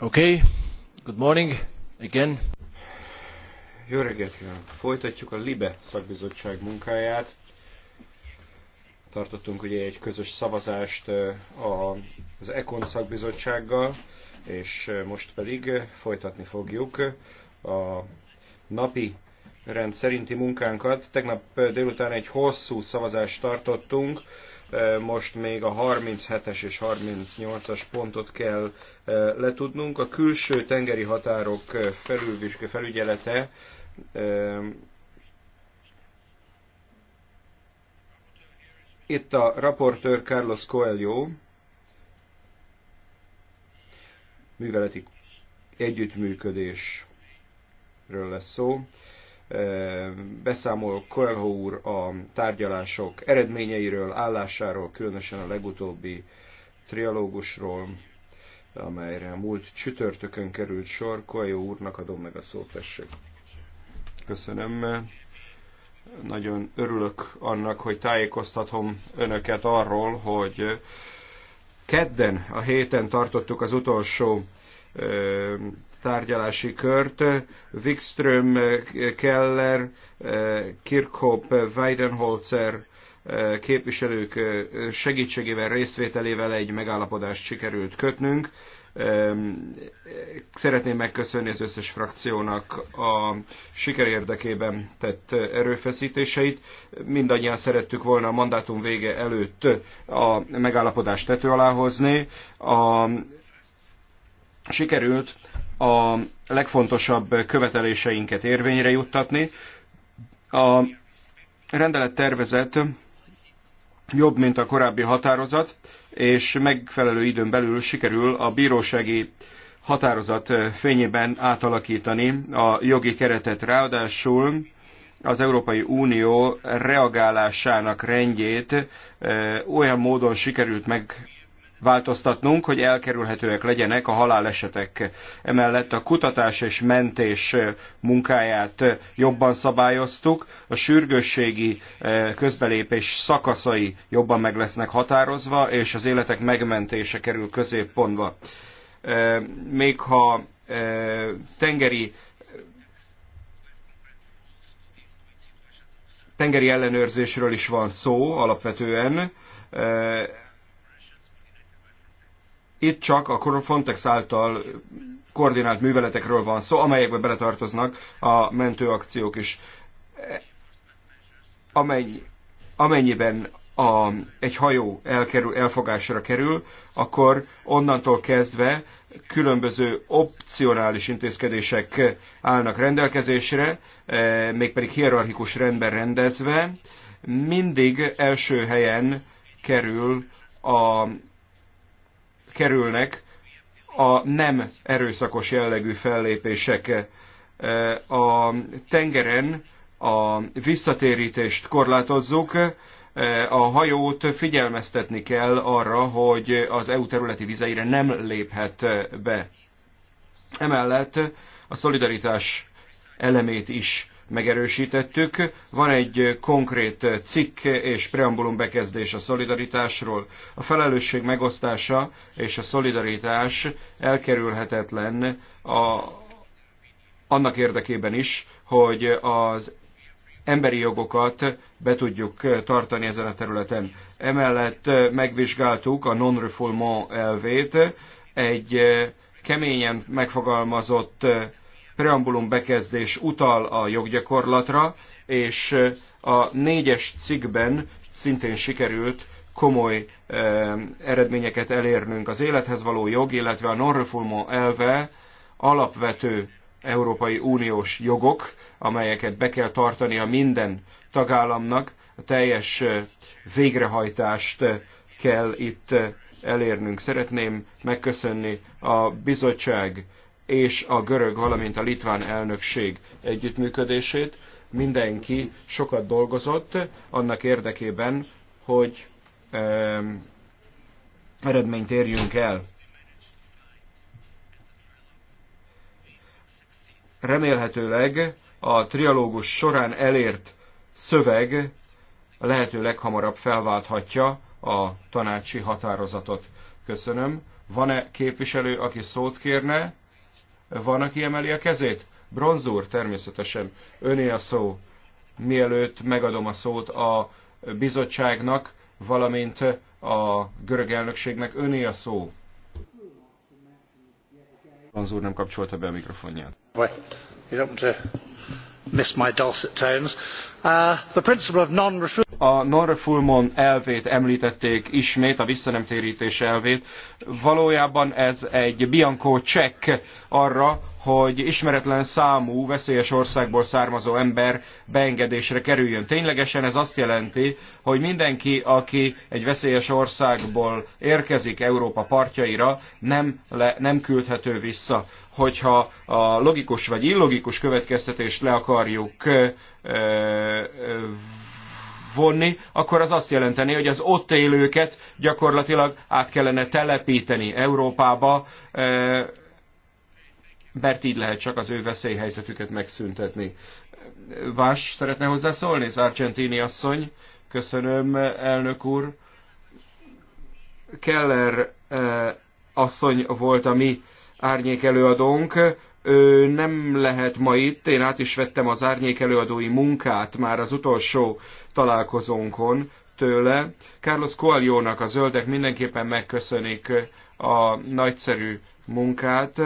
Okay. Good morning again. Jó reggelt kívánok! Folytatjuk a LIBE szakbizottság munkáját. Tartottunk ugye egy közös szavazást az ECON szakbizottsággal, és most pedig folytatni fogjuk a napi rend szerinti munkánkat. Tegnap délután egy hosszú szavazást tartottunk, most még a 37-es és 38-as pontot kell letudnunk. A külső tengeri határok felügyelete itt a raportőr Carlos Coelho műveleti együttműködésről lesz szó beszámol Coelho úr a tárgyalások eredményeiről, állásáról, különösen a legutóbbi trialógusról, amelyre múlt csütörtökön került sor. Coelho úrnak adom meg a szót, tessék. Köszönöm. Nagyon örülök annak, hogy tájékoztatom önöket arról, hogy kedden a héten tartottuk az utolsó tárgyalási kört. Wikström, Keller, Kirchhoff, Weidenholzer képviselők segítségével, részvételével egy megállapodást sikerült kötnünk. Szeretném megköszönni az összes frakciónak a siker érdekében tett erőfeszítéseit. Mindannyian szerettük volna a mandátum vége előtt a megállapodást tető alá hozni. A sikerült a legfontosabb követeléseinket érvényre juttatni. A rendelet tervezet jobb, mint a korábbi határozat, és megfelelő időn belül sikerül a bírósági határozat fényében átalakítani a jogi keretet. Ráadásul az Európai Unió reagálásának rendjét eh, olyan módon sikerült meg változtatnunk, hogy elkerülhetőek legyenek a halálesetek. Emellett a kutatás és mentés munkáját jobban szabályoztuk, a sürgősségi eh, közbelépés szakaszai jobban meg lesznek határozva, és az életek megmentése kerül középpontba. Eh, még ha eh, tengeri tengeri ellenőrzésről is van szó alapvetően, itt csak a Frontex által koordinált műveletekről van szó, amelyekbe beletartoznak a mentőakciók is. Amennyi, amennyiben a, egy hajó elkerül, elfogásra kerül, akkor onnantól kezdve különböző opcionális intézkedések állnak rendelkezésre, eh, mégpedig hierarchikus rendben rendezve, mindig első helyen kerül a kerülnek a nem erőszakos jellegű fellépések. E, a tengeren a visszatérítést korlátozzuk, e, a hajót figyelmeztetni kell arra, hogy az EU területi vizeire nem léphet be. Emellett a szolidaritás elemét is megerősítettük. Van egy konkrét cikk és preambulum bekezdés a szolidaritásról. A felelősség megosztása és a szolidaritás elkerülhetetlen a, annak érdekében is, hogy az emberi jogokat be tudjuk tartani ezen a területen. Emellett megvizsgáltuk a non-refoulement elvét, egy keményen megfogalmazott preambulum bekezdés utal a joggyakorlatra, és a négyes cikkben szintén sikerült komoly eredményeket elérnünk. Az élethez való jog, illetve a non-refoulement elve alapvető Európai Uniós jogok, amelyeket be kell tartani a minden tagállamnak, a teljes végrehajtást kell itt elérnünk. Szeretném megköszönni a bizottság és a görög, valamint a litván elnökség együttműködését. Mindenki sokat dolgozott annak érdekében, hogy ö, eredményt érjünk el. Remélhetőleg a trialógus során elért szöveg lehető leghamarabb felválthatja a tanácsi határozatot. Köszönöm. Van-e képviselő, aki szót kérne? Van, aki emeli a kezét? Bronzúr, természetesen. Öné a szó. Mielőtt megadom a szót a bizottságnak, valamint a görög elnökségnek, öné a szó. Bronzúr nem kapcsolta be a mikrofonját. Well, you don't want uh, to miss my dulcet tones. Uh, a non-refoulement elvét említették ismét, a visszanemtérítés elvét. Valójában ez egy bianco csekk arra, hogy ismeretlen számú veszélyes országból származó ember beengedésre kerüljön. Ténylegesen ez azt jelenti, hogy mindenki, aki egy veszélyes országból érkezik Európa partjaira, nem, le, nem küldhető vissza. Hogyha a logikus vagy illogikus következtetést le akarjuk vonni, akkor az azt jelenteni, hogy az ott élőket gyakorlatilag át kellene telepíteni Európába, mert így lehet csak az ő veszélyhelyzetüket megszüntetni. Vás szeretne hozzászólni? Sargentini asszony. Köszönöm, elnök úr. Keller asszony volt a mi árnyék előadónk. Ő nem lehet ma itt, én át is vettem az árnyék előadói munkát már az utolsó találkozónkon tőle. Carlos Coelho-nak a zöldek mindenképpen megköszönik a nagyszerű munkát.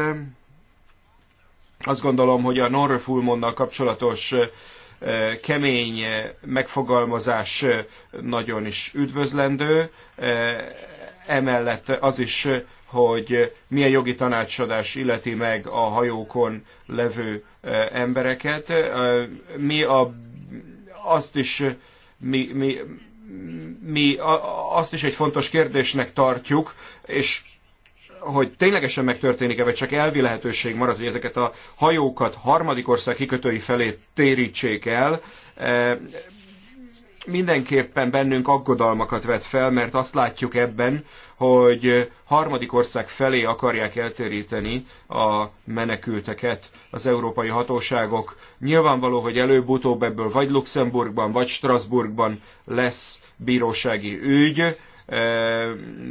Azt gondolom, hogy a Norrfulmonnal kapcsolatos kemény megfogalmazás nagyon is üdvözlendő. Emellett az is hogy milyen jogi tanácsadás illeti meg a hajókon levő e, embereket. E, mi a, azt is mi, mi, mi azt is egy fontos kérdésnek tartjuk, és hogy ténylegesen megtörténik-e, vagy csak elvi lehetőség marad, hogy ezeket a hajókat harmadik ország kikötői felé térítsék el, e, mindenképpen bennünk aggodalmakat vet fel, mert azt látjuk ebben, hogy harmadik ország felé akarják eltéríteni a menekülteket az európai hatóságok. Nyilvánvaló, hogy előbb-utóbb ebből vagy Luxemburgban, vagy Strasbourgban lesz bírósági ügy, eh,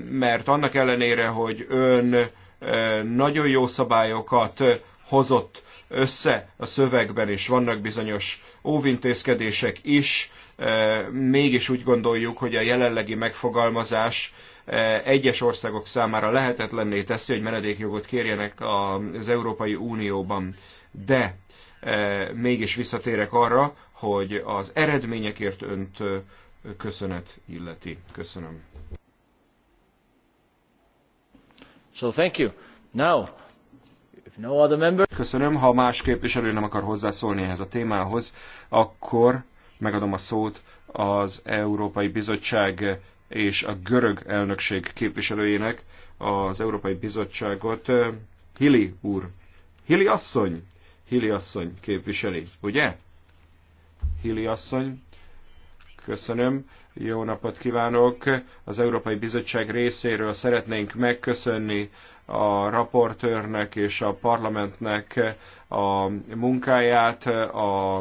mert annak ellenére, hogy ön eh, nagyon jó szabályokat hozott össze a szövegben, és vannak bizonyos óvintézkedések is, mégis úgy gondoljuk, hogy a jelenlegi megfogalmazás egyes országok számára lehetetlenné teszi, hogy menedékjogot kérjenek az Európai Unióban. De mégis visszatérek arra, hogy az eredményekért önt köszönet illeti. Köszönöm. So thank you. Now, if no other member... Köszönöm, ha más képviselő nem akar hozzászólni ehhez a témához, akkor megadom a szót az Európai Bizottság és a görög elnökség képviselőjének, az Európai Bizottságot Hili úr, Hili asszony, Hili asszony képviseli, ugye? Hili asszony, köszönöm. Jó napot kívánok! Az Európai Bizottság részéről szeretnénk megköszönni a raportőrnek és a parlamentnek a munkáját, a,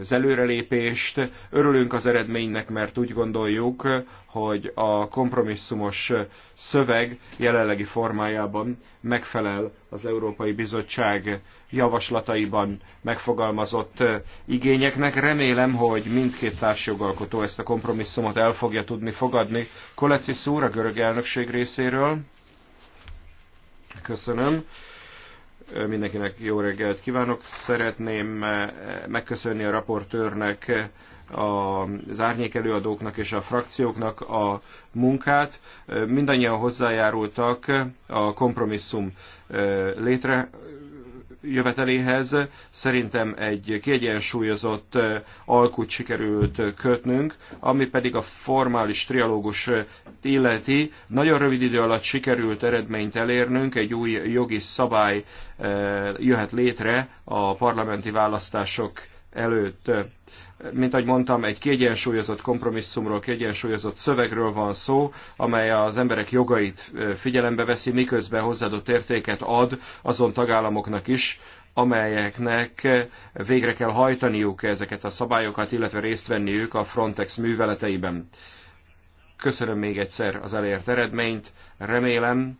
az előrelépést. Örülünk az eredménynek, mert úgy gondoljuk, hogy a kompromisszumos szöveg jelenlegi formájában megfelel az Európai Bizottság javaslataiban megfogalmazott igényeknek. Remélem, hogy mindkét társjogalkotó ezt a kompromisszumot el fogja tudni fogadni. Koleci úr a görög elnökség részéről. Köszönöm. Mindenkinek jó reggelt kívánok. Szeretném megköszönni a raportőrnek, az árnyékelőadóknak és a frakcióknak a munkát. Mindannyian hozzájárultak a kompromisszum létre jöveteléhez. Szerintem egy kiegyensúlyozott eh, alkut sikerült eh, kötnünk, ami pedig a formális trialógus eh, illeti. Nagyon rövid idő alatt sikerült eredményt elérnünk, egy új jogi szabály jöhet létre a parlamenti választások előtt mint ahogy mondtam, egy kiegyensúlyozott kompromisszumról, kiegyensúlyozott szövegről van szó, amely az emberek jogait figyelembe veszi, miközben hozzáadott értéket ad azon tagállamoknak is, amelyeknek végre kell hajtaniuk ezeket a szabályokat, illetve részt venniük a Frontex műveleteiben. Köszönöm még egyszer az elért eredményt, remélem,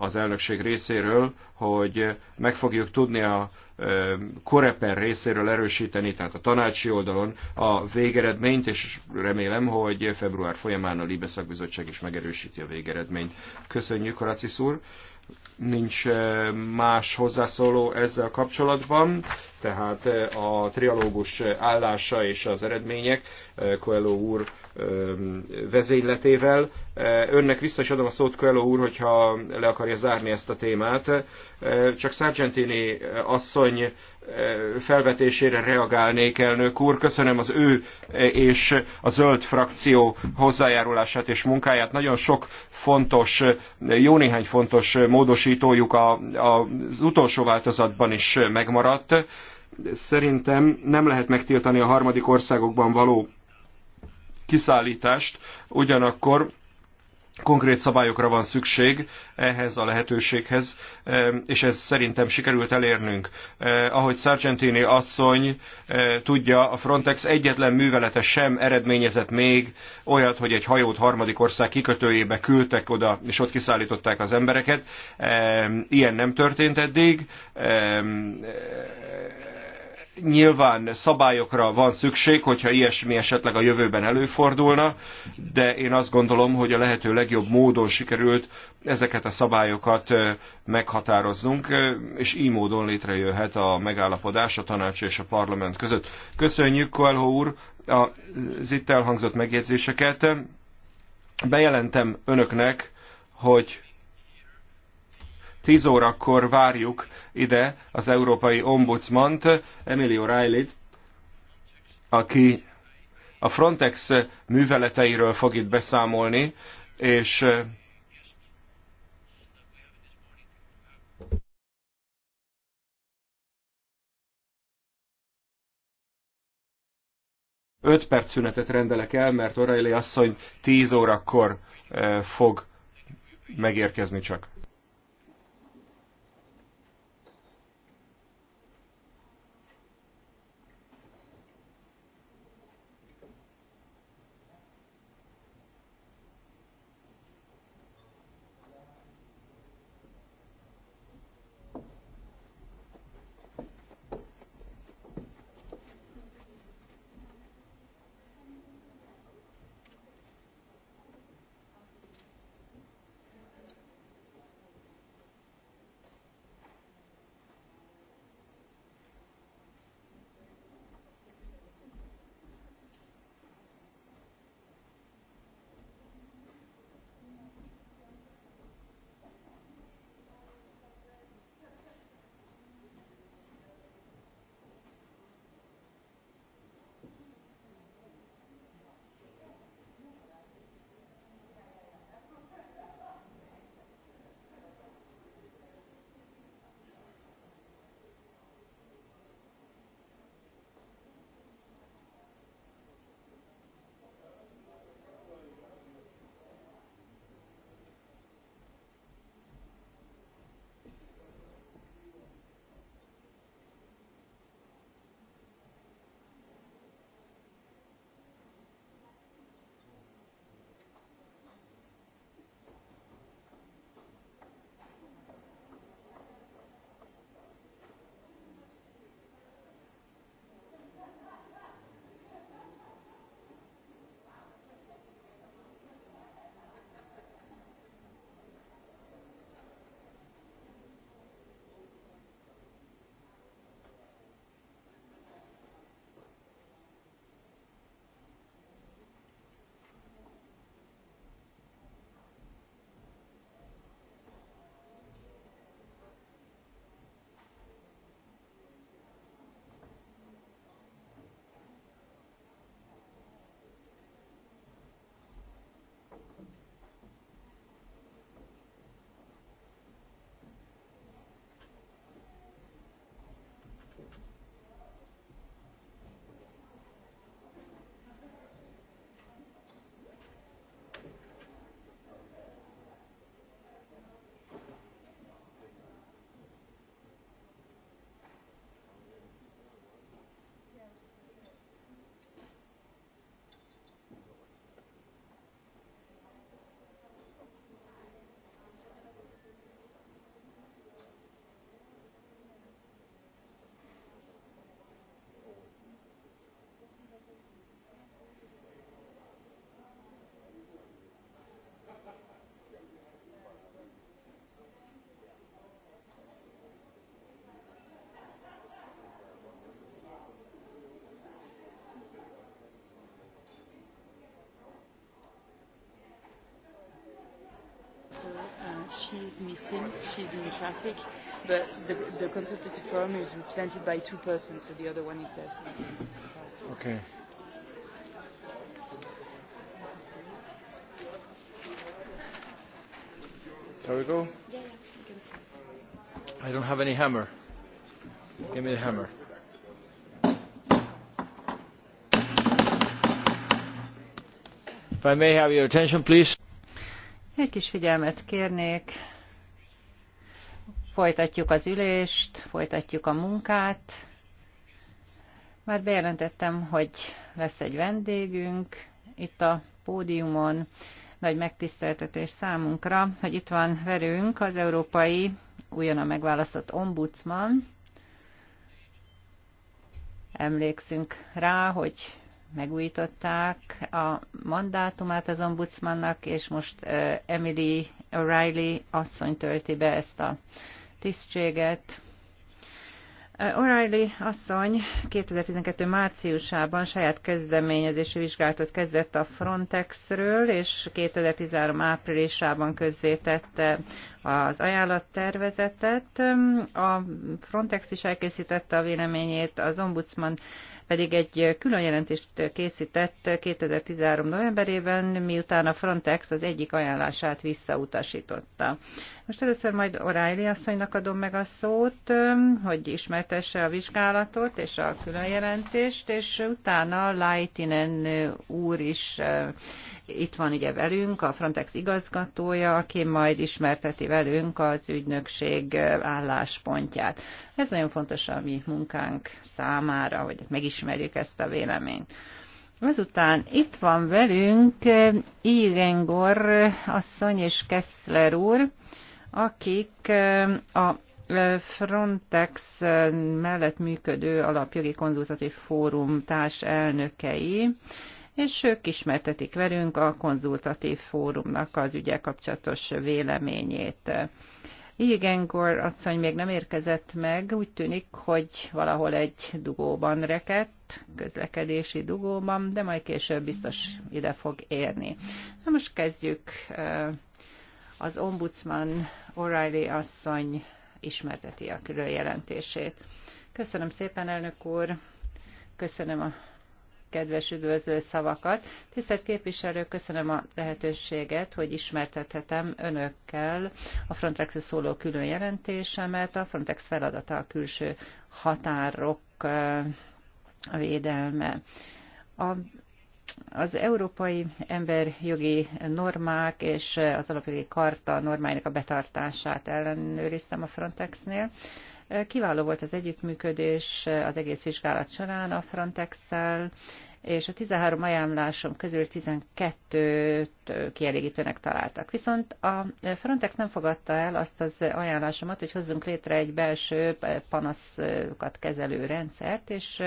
az elnökség részéről, hogy meg fogjuk tudni a Koreper részéről erősíteni, tehát a tanácsi oldalon a végeredményt, és remélem, hogy február folyamán a Libeszakbizottság is megerősíti a végeredményt. Köszönjük, Horacis úr! nincs eh, más hozzászóló ezzel kapcsolatban, tehát eh, a trialógus állása és az eredmények eh, Coelho úr vezényletével. Önnek vissza is adom a szót Coelho úr, hogyha le akarja zárni ezt a témát. Csak Sargentini asszony felvetésére reagálnék, elnök úr. Köszönöm az ő és a zöld frakció hozzájárulását és munkáját. Nagyon sok fontos, jó néhány fontos módosítójuk a, a, az utolsó változatban is megmaradt. Szerintem nem lehet megtiltani a harmadik országokban való kiszállítást, ugyanakkor konkrét szabályokra van szükség ehhez a lehetőséghez, e, és ez szerintem sikerült elérnünk. E, ahogy Sargentini asszony e, tudja, a Frontex egyetlen művelete sem eredményezett még olyat, hogy egy hajót harmadik ország kikötőjébe küldtek oda, és ott kiszállították az embereket. Ilyen nem történt eddig Nyilván szabályokra van szükség, hogyha ilyesmi esetleg a jövőben előfordulna, de én azt gondolom, hogy a lehető legjobb módon sikerült ezeket a szabályokat meghatároznunk, és így módon létrejöhet a megállapodás a tanács és a parlament között. Köszönjük, Koelho úr, az itt elhangzott megjegyzéseket. Bejelentem önöknek, hogy 10 órakor várjuk ide az Európai Ombudsmant, Emilio reilly aki a Frontex műveleteiről fog itt beszámolni, és öt perc szünetet rendelek el, mert O'Reilly asszony 10 órakor fog megérkezni csak. she's missing, she's in traffic, but the, the consultative forum is represented by two persons, so the other one is there. So okay. Shall we go? Yeah, yeah, I don't have any hammer. Give me the hammer. If I may have your attention, please egy kis figyelmet kérnék. Folytatjuk az ülést, folytatjuk a munkát. Már bejelentettem, hogy lesz egy vendégünk itt a pódiumon. Nagy megtiszteltetés számunkra, hogy itt van verünk az európai újonnan megválasztott ombudsman. Emlékszünk rá, hogy megújították a mandátumát az ombudsmannak, és most Emily O'Reilly asszony tölti be ezt a tisztséget. O'Reilly asszony 2012. márciusában saját kezdeményezésű vizsgálatot kezdett a Frontexről, és 2013. áprilisában közzétette az ajánlattervezetet. A Frontex is elkészítette a véleményét, az ombudsman pedig egy külön jelentést készített 2013. novemberében, miután a Frontex az egyik ajánlását visszautasította. Most először majd O'Reilly asszonynak adom meg a szót, hogy ismertesse a vizsgálatot és a külön jelentést, és utána Leitinen úr is itt van ugye velünk a Frontex igazgatója, aki majd ismerteti velünk az ügynökség álláspontját. Ez nagyon fontos a mi munkánk számára, hogy megismerjük ezt a véleményt. Azután itt van velünk Irengor asszony és Kessler úr, akik eh, a eh, Frontex eh, mellett működő alapjogi konzultatív fórum társ elnökei, és ők ismertetik velünk a konzultatív fórumnak az ügye kapcsolatos véleményét. Igen, Gor asszony még nem érkezett meg, úgy tűnik, hogy valahol egy dugóban rekedt, közlekedési dugóban, de majd később biztos ide fog érni. Na most kezdjük az ombudsman O'Reilly asszony ismerteti a külön jelentését. Köszönöm szépen, elnök úr! Köszönöm a kedves üdvözlő szavakat. Tisztelt képviselő, köszönöm a lehetőséget, hogy ismertethetem önökkel a frontex szóló külön jelentésemet. A Frontex feladata a külső határok eh, védelme. A az európai emberjogi normák és az alapjogi karta normáinak a betartását ellenőriztem a Frontexnél. Kiváló volt az együttműködés az egész vizsgálat során a Frontex-szel, és a 13 ajánlásom közül 12-t kielégítőnek találtak. Viszont a Frontex nem fogadta el azt az ajánlásomat, hogy hozzunk létre egy belső panaszokat kezelő rendszert, és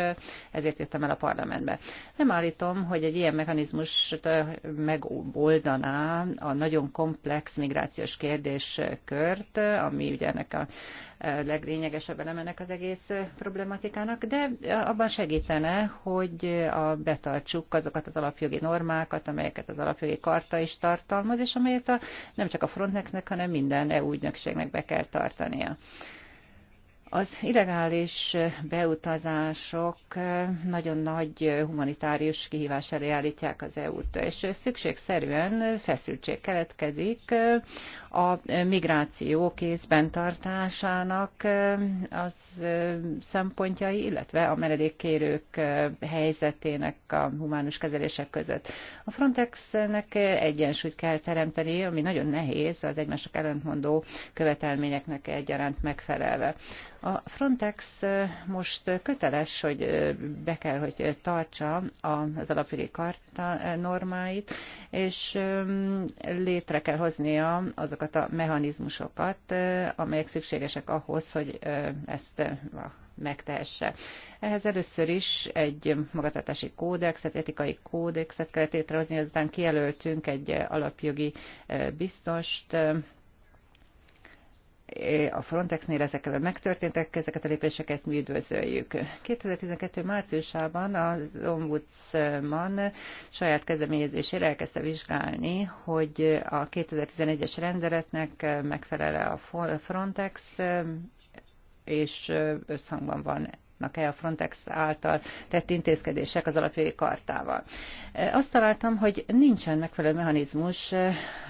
ezért jöttem el a parlamentbe. Nem állítom, hogy egy ilyen mechanizmus megoldaná a nagyon komplex migrációs kérdéskört, ami ugye ennek a leglényegesebb elemenek az egész problematikának, de abban segítene, hogy a betartsuk azokat az alapjogi normákat, amelyeket az alapjogi karta is tartalmaz, és amelyet a, nem csak a Frontexnek, hanem minden EU ügynökségnek be kell tartania. Az illegális beutazások nagyon nagy humanitárius kihívás elé állítják az EU-t, és szükségszerűen feszültség keletkezik a migráció kézben tartásának az szempontjai, illetve a menedékkérők helyzetének a humánus kezelések között. A Frontexnek egyensúlyt kell teremteni, ami nagyon nehéz az egymások ellentmondó követelményeknek egyaránt megfelelve. A Frontex most köteles, hogy be kell, hogy tartsa az alapjogi karta normáit, és létre kell hoznia azokat a mechanizmusokat, amelyek szükségesek ahhoz, hogy ezt megtehesse. Ehhez először is egy magatartási kódexet, etikai kódexet kellett létrehozni, aztán kijelöltünk egy alapjogi biztost, a Frontexnél ezekkel megtörténtek, ezeket a lépéseket mi üdvözöljük. 2012. márciusában az ombudsman saját kezdeményezésére elkezdte vizsgálni, hogy a 2011-es rendeletnek megfelele a Frontex, és összhangban van e a Frontex által tett intézkedések az alapjogi kartával. Azt találtam, hogy nincsen megfelelő mechanizmus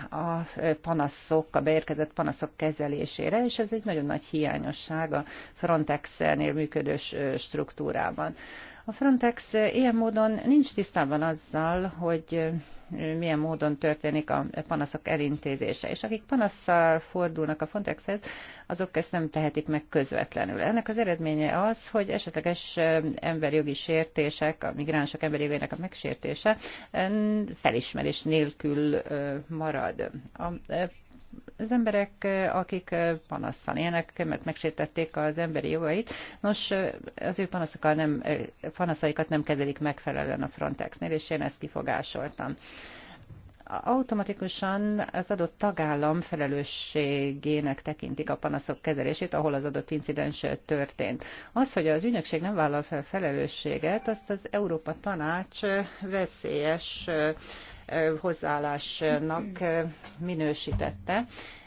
a panaszok, a beérkezett panaszok kezelésére, és ez egy nagyon nagy hiányosság a Frontex-nél működő struktúrában. A Frontex ilyen módon nincs tisztában azzal, hogy milyen módon történik a panaszok elintézése. És akik panasszal fordulnak a Frontexhez, azok ezt nem tehetik meg közvetlenül. Ennek az eredménye az, hogy esetleges emberjogi sértések, a migránsok emberi jogainak a megsértése felismerés nélkül marad. A az emberek, akik panasszal élnek, mert megsértették az emberi jogait. Nos, az ő nem, panaszaikat nem kezelik megfelelően a Frontexnél, és én ezt kifogásoltam automatikusan az adott tagállam felelősségének tekintik a panaszok kezelését, ahol az adott incidens történt. Az, hogy az ügynökség nem vállal fel felelősséget, azt az Európa Tanács veszélyes hozzáállásnak minősítette,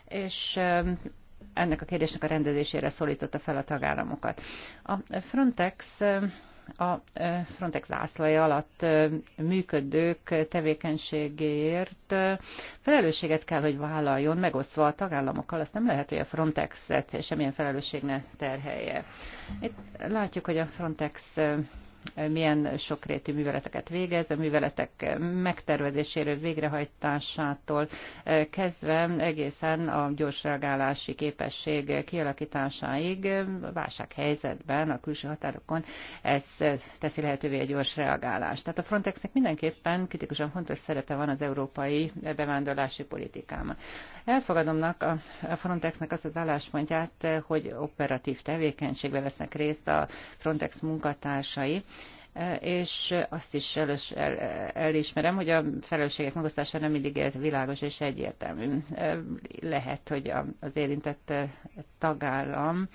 és ennek a kérdésnek a rendezésére szólította fel a tagállamokat. A Frontex a Frontex zászlaja alatt működők tevékenységéért felelősséget kell, hogy vállaljon, megosztva a tagállamokkal. Azt nem lehet, hogy a Frontex-et semmilyen felelősség ne terhelje. Itt látjuk, hogy a Frontex milyen sokrétű műveleteket végez, a műveletek megtervezéséről, végrehajtásától eh, kezdve egészen a gyors reagálási képesség kialakításáig eh, válsághelyzetben, a külső határokon ez eh, teszi lehetővé a gyors reagálást. Tehát a Frontexnek mindenképpen kritikusan fontos szerepe van az európai bevándorlási politikában. Elfogadomnak a Frontexnek azt az álláspontját, hogy operatív tevékenységbe vesznek részt a Frontex munkatársai, és azt is el, el, elismerem, hogy a felelősségek megosztása nem mindig világos és egyértelmű. Lehet, hogy az érintett tagállam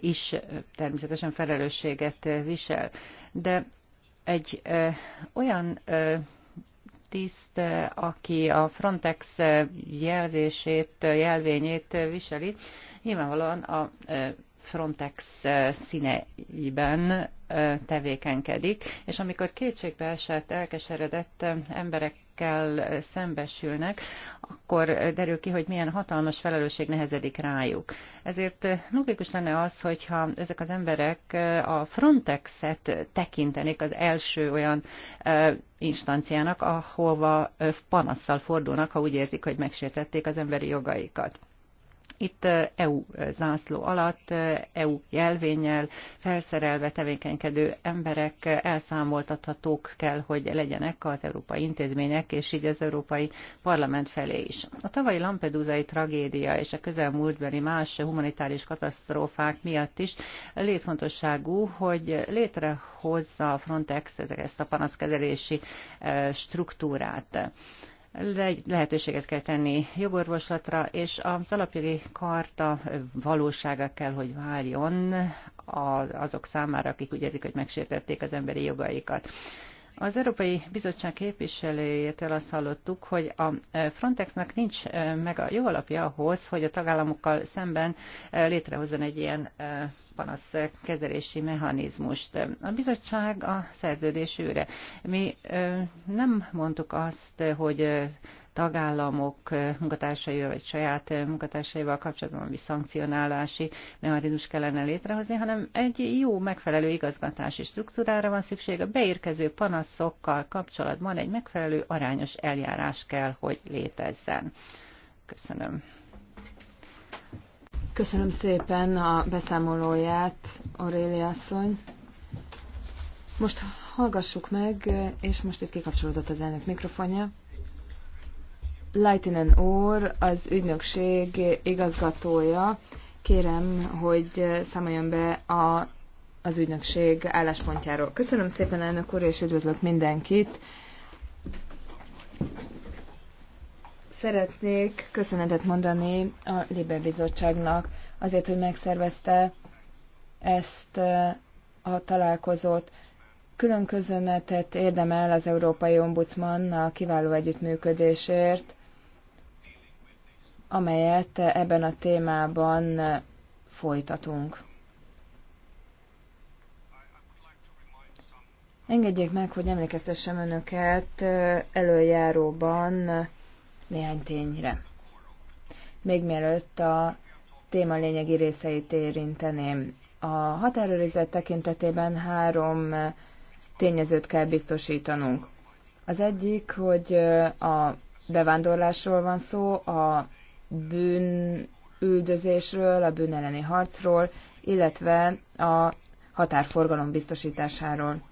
is természetesen felelősséget visel, de egy olyan tiszt, aki a Frontex jelzését, jelvényét viseli, nyilvánvalóan a Frontex színeiben tevékenykedik, és amikor kétségbeesett, elkeseredett emberekkel szembesülnek, akkor derül ki, hogy milyen hatalmas felelősség nehezedik rájuk. Ezért logikus lenne az, hogyha ezek az emberek a Frontexet tekintenék az első olyan instanciának, ahova panasszal fordulnak, ha úgy érzik, hogy megsértették az emberi jogaikat. Itt EU zászló alatt, EU jelvényel felszerelve tevékenykedő emberek elszámoltathatók kell, hogy legyenek az európai intézmények, és így az Európai Parlament felé is. A tavalyi Lampedusai tragédia és a közelmúltbeli más humanitáris katasztrófák miatt is létfontosságú, hogy létrehozza a Frontex ezt a panaszkezelési struktúrát lehetőséget kell tenni jogorvoslatra, és az alapjogi karta valósága kell, hogy váljon azok számára, akik úgy érzik, hogy megsértették az emberi jogaikat. Az Európai Bizottság képviselőjétől azt hallottuk, hogy a e, Frontexnak nincs e, meg a jó alapja ahhoz, hogy a tagállamokkal szemben e, létrehozzon egy ilyen panaszkezelési mechanizmust. A bizottság a szerződés őre. Mi nem mondtuk azt, hogy tagállamok munkatársaival vagy saját munkatársaival kapcsolatban valami szankcionálási mechanizmus kellene létrehozni, hanem egy jó megfelelő igazgatási struktúrára van szükség. A beérkező panaszokkal kapcsolatban egy megfelelő arányos eljárás kell, hogy létezzen. Köszönöm. Köszönöm szépen a beszámolóját, Aurélia asszony. Most hallgassuk meg, és most itt kikapcsolódott az elnök mikrofonja. Leitinen úr, az ügynökség igazgatója, kérem, hogy számoljon be a, az ügynökség álláspontjáról. Köszönöm szépen, elnök úr, és üdvözlök mindenkit. Szeretnék köszönetet mondani a Liber Bizottságnak azért, hogy megszervezte ezt a találkozót. Külön köszönetet érdemel az Európai Ombudsman a kiváló együttműködésért, amelyet ebben a témában folytatunk. Engedjék meg, hogy emlékeztessem önöket előjáróban néhány tényre. Még mielőtt a téma lényegi részeit érinteném. A határőrizet tekintetében három tényezőt kell biztosítanunk. Az egyik, hogy a bevándorlásról van szó, a üldözésről, a bűn elleni harcról, illetve a határforgalom biztosításáról.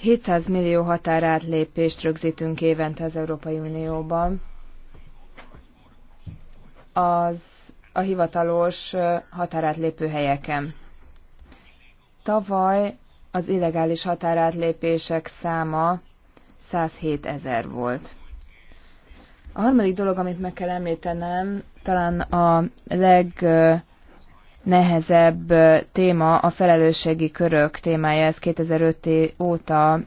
700 millió határátlépést rögzítünk évente az Európai Unióban. Az a hivatalos határátlépő helyeken. Tavaly az illegális határátlépések száma 107 ezer volt. A harmadik dolog, amit meg kell említenem, talán a legnehezebb téma a felelősségi körök témája. Ez 2005 óta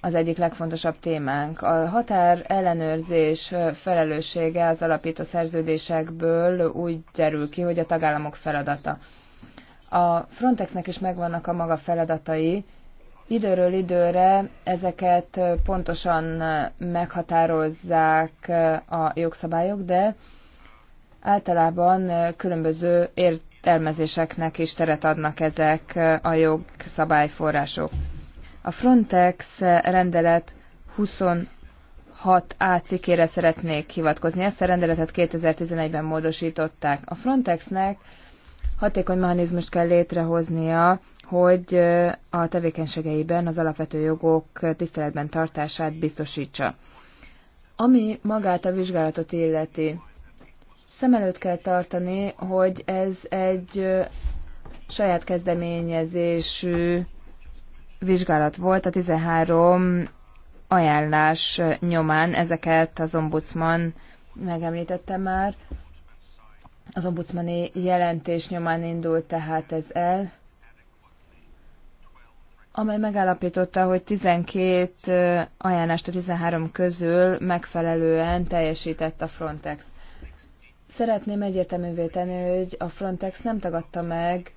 az egyik legfontosabb témánk. A határ ellenőrzés felelőssége az alapító szerződésekből úgy derül ki, hogy a tagállamok feladata. A Frontexnek is megvannak a maga feladatai, Időről időre ezeket pontosan meghatározzák a jogszabályok, de általában különböző értelmezéseknek is teret adnak ezek a jogszabályforrások. A Frontex rendelet 26 A cikkére szeretnék hivatkozni. Ezt a rendeletet 2011-ben módosították. A Frontexnek hatékony mechanizmust kell létrehoznia hogy a tevékenységeiben az alapvető jogok tiszteletben tartását biztosítsa. Ami magát a vizsgálatot illeti, szem előtt kell tartani, hogy ez egy saját kezdeményezésű vizsgálat volt a 13 ajánlás nyomán, ezeket az ombudsman megemlítette már, az ombudsmani jelentés nyomán indult tehát ez el, amely megállapította, hogy 12 ajánlást a 13 közül megfelelően teljesített a Frontex. Szeretném egyértelművé tenni, hogy a Frontex nem tagadta meg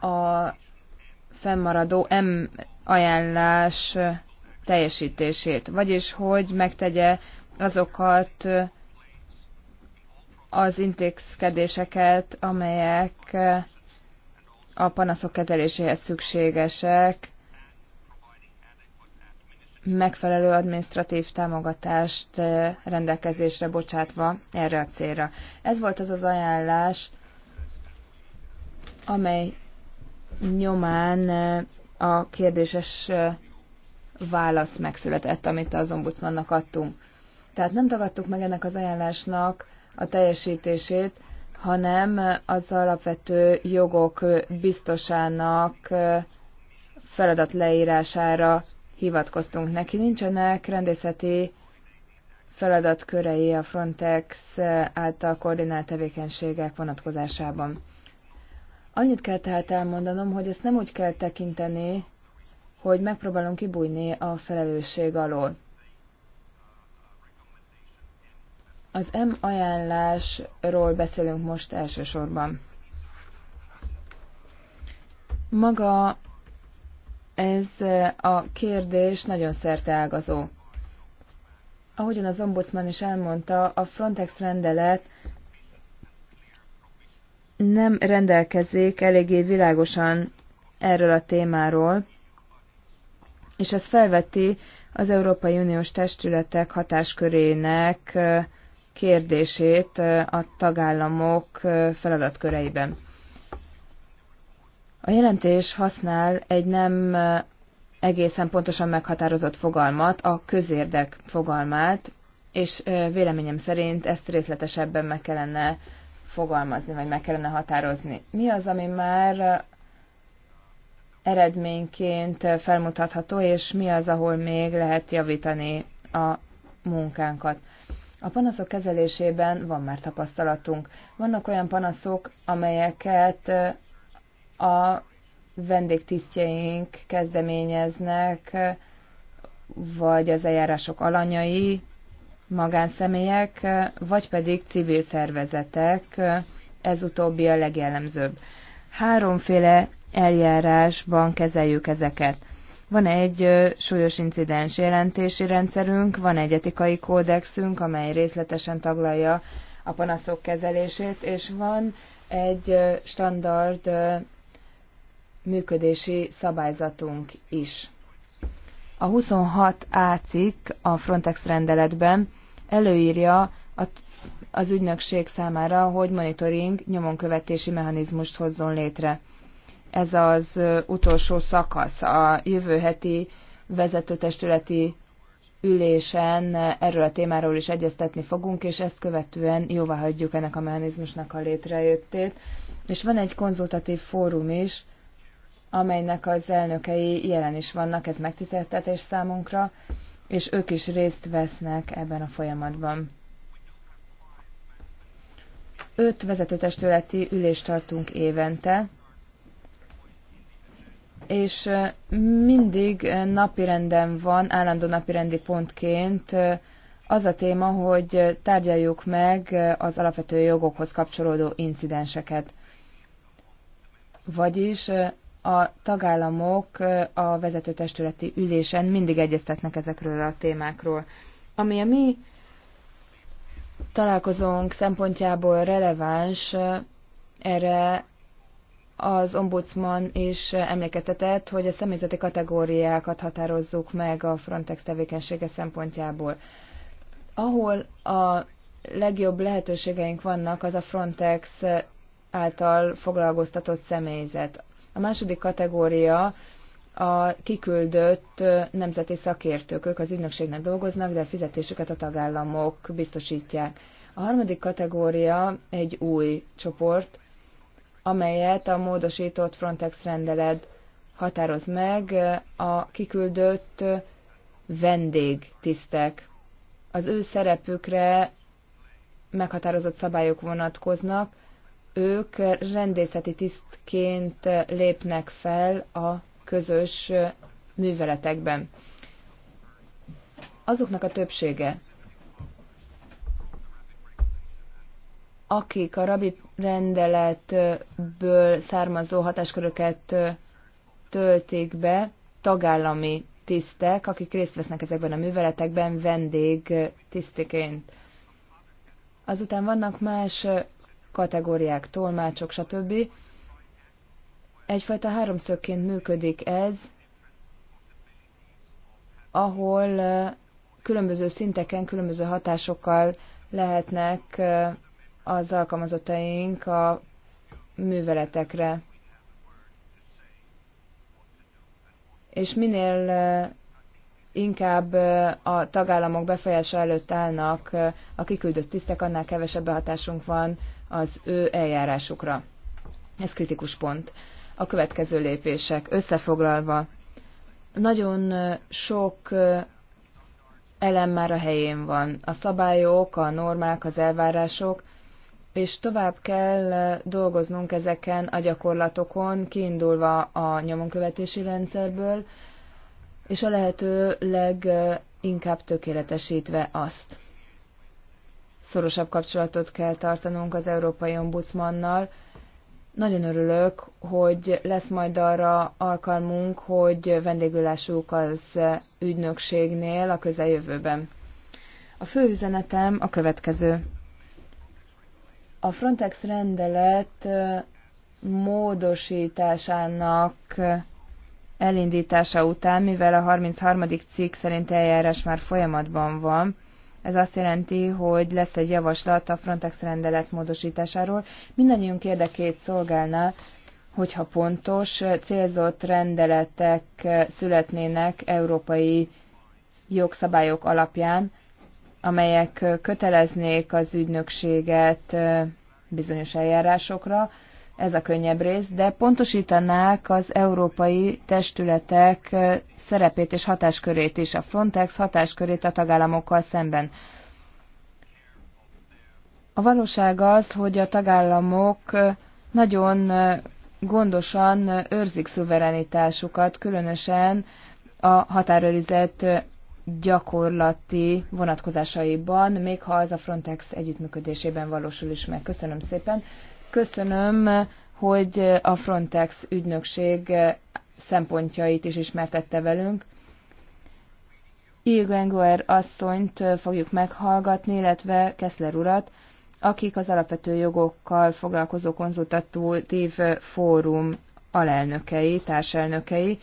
a fennmaradó M ajánlás teljesítését, vagyis hogy megtegye azokat az intézkedéseket, amelyek a panaszok kezeléséhez szükségesek, megfelelő administratív támogatást eh, rendelkezésre bocsátva erre a célra. Ez volt az az ajánlás, amely nyomán eh, a kérdéses eh, válasz megszületett, amit az ombudsmannak adtunk. Tehát nem tagadtuk meg ennek az ajánlásnak a teljesítését, hanem az alapvető jogok biztosának feladat leírására hivatkoztunk neki. Nincsenek rendészeti feladatkörei a Frontex által koordinált tevékenységek vonatkozásában. Annyit kell tehát elmondanom, hogy ezt nem úgy kell tekinteni, hogy megpróbálunk kibújni a felelősség alól. Az M ajánlásról beszélünk most elsősorban. Maga ez a kérdés nagyon szerteágazó. Ahogyan az ombudsman is elmondta, a Frontex rendelet nem rendelkezik eléggé világosan erről a témáról, és ez felveti az Európai Uniós testületek hatáskörének kérdését eh, a tagállamok eh, feladatköreiben. A jelentés használ egy nem eh, egészen pontosan meghatározott fogalmat, a közérdek fogalmát, és véleményem szerint ezt részletesebben meg kellene fogalmazni, vagy meg kellene határozni. Mi az, ami már eredményként felmutatható, és mi az, ahol még lehet javítani a munkánkat. A panaszok kezelésében van már tapasztalatunk. Vannak olyan panaszok, amelyeket a vendégtisztjeink kezdeményeznek, vagy az eljárások alanyai, magánszemélyek, vagy pedig civil szervezetek, ez utóbbi a legjellemzőbb. Háromféle eljárásban kezeljük ezeket. Van egy súlyos incidens jelentési rendszerünk, van egy etikai kódexünk, amely részletesen taglalja a panaszok kezelését, és van egy standard működési szabályzatunk is. A 26A cikk a Frontex rendeletben előírja az ügynökség számára, hogy monitoring nyomonkövetési mechanizmust hozzon létre ez az utolsó szakasz. A jövő heti vezetőtestületi ülésen erről a témáról is egyeztetni fogunk, és ezt követően jóvá hagyjuk ennek a mechanizmusnak a létrejöttét. És van egy konzultatív fórum is, amelynek az elnökei jelen is vannak, ez megtiszteltetés számunkra, és ők is részt vesznek ebben a folyamatban. Öt vezetőtestületi ülést tartunk évente, és mindig napirenden van, állandó napirendi pontként az a téma, hogy tárgyaljuk meg az alapvető jogokhoz kapcsolódó incidenseket. Vagyis a tagállamok a vezetőtestületi ülésen mindig egyeztetnek ezekről a témákról. Ami a mi találkozónk szempontjából releváns, erre az ombudsman is emlékeztetett, hogy a személyzeti kategóriákat határozzuk meg a Frontex tevékenysége szempontjából. Ahol a legjobb lehetőségeink vannak, az a Frontex által foglalkoztatott személyzet. A második kategória a kiküldött nemzeti szakértők, ők az ügynökségnek dolgoznak, de a fizetésüket a tagállamok biztosítják. A harmadik kategória egy új csoport, amelyet a módosított Frontex rendelet határoz meg a kiküldött vendégtisztek. Az ő szerepükre meghatározott szabályok vonatkoznak, ők rendészeti tisztként lépnek fel a közös műveletekben. Azoknak a többsége, akik a rabit rendeletből származó hatásköröket töltik be, tagállami tisztek, akik részt vesznek ezekben a műveletekben vendég tisztiként. Azután vannak más kategóriák, tolmácsok, stb. Egyfajta háromszögként működik ez, ahol különböző szinteken, különböző hatásokkal lehetnek az alkalmazataink a műveletekre. És minél inkább a tagállamok befolyása előtt állnak a kiküldött tisztek, annál kevesebb hatásunk van az ő eljárásukra. Ez kritikus pont. A következő lépések összefoglalva. Nagyon sok elem már a helyén van. A szabályok, a normák, az elvárások, és tovább kell dolgoznunk ezeken a gyakorlatokon, kiindulva a nyomonkövetési rendszerből, és a lehető leginkább tökéletesítve azt. Szorosabb kapcsolatot kell tartanunk az Európai Ombudsmannal. Nagyon örülök, hogy lesz majd arra alkalmunk, hogy vendégülásuk az ügynökségnél a közeljövőben. A fő üzenetem a következő. A Frontex rendelet módosításának elindítása után, mivel a 33. cikk szerint eljárás már folyamatban van, ez azt jelenti, hogy lesz egy javaslat a Frontex rendelet módosításáról. Mindannyiunk érdekét szolgálná, hogyha pontos, célzott rendeletek születnének európai jogszabályok alapján, amelyek köteleznék az ügynökséget bizonyos eljárásokra, ez a könnyebb rész, de pontosítanák az európai testületek szerepét és hatáskörét is, a Frontex hatáskörét a tagállamokkal szemben. A valóság az, hogy a tagállamok nagyon gondosan őrzik szuverenitásukat, különösen a határőrizet gyakorlati vonatkozásaiban, még ha az a Frontex együttműködésében valósul is meg. Köszönöm szépen. Köszönöm, hogy a Frontex ügynökség szempontjait is ismertette velünk. Ilgengoer asszonyt fogjuk meghallgatni, illetve Keszler urat, akik az alapvető jogokkal foglalkozó konzultatív fórum alelnökei, társelnökei.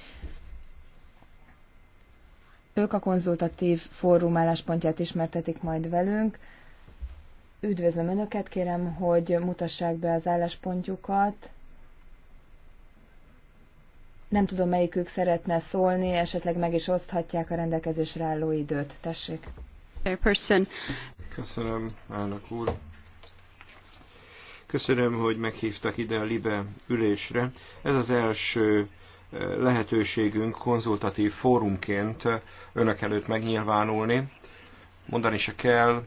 Ők a konzultatív fórum álláspontját ismertetik majd velünk. Üdvözlöm Önöket, kérem, hogy mutassák be az álláspontjukat. Nem tudom, melyikük szeretne szólni, esetleg meg is oszthatják a rendelkezésre álló időt. Tessék. Person. Köszönöm, elnök úr. Köszönöm, hogy meghívtak ide a Libe ülésre. Ez az első lehetőségünk konzultatív fórumként önök előtt megnyilvánulni. Mondani se kell,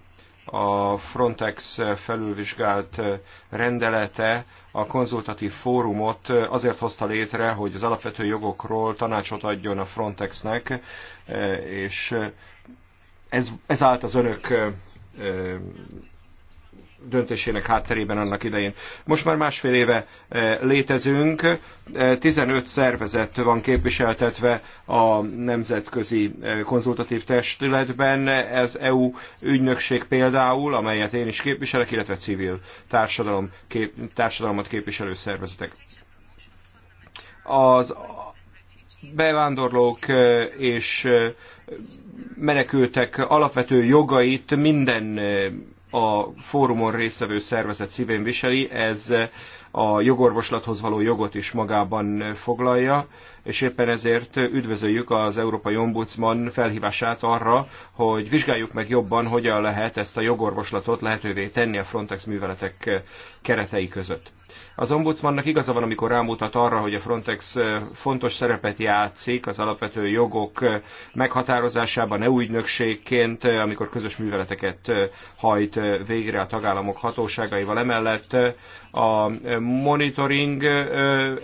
a Frontex felülvizsgált rendelete a konzultatív fórumot azért hozta létre, hogy az alapvető jogokról tanácsot adjon a Frontexnek, és ez, ez állt az önök döntésének hátterében annak idején. Most már másfél éve eh, létezünk, 15 eh, szervezet van képviseltetve a nemzetközi eh, konzultatív testületben, ez EU ügynökség például, amelyet én is képviselek, illetve civil társadalom, kép, társadalmat képviselő szervezetek. Az bevándorlók és menekültek alapvető jogait minden a fórumon résztvevő szervezet szívén viseli, ez a jogorvoslathoz való jogot is magában foglalja, és éppen ezért üdvözöljük az Európai Ombudsman felhívását arra, hogy vizsgáljuk meg jobban, hogyan lehet ezt a jogorvoslatot lehetővé tenni a Frontex műveletek keretei között. Az ombudsmannak igaza van, amikor rámutat arra, hogy a Frontex eh, fontos szerepet játszik az alapvető jogok eh, meghatározásában, EU ügynökségként, eh, amikor közös műveleteket hajt végre a tagállamok hatóságaival. Emellett a monitoring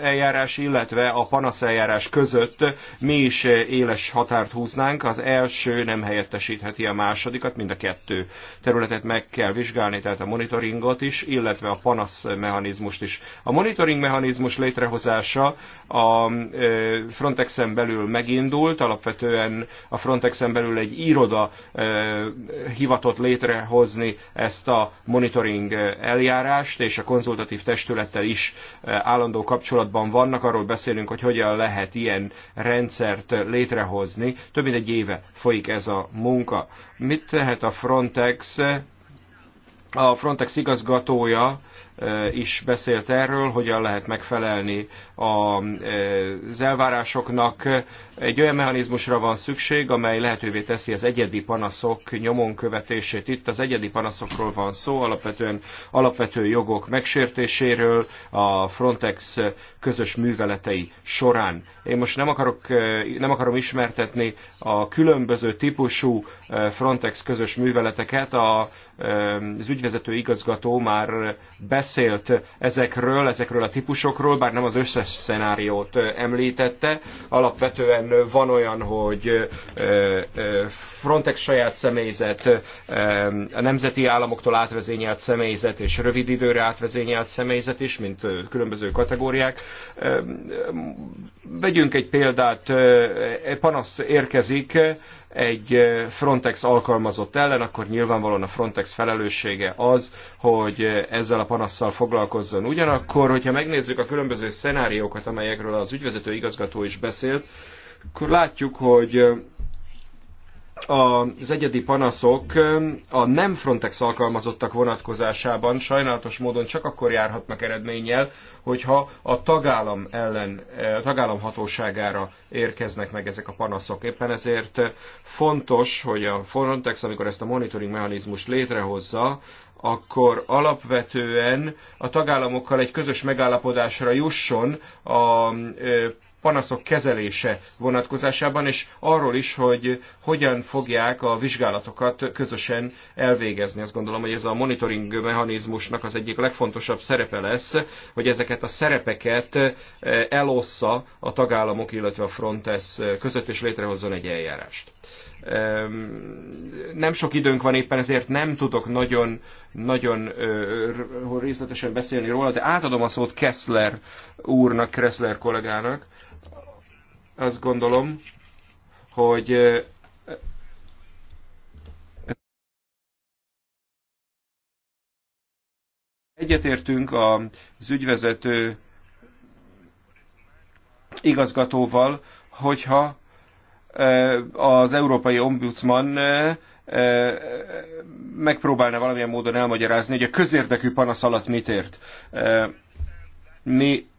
eljárás, illetve a panasz eljárás között mi is éles határt húznánk. Az első nem helyettesítheti a másodikat, mind a kettő területet meg kell vizsgálni, tehát a monitoringot is, illetve a panasz mechanizmust is a monitoring mechanizmus létrehozása a Frontexen belül megindult, alapvetően a Frontexen belül egy iroda hivatott létrehozni ezt a monitoring eljárást, és a konzultatív testülettel is állandó kapcsolatban vannak, arról beszélünk, hogy hogyan lehet ilyen rendszert létrehozni. Több mint egy éve folyik ez a munka. Mit tehet a Frontex? A Frontex igazgatója is beszélt erről, hogyan lehet megfelelni az elvárásoknak. Egy olyan mechanizmusra van szükség, amely lehetővé teszi az egyedi panaszok nyomon követését. Itt az egyedi panaszokról van szó, alapvetően alapvető jogok megsértéséről a Frontex közös műveletei során. Én most nem, akarok, nem akarom ismertetni a különböző típusú Frontex közös műveleteket. A, az ügyvezető igazgató már beszélt beszélt ezekről, ezekről a típusokról, bár nem az összes szenáriót említette. Alapvetően van olyan, hogy Frontex saját személyzet, a nemzeti államoktól átvezényelt személyzet és rövid időre átvezényelt személyzet is, mint különböző kategóriák. Vegyünk egy példát, e panasz érkezik egy Frontex alkalmazott ellen, akkor nyilvánvalóan a Frontex felelőssége az, hogy ezzel a panasszal foglalkozzon. Ugyanakkor, hogyha megnézzük a különböző szenáriókat, amelyekről az ügyvezető igazgató is beszélt, akkor látjuk, hogy az egyedi panaszok a nem Frontex alkalmazottak vonatkozásában sajnálatos módon csak akkor járhatnak eredménnyel, hogyha a tagállam ellen, a tagállam hatóságára érkeznek meg ezek a panaszok. Éppen ezért fontos, hogy a Frontex, amikor ezt a monitoring mechanizmust létrehozza, akkor alapvetően a tagállamokkal egy közös megállapodásra jusson a panaszok kezelése vonatkozásában, és arról is, hogy hogyan fogják a vizsgálatokat közösen elvégezni. Azt gondolom, hogy ez a monitoring mechanizmusnak az egyik legfontosabb szerepe lesz, hogy ezeket a szerepeket eh, elossza a tagállamok, illetve a Frontex között, és létrehozzon egy eljárást ehm, nem sok időnk van éppen, ezért nem tudok nagyon, nagyon részletesen beszélni róla, de átadom a szót Kessler úrnak, Kessler kollégának, azt gondolom, hogy egyetértünk az ügyvezető igazgatóval, hogyha az Európai Ombudsman megpróbálna valamilyen módon elmagyarázni, hogy a közérdekű panasz alatt mit ért. Mi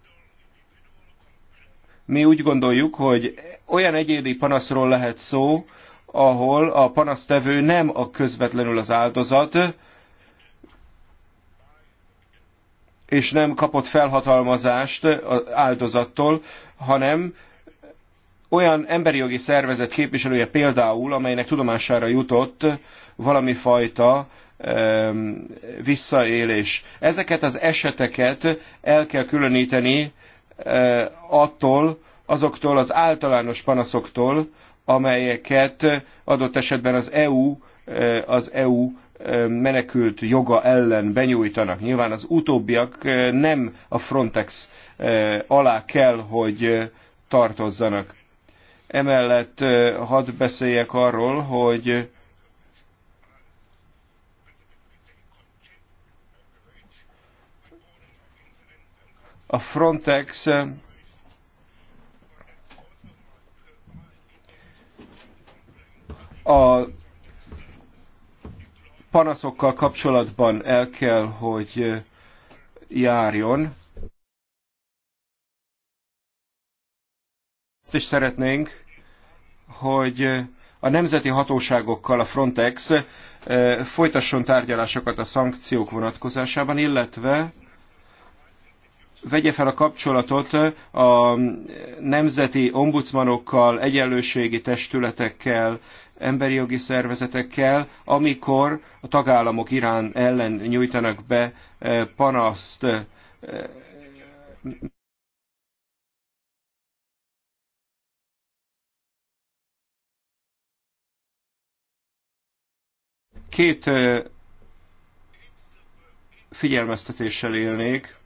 mi úgy gondoljuk, hogy olyan egyéni panaszról lehet szó, ahol a panasztevő nem a közvetlenül az áldozat, és nem kapott felhatalmazást az áldozattól, hanem olyan emberi jogi szervezet képviselője például, amelynek tudomására jutott valami fajta visszaélés. Ezeket az eseteket el kell különíteni Eh, attól, azoktól az általános panaszoktól, amelyeket adott esetben az EU, eh, az EU eh, menekült joga ellen benyújtanak. Nyilván az utóbbiak nem a Frontex alá kell, hogy tartozzanak. Emellett hadd beszéljek arról, hogy A Frontex a panaszokkal kapcsolatban el kell, hogy járjon. Ezt is szeretnénk, hogy a nemzeti hatóságokkal a Frontex folytasson tárgyalásokat a szankciók vonatkozásában, illetve vegye fel a kapcsolatot a nemzeti ombudsmanokkal, egyenlőségi testületekkel, emberi jogi szervezetekkel, amikor a tagállamok Irán ellen nyújtanak be eh, panaszt. Eh, Két eh, figyelmeztetéssel élnék.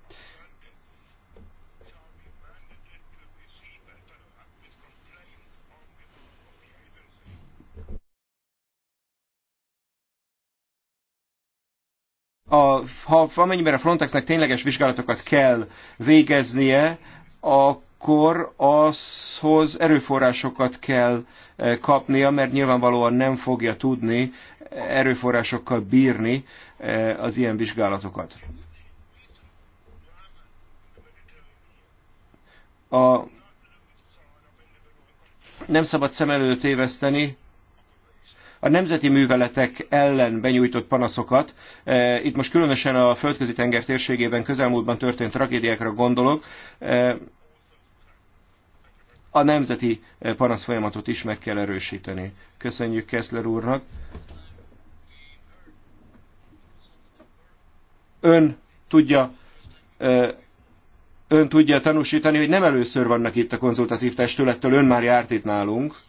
a, ha amennyiben a Frontexnek tényleges vizsgálatokat kell végeznie, akkor azhoz erőforrásokat kell eh, kapnia, mert nyilvánvalóan nem fogja tudni eh, erőforrásokkal bírni eh, az ilyen vizsgálatokat. A nem szabad szem előtt éveszteni a nemzeti műveletek ellen benyújtott panaszokat, e, itt most különösen a földközi tenger térségében közelmúltban történt tragédiákra gondolok, e, a nemzeti e, panasz folyamatot is meg kell erősíteni. Köszönjük Keszler úrnak. Ön tudja ön tudja tanúsítani, hogy nem először vannak itt a konzultatív testülettől, ön már járt itt nálunk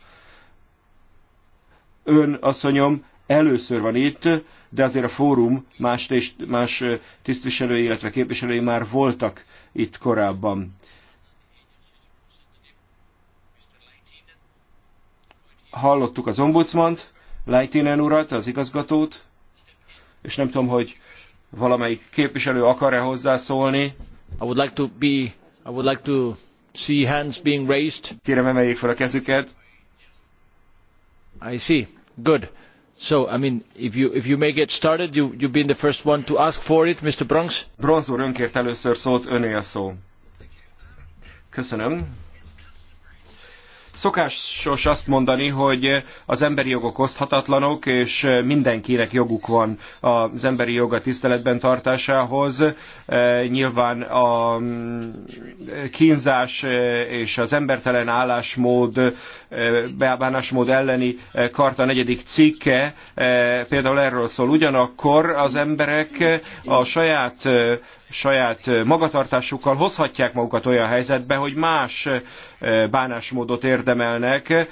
ön, asszonyom, először van itt, de azért a fórum más, tészt, más tisztviselői, illetve képviselői már voltak itt korábban. Hallottuk az ombudsmant, Leitinen urat, az igazgatót, és nem tudom, hogy valamelyik képviselő akar-e hozzászólni. I would like to be, I would like to see hands being raised. Kérem, emeljék fel a kezüket. I see. Good. So, I mean, if you, if you may get started, you, you've been the first one to ask for it, Mr. Bronx. Bronx úr, önkért először szót, öné a szó. Köszönöm. Szokásos azt mondani, hogy az emberi jogok oszthatatlanok, és mindenkinek joguk van az emberi joga tiszteletben tartásához. E, nyilván a mm, kínzás e, és az embertelen állásmód, e, bánásmód elleni karta negyedik cikke például erről szól. Ugyanakkor az emberek a saját saját magatartásukkal hozhatják magukat olyan helyzetbe, hogy más bánásmódot érdemelnek.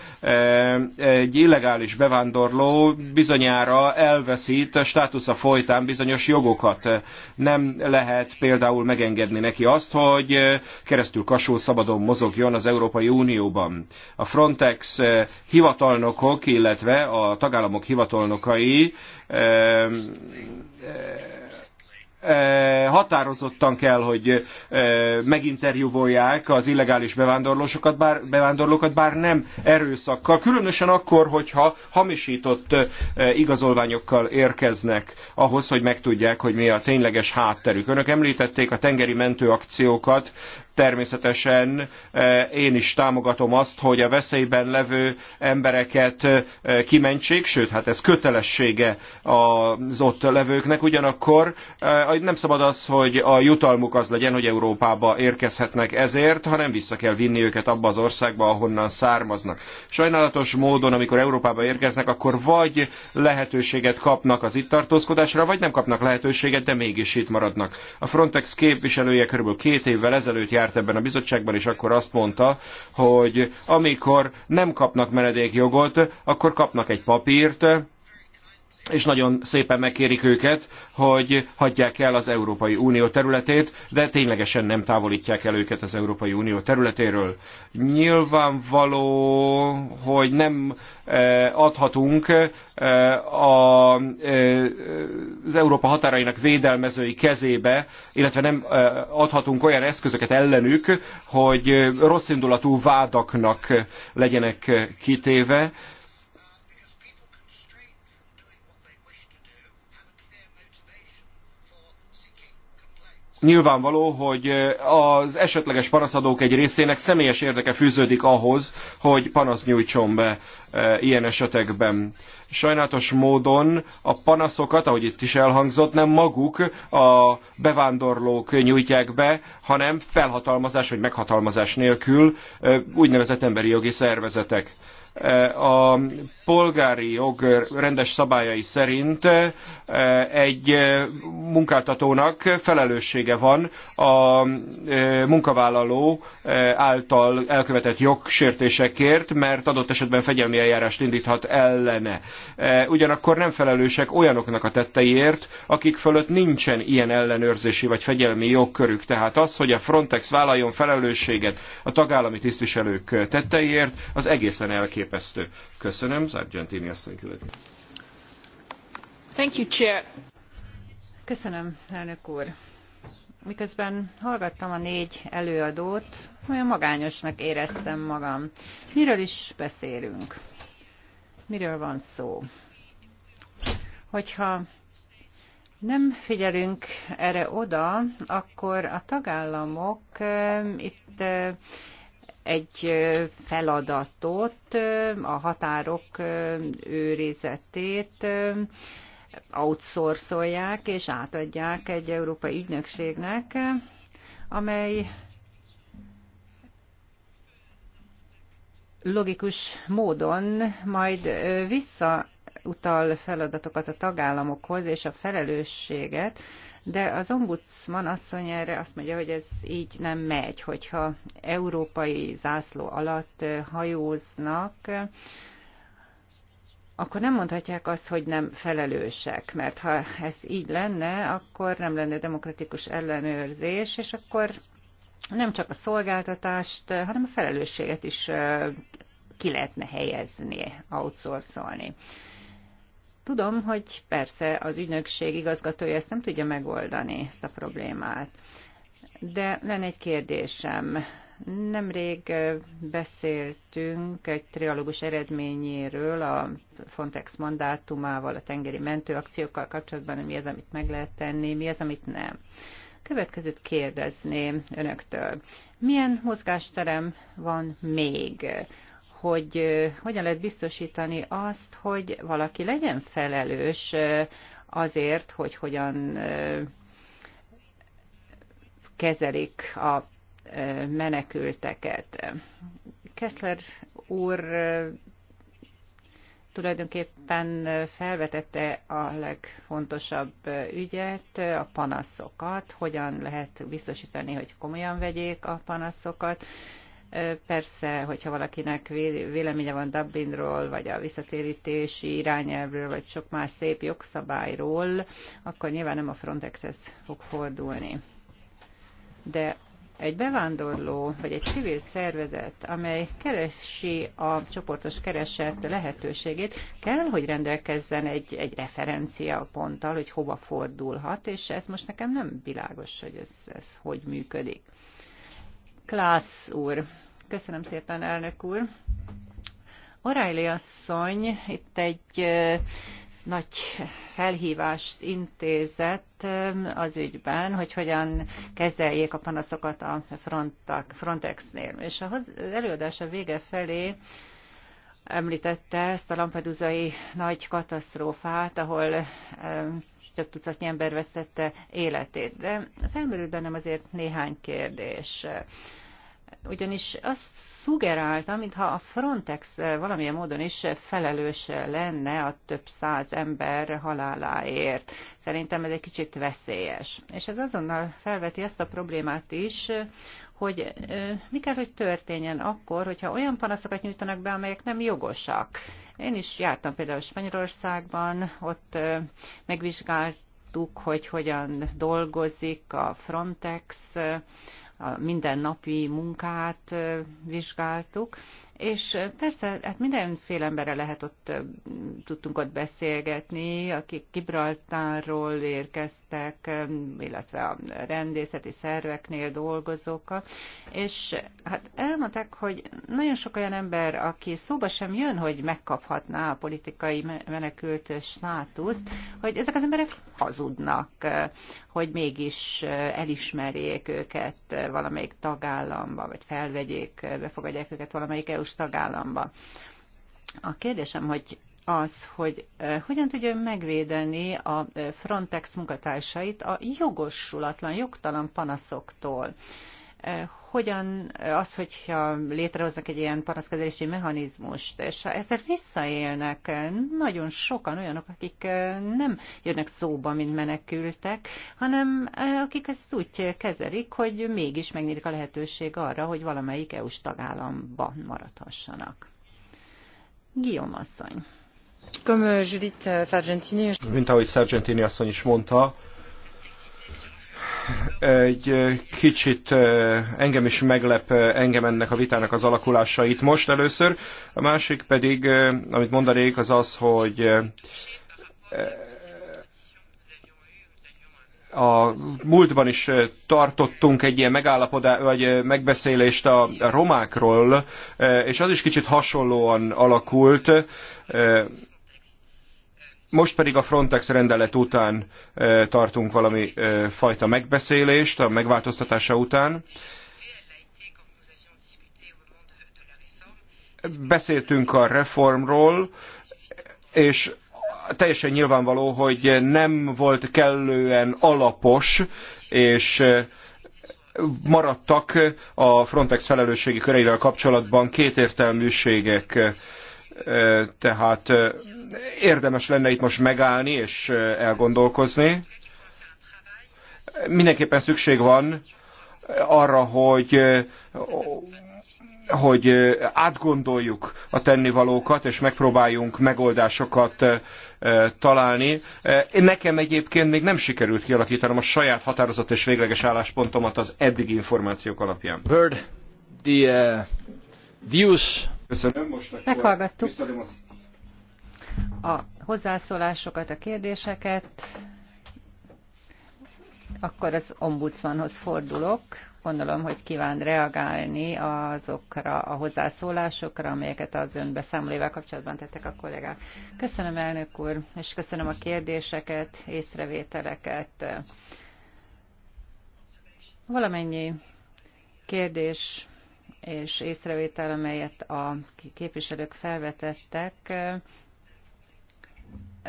Egy illegális bevándorló bizonyára elveszít a státusza folytán bizonyos jogokat. Nem lehet például megengedni neki azt, hogy keresztül kasul szabadon mozogjon az Európai Unióban. A Frontex hivatalnokok, illetve a tagállamok hivatalnokai Eh, határozottan kell, hogy eh, meginterjúvolják az illegális bevándorlósokat, bár, bevándorlókat, bár nem erőszakkal, különösen akkor, hogyha hamisított eh, igazolványokkal érkeznek ahhoz, hogy megtudják, hogy mi a tényleges hátterük. Önök említették a tengeri mentőakciókat, természetesen eh, én is támogatom azt, hogy a veszélyben levő embereket eh, kimentsék, sőt, hát ez kötelessége az ott levőknek, ugyanakkor eh, nem szabad az, hogy a jutalmuk az legyen, hogy Európába érkezhetnek ezért, hanem vissza kell vinni őket abba az országba, ahonnan származnak. Sajnálatos módon, amikor Európába érkeznek, akkor vagy lehetőséget kapnak az itt tartózkodásra, vagy nem kapnak lehetőséget, de mégis itt maradnak. A Frontex képviselője körülbelül két évvel ezelőtt jár járt ebben a bizottságban, és akkor azt mondta, hogy amikor nem kapnak menedékjogot, akkor kapnak egy papírt, és nagyon szépen megkérik őket, hogy hagyják el az Európai Unió területét, de ténylegesen nem távolítják el őket az Európai Unió területéről. Nyilvánvaló, hogy nem e, adhatunk e, e, az Európa határainak védelmezői kezébe, illetve nem adhatunk olyan eszközöket ellenük, hogy rosszindulatú vádaknak legyenek kitéve nyilvánvaló, hogy az esetleges panaszadók egy részének személyes érdeke fűződik ahhoz, hogy panasz nyújtson be ilyen esetekben. Sajnálatos módon a panaszokat, ahogy itt is elhangzott, nem maguk a bevándorlók nyújtják be, hanem felhatalmazás vagy meghatalmazás nélkül úgynevezett emberi jogi szervezetek. A polgári jog rendes szabályai szerint eh, egy eh, munkáltatónak felelőssége van a eh, munkavállaló által elkövetett jogsértésekért, mert adott esetben fegyelmi eljárást indíthat ellene. Ugyanakkor nem felelősek olyanoknak a tetteiért, akik fölött nincsen ilyen ellenőrzési vagy fegyelmi jogkörük. Tehát az, hogy a Frontex vállaljon felelősséget a tagállami tisztviselők tetteiért, az egészen elképzelhető elképesztő. Köszönöm, Sargentini asszony követi. Thank you, Chair. Köszönöm, elnök úr. Miközben hallgattam a négy előadót, olyan magányosnak éreztem magam. Miről is beszélünk? Miről van szó? Hogyha nem figyelünk erre oda, akkor a tagállamok eh, itt eh, egy feladatot, a határok őrizetét outsourcolják és átadják egy európai ügynökségnek, amely logikus módon majd visszautal feladatokat a tagállamokhoz és a felelősséget de az ombudsman asszony erre azt mondja, hogy ez így nem megy, hogyha európai zászló alatt hajóznak, akkor nem mondhatják azt, hogy nem felelősek, mert ha ez így lenne, akkor nem lenne demokratikus ellenőrzés, és akkor nem csak a szolgáltatást, hanem a felelősséget is ki lehetne helyezni, outsourcolni. Tudom, hogy persze az ügynökség igazgatója ezt nem tudja megoldani, ezt a problémát. De lenne egy kérdésem. Nemrég beszéltünk egy trialógus eredményéről a Frontex mandátumával, a tengeri mentőakciókkal kapcsolatban, mi az, amit meg lehet tenni, mi az, amit nem. Következőt kérdezném önöktől. Milyen mozgásterem van még hogy hogyan lehet biztosítani azt, hogy valaki legyen felelős azért, hogy hogyan kezelik a menekülteket. Kessler úr tulajdonképpen felvetette a legfontosabb ügyet, a panaszokat, hogyan lehet biztosítani, hogy komolyan vegyék a panaszokat, Persze, hogyha valakinek véleménye van Dublinról, vagy a visszatérítési irányelvről, vagy sok más szép jogszabályról, akkor nyilván nem a Frontexhez fog fordulni. De egy bevándorló vagy egy civil szervezet, amely keresi a csoportos kereset lehetőségét, kell, hogy rendelkezzen egy, egy referencia ponttal, hogy hova fordulhat, és ez most nekem nem világos, hogy ez, ez hogy működik. Klász úr, Köszönöm szépen, elnök úr. O'Reilly asszony itt egy nagy felhívást intézett az ügyben, hogy hogyan kezeljék a panaszokat a Frontexnél. És az előadása vége felé említette ezt a lampedusai nagy katasztrófát, ahol több tucatnyi ember vesztette életét. De felmerült bennem azért néhány kérdés ugyanis azt szugerálta, mintha a Frontex eh, valamilyen módon is felelős lenne a több száz ember haláláért. Szerintem ez egy kicsit veszélyes. És ez azonnal felveti azt a problémát is, hogy eh, mi kell, hogy történjen akkor, hogyha olyan panaszokat nyújtanak be, amelyek nem jogosak. Én is jártam például Spanyolországban, ott eh, megvizsgáltuk, hogy hogyan dolgozik a Frontex, a mindennapi munkát vizsgáltuk, és persze, hát mindenféle emberre lehet ott, tudtunk ott beszélgetni, akik Gibraltárról érkeztek, illetve a rendészeti szerveknél dolgozókkal, és hát elmondták, hogy nagyon sok olyan ember, aki szóba sem jön, hogy megkaphatná a politikai menekült státuszt, hogy ezek az emberek hazudnak, hogy mégis elismerjék őket valamelyik tagállamba, vagy felvegyék, befogadják őket valamelyik EU-s tagállamba. A kérdésem, hogy az, hogy hogyan tudja megvédeni a Frontex munkatársait a jogosulatlan, jogtalan panaszoktól hogyan az, hogyha létrehoznak egy ilyen panaszkezelési mechanizmust, és ezzel visszaélnek nagyon sokan olyanok, akik nem jönnek szóba, mint menekültek, hanem akik ezt úgy kezelik, hogy mégis megnyílik a lehetőség arra, hogy valamelyik EU-s tagállamban maradhassanak. Guillaume asszony. Euh, euh, mint ahogy Sargentini asszony is mondta, egy kicsit engem is meglep engem ennek a vitának az alakulása itt most először. A másik pedig, amit mondanék, az az, hogy a múltban is tartottunk egy ilyen megállapodást, vagy megbeszélést a romákról, és az is kicsit hasonlóan alakult most pedig a Frontex rendelet után tartunk valami fajta megbeszélést, a megváltoztatása után. Beszéltünk a reformról, és teljesen nyilvánvaló, hogy nem volt kellően alapos, és maradtak a Frontex felelősségi köreivel kapcsolatban kétértelműségek. Tehát érdemes lenne itt most megállni és elgondolkozni. Mindenképpen szükség van arra, hogy hogy átgondoljuk a tennivalókat, és megpróbáljunk megoldásokat találni. Nekem egyébként még nem sikerült kialakítanom a saját határozat és végleges álláspontomat az eddigi információk alapján. Bird, the uh, views. Köszönöm, most akkor Meghallgattuk. visszadom az a hozzászólásokat, a kérdéseket, akkor az ombudsmanhoz fordulok. Gondolom, hogy kíván reagálni azokra a hozzászólásokra, amelyeket az ön beszámolével kapcsolatban tettek a kollégák. Köszönöm, elnök úr, és köszönöm a kérdéseket, észrevételeket. Valamennyi kérdés és észrevétel, amelyet a képviselők felvetettek,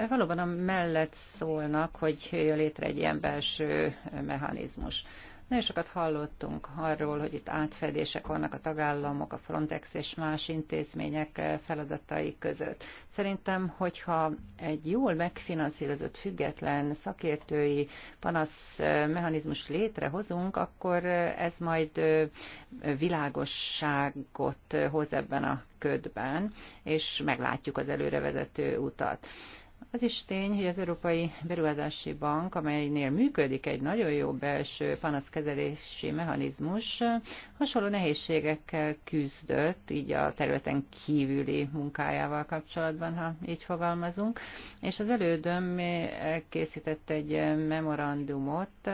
valóban a mellett szólnak, hogy jöjjön létre egy ilyen belső mechanizmus. Nagyon sokat hallottunk arról, hogy itt átfedések vannak a tagállamok, a Frontex és más intézmények feladatai között. Szerintem, hogyha egy jól megfinanszírozott, független szakértői panasz mechanizmus létrehozunk, akkor ez majd világosságot hoz ebben a ködben, és meglátjuk az előrevezető utat. Az is tény, hogy az Európai Beruházási Bank, amelynél működik egy nagyon jó belső panaszkezelési mechanizmus, hasonló nehézségekkel küzdött, így a területen kívüli munkájával kapcsolatban, ha így fogalmazunk. És az elődöm készített egy memorandumot,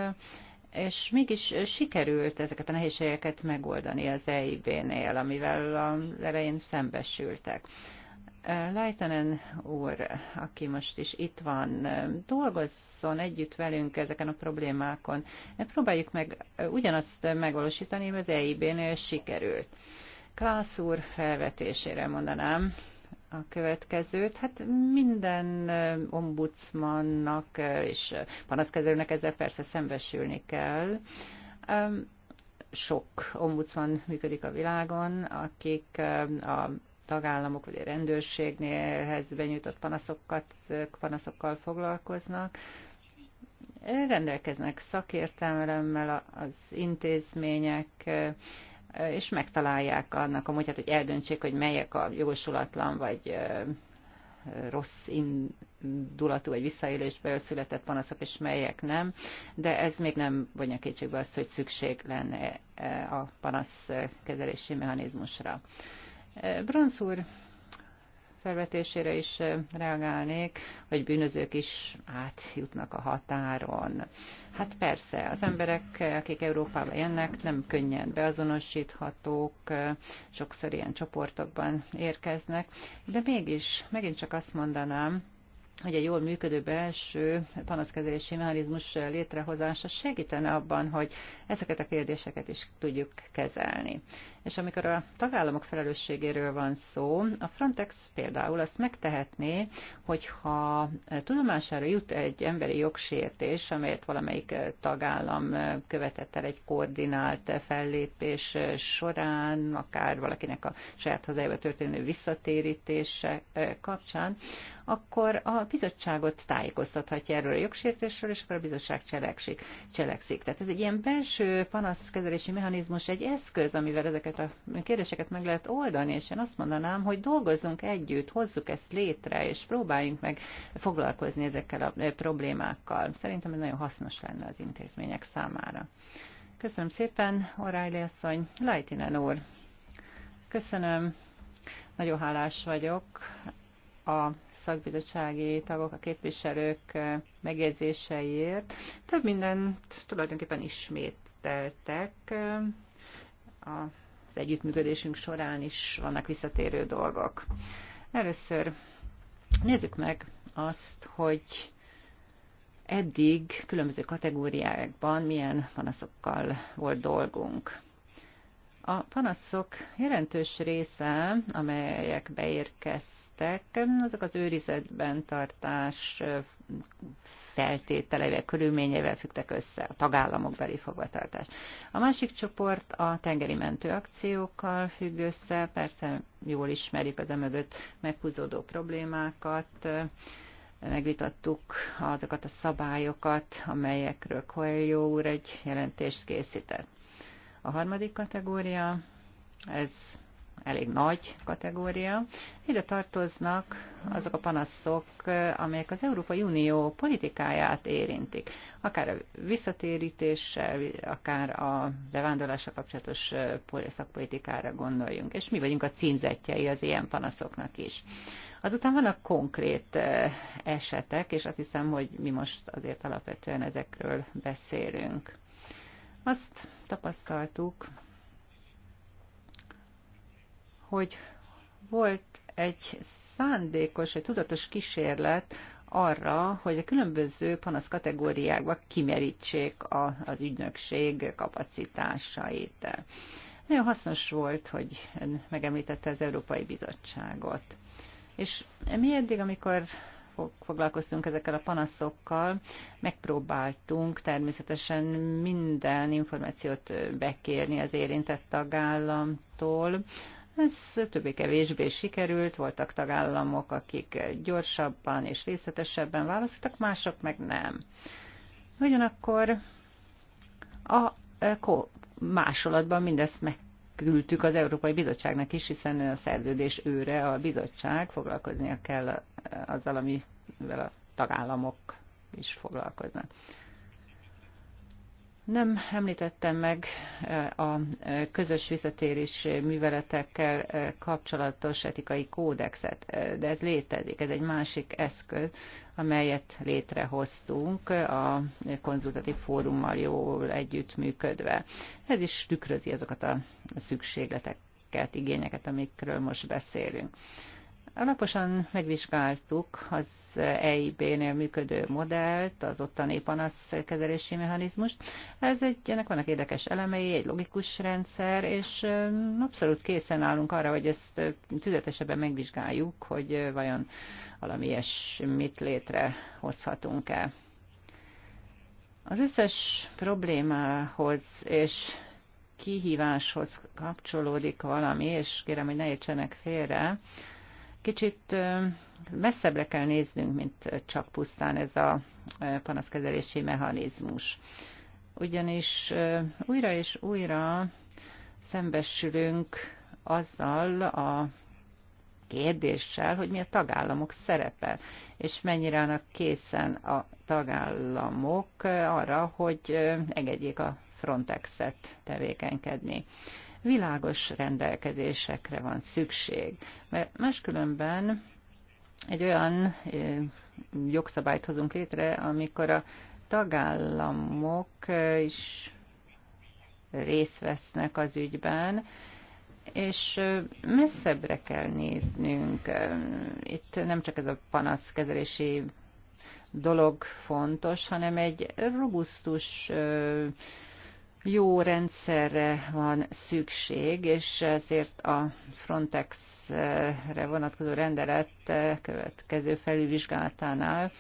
és mégis sikerült ezeket a nehézségeket megoldani az EIB-nél, amivel az elején szembesültek. Leitenen úr, aki most is itt van, dolgozzon együtt velünk ezeken a problémákon. Próbáljuk meg ugyanazt megvalósítani, mert az EIB-nél sikerült. Klász úr felvetésére mondanám a következőt. Hát minden ombudsmannak és panaszkezelőnek ezzel persze szembesülni kell sok ombudsman működik a világon, akik a tagállamok vagy a rendőrségnél benyújtott panaszokat, panaszokkal foglalkoznak, rendelkeznek szakértelmemmel az intézmények, és megtalálják annak a módját, hogy eldöntsék, hogy melyek a jogosulatlan vagy rossz indulatú vagy visszaélésből született panaszok, és melyek nem, de ez még nem vonja kétségbe azt, hogy szükség lenne a panasz kezelési mechanizmusra. Bronz úr felvetésére is reagálnék, hogy bűnözők is átjutnak a határon. Hát persze, az emberek, akik Európába jönnek, nem könnyen beazonosíthatók, sokszor ilyen csoportokban érkeznek, de mégis megint csak azt mondanám, hogy egy jól működő belső panaszkezelési mechanizmus létrehozása segítene abban, hogy ezeket a kérdéseket is tudjuk kezelni. És amikor a tagállamok felelősségéről van szó, a Frontex például azt megtehetné, hogyha eh, tudomására jut egy emberi jogsértés, amelyet valamelyik eh, tagállam eh, követett el egy koordinált fellépés során, akár valakinek a saját hazájába történő visszatérítése kapcsán, akkor a bizottságot tájékoztathatja erről a jogsértésről, és akkor a bizottság cselekszik. cselekszik. Tehát ez egy ilyen belső panaszkezelési mechanizmus, egy eszköz, amivel ezeket ezeket a kérdéseket meg lehet oldani, és én azt mondanám, hogy dolgozzunk együtt, hozzuk ezt létre, és próbáljunk meg foglalkozni ezekkel a problémákkal. Szerintem ez nagyon hasznos lenne az intézmények számára. Köszönöm szépen, O'Reilly asszony, Lajtinen úr. Köszönöm, nagyon hálás vagyok a szakbizottsági tagok, a képviselők megjegyzéseiért. Több mindent tulajdonképpen ismételtek a az együttműködésünk során is vannak visszatérő dolgok. Először nézzük meg azt, hogy eddig különböző kategóriákban milyen panaszokkal volt dolgunk. A panaszok jelentős része, amelyek beérkeztek, területek, azok az őrizetben tartás feltételeivel, körülményeivel függtek össze, a tagállamok beli fogvatartás. A másik csoport a tengeri mentőakciókkal függ össze, persze jól ismerik az emögött meghúzódó problémákat, megvitattuk azokat a szabályokat, amelyekről Coelho úr egy jelentést készített. A harmadik kategória, ez elég nagy kategória. Ide tartoznak azok a panaszok, amelyek az Európai Unió politikáját érintik. Akár a visszatérítéssel, akár a bevándorlással kapcsolatos szakpolitikára gondoljunk. És mi vagyunk a címzetjei az ilyen panaszoknak is. Azután vannak konkrét esetek, és azt hiszem, hogy mi most azért alapvetően ezekről beszélünk. Azt tapasztaltuk, hogy volt egy szándékos, egy tudatos kísérlet arra, hogy a különböző panasz kategóriákba kimerítsék a, az ügynökség kapacitásait. Nagyon hasznos volt, hogy ön megemlítette az Európai Bizottságot. És mi eddig, amikor foglalkoztunk ezekkel a panaszokkal, megpróbáltunk természetesen minden információt bekérni az érintett tagállamtól, ez többé-kevésbé sikerült, voltak tagállamok, akik gyorsabban és részletesebben választottak, mások meg nem. Ugyanakkor a e, másolatban mindezt megküldtük az Európai Bizottságnak is, hiszen a szerződés őre a bizottság foglalkoznia kell e, azzal, amivel a tagállamok is foglalkoznak. Nem említettem meg e, a e, közös visszatérés műveletekkel e, kapcsolatos etikai kódexet, de ez létezik, ez egy másik eszköz, amelyet létrehoztunk a konzultatív fórummal jól együttműködve. Ez is tükrözi azokat a szükségleteket, igényeket, amikről most beszélünk. Alaposan megvizsgáltuk az EIB-nél működő modellt, az ottani kezelési mechanizmust. Ez egy, ennek vannak érdekes elemei, egy logikus rendszer, és abszolút készen állunk arra, hogy ezt tüzetesebben megvizsgáljuk, hogy vajon valami ilyesmit létrehozhatunk-e. Az összes problémához és kihíváshoz kapcsolódik valami, és kérem, hogy ne értsenek félre, Kicsit messzebbre kell néznünk, mint csak pusztán ez a panaszkezelési mechanizmus. Ugyanis újra és újra szembesülünk azzal a kérdéssel, hogy mi a tagállamok szerepe, és mennyire annak készen a tagállamok arra, hogy engedjék a Frontexet tevékenykedni világos rendelkezésekre van szükség, mert máskülönben egy olyan jogszabályt hozunk létre, amikor a tagállamok is részt vesznek az ügyben, és messzebbre kell néznünk. Itt nem csak ez a panaszkezelési dolog fontos, hanem egy robusztus jó rendszerre van szükség, és ezért a Frontexre vonatkozó rendelet eh, következő felülvizsgálatánál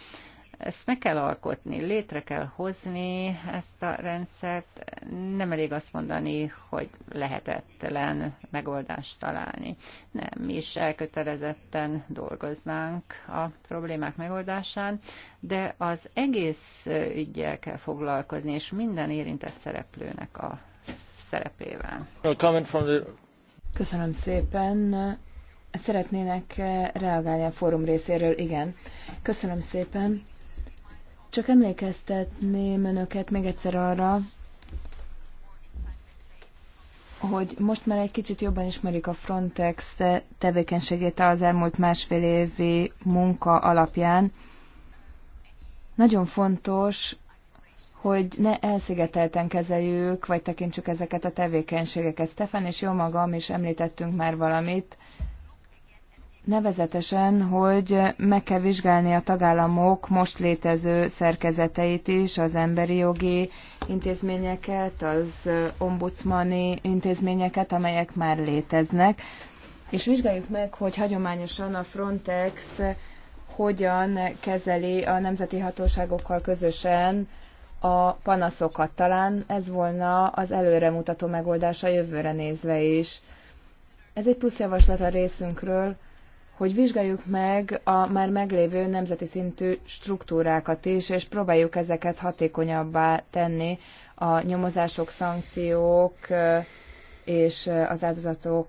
ezt meg kell alkotni, létre kell hozni ezt a rendszert. Nem elég azt mondani, hogy lehetetlen megoldást találni. Nem, mi is elkötelezetten dolgoznánk a problémák megoldásán, de az egész ügyel kell foglalkozni, és minden érintett szereplőnek a szerepével. Köszönöm szépen. Szeretnének reagálni a fórum részéről, igen. Köszönöm szépen. Csak emlékeztetném önöket még egyszer arra, hogy most már egy kicsit jobban ismerik a Frontex tevékenységét az elmúlt másfél évi munka alapján. Nagyon fontos, hogy ne elszigetelten kezeljük, vagy tekintsük ezeket a tevékenységeket. Stefan és jó magam is említettünk már valamit Nevezetesen, hogy meg kell vizsgálni a tagállamok most létező szerkezeteit is, az emberi jogi intézményeket, az ombudsmani intézményeket, amelyek már léteznek, és vizsgáljuk meg, hogy hagyományosan a Frontex hogyan kezeli a nemzeti hatóságokkal közösen a panaszokat. Talán ez volna az előremutató megoldása jövőre nézve is. Ez egy plusz javaslat a részünkről, hogy vizsgáljuk meg a már meglévő nemzeti szintű struktúrákat is, és próbáljuk ezeket hatékonyabbá tenni a nyomozások, szankciók és az áldozatok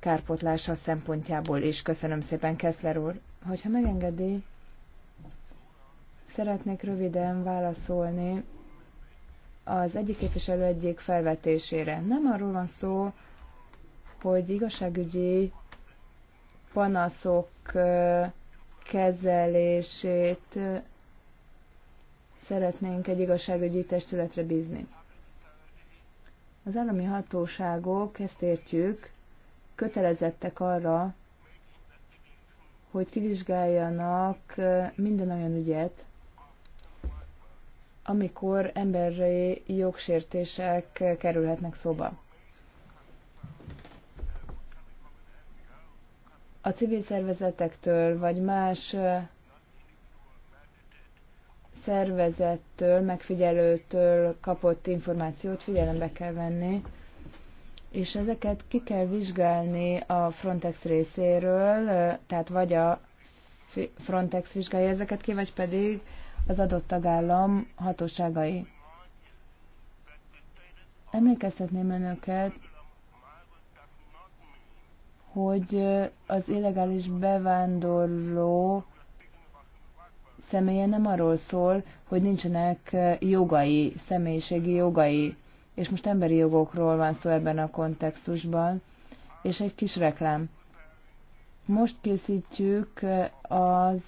kárpotlása szempontjából is. Köszönöm szépen, Keszler úr. Hogyha megengedi, szeretnék röviden válaszolni az egyik képviselő egyik felvetésére. Nem arról van szó, hogy igazságügyi panaszok kezelését szeretnénk egy igazságügyi testületre bízni. Az állami hatóságok, ezt értjük, kötelezettek arra, hogy kivizsgáljanak minden olyan ügyet, amikor emberi jogsértések kerülhetnek szóba. a civil szervezetektől, vagy más szervezettől, megfigyelőtől kapott információt figyelembe kell venni, és ezeket ki kell vizsgálni a Frontex részéről, tehát vagy a Frontex vizsgálja ezeket ki, vagy pedig az adott tagállam hatóságai. Emlékeztetném önöket hogy az illegális bevándorló személye nem arról szól, hogy nincsenek jogai, személyiségi jogai, és most emberi jogokról van szó ebben a kontextusban, és egy kis reklám. Most készítjük az,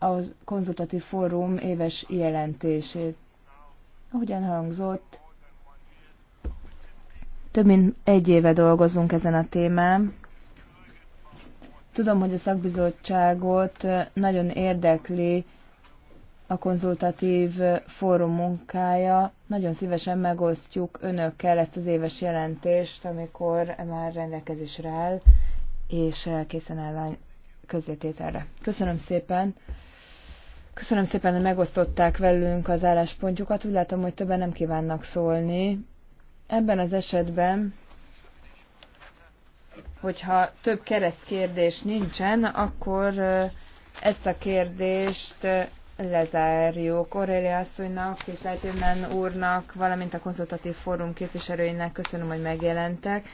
a konzultatív fórum éves jelentését. Ahogyan hangzott, több mint egy éve dolgozunk ezen a témán. Tudom, hogy a szakbizottságot nagyon érdekli a konzultatív fórum munkája. Nagyon szívesen megosztjuk önökkel ezt az éves jelentést, amikor már rendelkezésre áll, és készen áll a közétételre. Köszönöm szépen! Köszönöm szépen, hogy megosztották velünk az álláspontjukat. Úgy látom, hogy többen nem kívánnak szólni. Ebben az esetben, hogyha több keresztkérdés nincsen, akkor ezt a kérdést lezárjuk. Aurelia asszonynak, Tiszteltében úrnak, valamint a konzultatív fórum képviselőinek köszönöm, hogy megjelentek.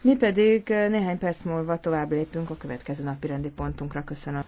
Mi pedig néhány perc múlva tovább lépünk a következő napi rendi pontunkra. Köszönöm.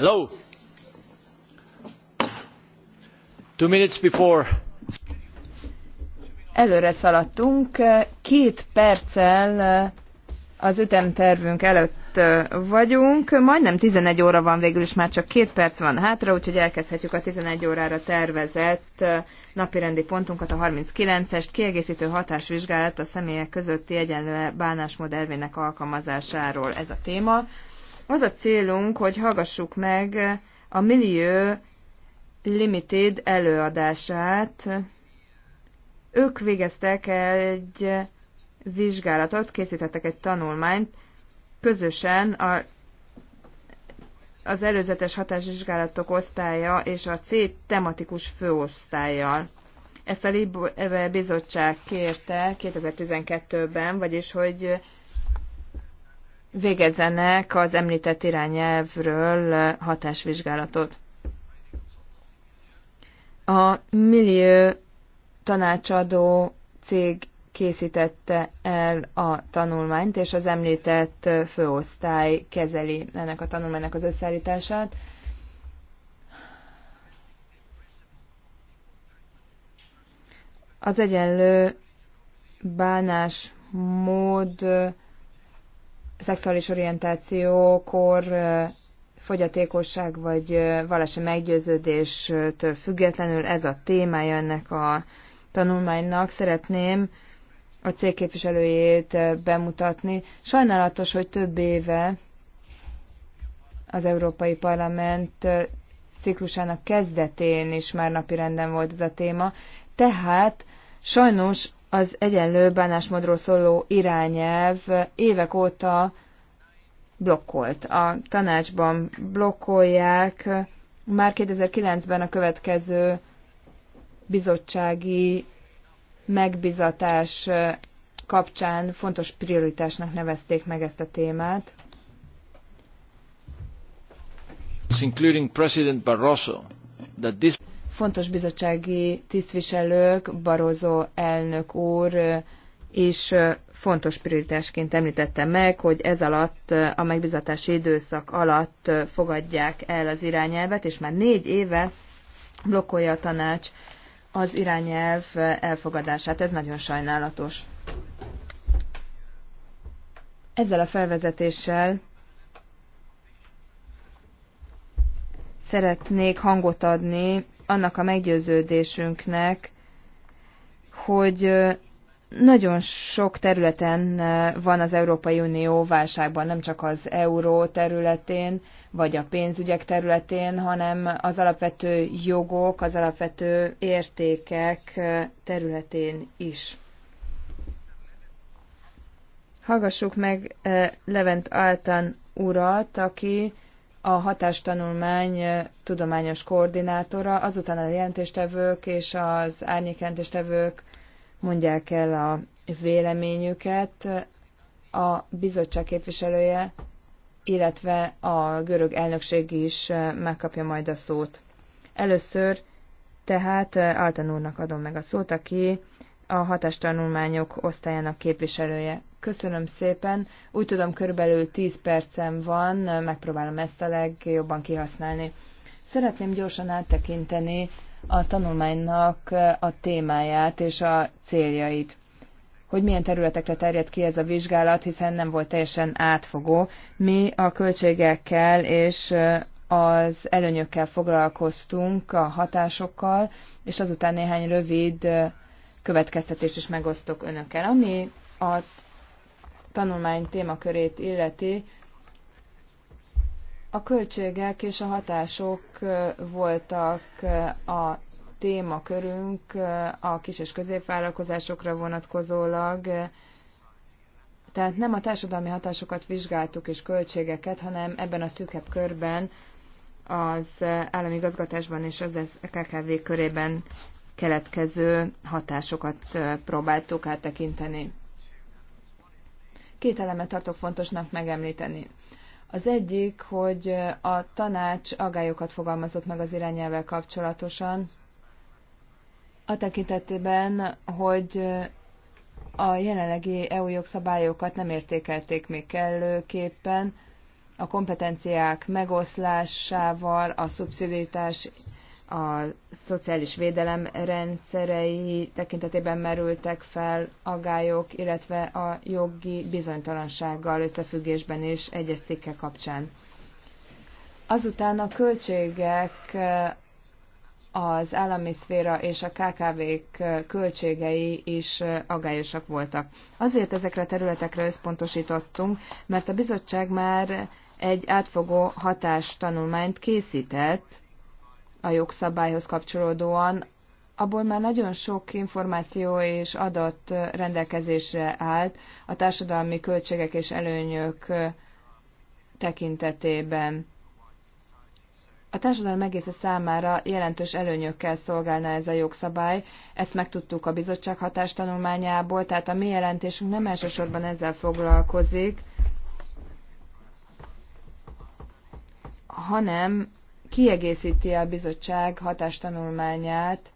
Hello. Előre két perccel az ütemtervünk előtt vagyunk. Majdnem 11 óra van végül is, már csak két perc van hátra, úgyhogy elkezdhetjük a 11 órára tervezett napirendi pontunkat, a 39-est, kiegészítő hatásvizsgálat a személyek közötti egyenlő bánásmód elvének alkalmazásáról ez a téma. Az a célunk, hogy hallgassuk meg a Millió Limited előadását. Ők végeztek egy vizsgálatot, készítettek egy tanulmányt, közösen a, az előzetes hatásvizsgálatok osztálya és a C tematikus főosztályjal. Ezt a bizottság kérte 2012-ben, vagyis hogy végezzenek az említett irányelvről hatásvizsgálatot. A millió tanácsadó cég készítette el a tanulmányt, és az említett főosztály kezeli ennek a tanulmánynak az összeállítását. Az egyenlő bánásmód szexuális orientációkor fogyatékosság vagy valási meggyőződéstől függetlenül ez a témája ennek a tanulmánynak. Szeretném a cégképviselőjét bemutatni. Sajnálatos, hogy több éve az Európai Parlament ciklusának kezdetén is már napirenden volt ez a téma, tehát sajnos az egyenlő bánásmódról szóló irányelv évek óta blokkolt. A tanácsban blokkolják, már 2009-ben a következő bizottsági megbizatás kapcsán fontos prioritásnak nevezték meg ezt a témát. Including President Barroso, that this fontos bizottsági tisztviselők, Barozó elnök úr is fontos prioritásként említette meg, hogy ez alatt, a megbizatási időszak alatt fogadják el az irányelvet, és már négy éve blokkolja a tanács az irányelv elfogadását. Ez nagyon sajnálatos. Ezzel a felvezetéssel szeretnék hangot adni annak a meggyőződésünknek, hogy nagyon sok területen van az Európai Unió válságban, nem csak az euró területén, vagy a pénzügyek területén, hanem az alapvető jogok, az alapvető értékek területén is. Hallgassuk meg Levent Altan urat, aki a hatástanulmány eh, tudományos koordinátora, azután a jelentéstevők és az árnyékjelentéstevők mondják el a véleményüket, a bizottság képviselője, illetve a görög elnökség is eh, megkapja majd a szót. Először tehát eh, Altan úrnak adom meg a szót, aki a hatástanulmányok osztályának képviselője. Köszönöm szépen. Úgy tudom, körülbelül 10 percem van, megpróbálom ezt a legjobban kihasználni. Szeretném gyorsan áttekinteni a tanulmánynak a témáját és a céljait. Hogy milyen területekre terjed ki ez a vizsgálat, hiszen nem volt teljesen átfogó. Mi a költségekkel és az előnyökkel foglalkoztunk, a hatásokkal, és azután néhány rövid következtetést is megosztok önökkel. Ami a tanulmány témakörét illeti, a költségek és a hatások voltak a témakörünk a kis- és középvállalkozásokra vonatkozólag, tehát nem a társadalmi hatásokat vizsgáltuk és költségeket, hanem ebben a szűkebb körben az állami igazgatásban és az KKV körében keletkező hatásokat próbáltuk áttekinteni. Két elemet tartok fontosnak megemlíteni. Az egyik, hogy a tanács agályokat fogalmazott meg az irányelvel kapcsolatosan, a tekintetében, hogy a jelenlegi EU jogszabályokat nem értékelték még kellőképpen, a kompetenciák megoszlásával, a szubszidítás a szociális védelem rendszerei tekintetében merültek fel agályok illetve a jogi bizonytalansággal összefüggésben is egyes cikke kapcsán. Azután a költségek az állami szféra és a KKV-k költségei is agályosak voltak. Azért ezekre a területekre összpontosítottunk, mert a bizottság már egy átfogó hatástanulmányt készített a jogszabályhoz kapcsolódóan, abból már nagyon sok információ és adat rendelkezésre állt a társadalmi költségek és előnyök tekintetében. A társadalom egésze számára jelentős előnyökkel szolgálna ez a jogszabály, ezt megtudtuk a bizottság hatástanulmányából, tehát a mi jelentésünk nem elsősorban ezzel foglalkozik, hanem kiegészíti a bizottság hatástanulmányát,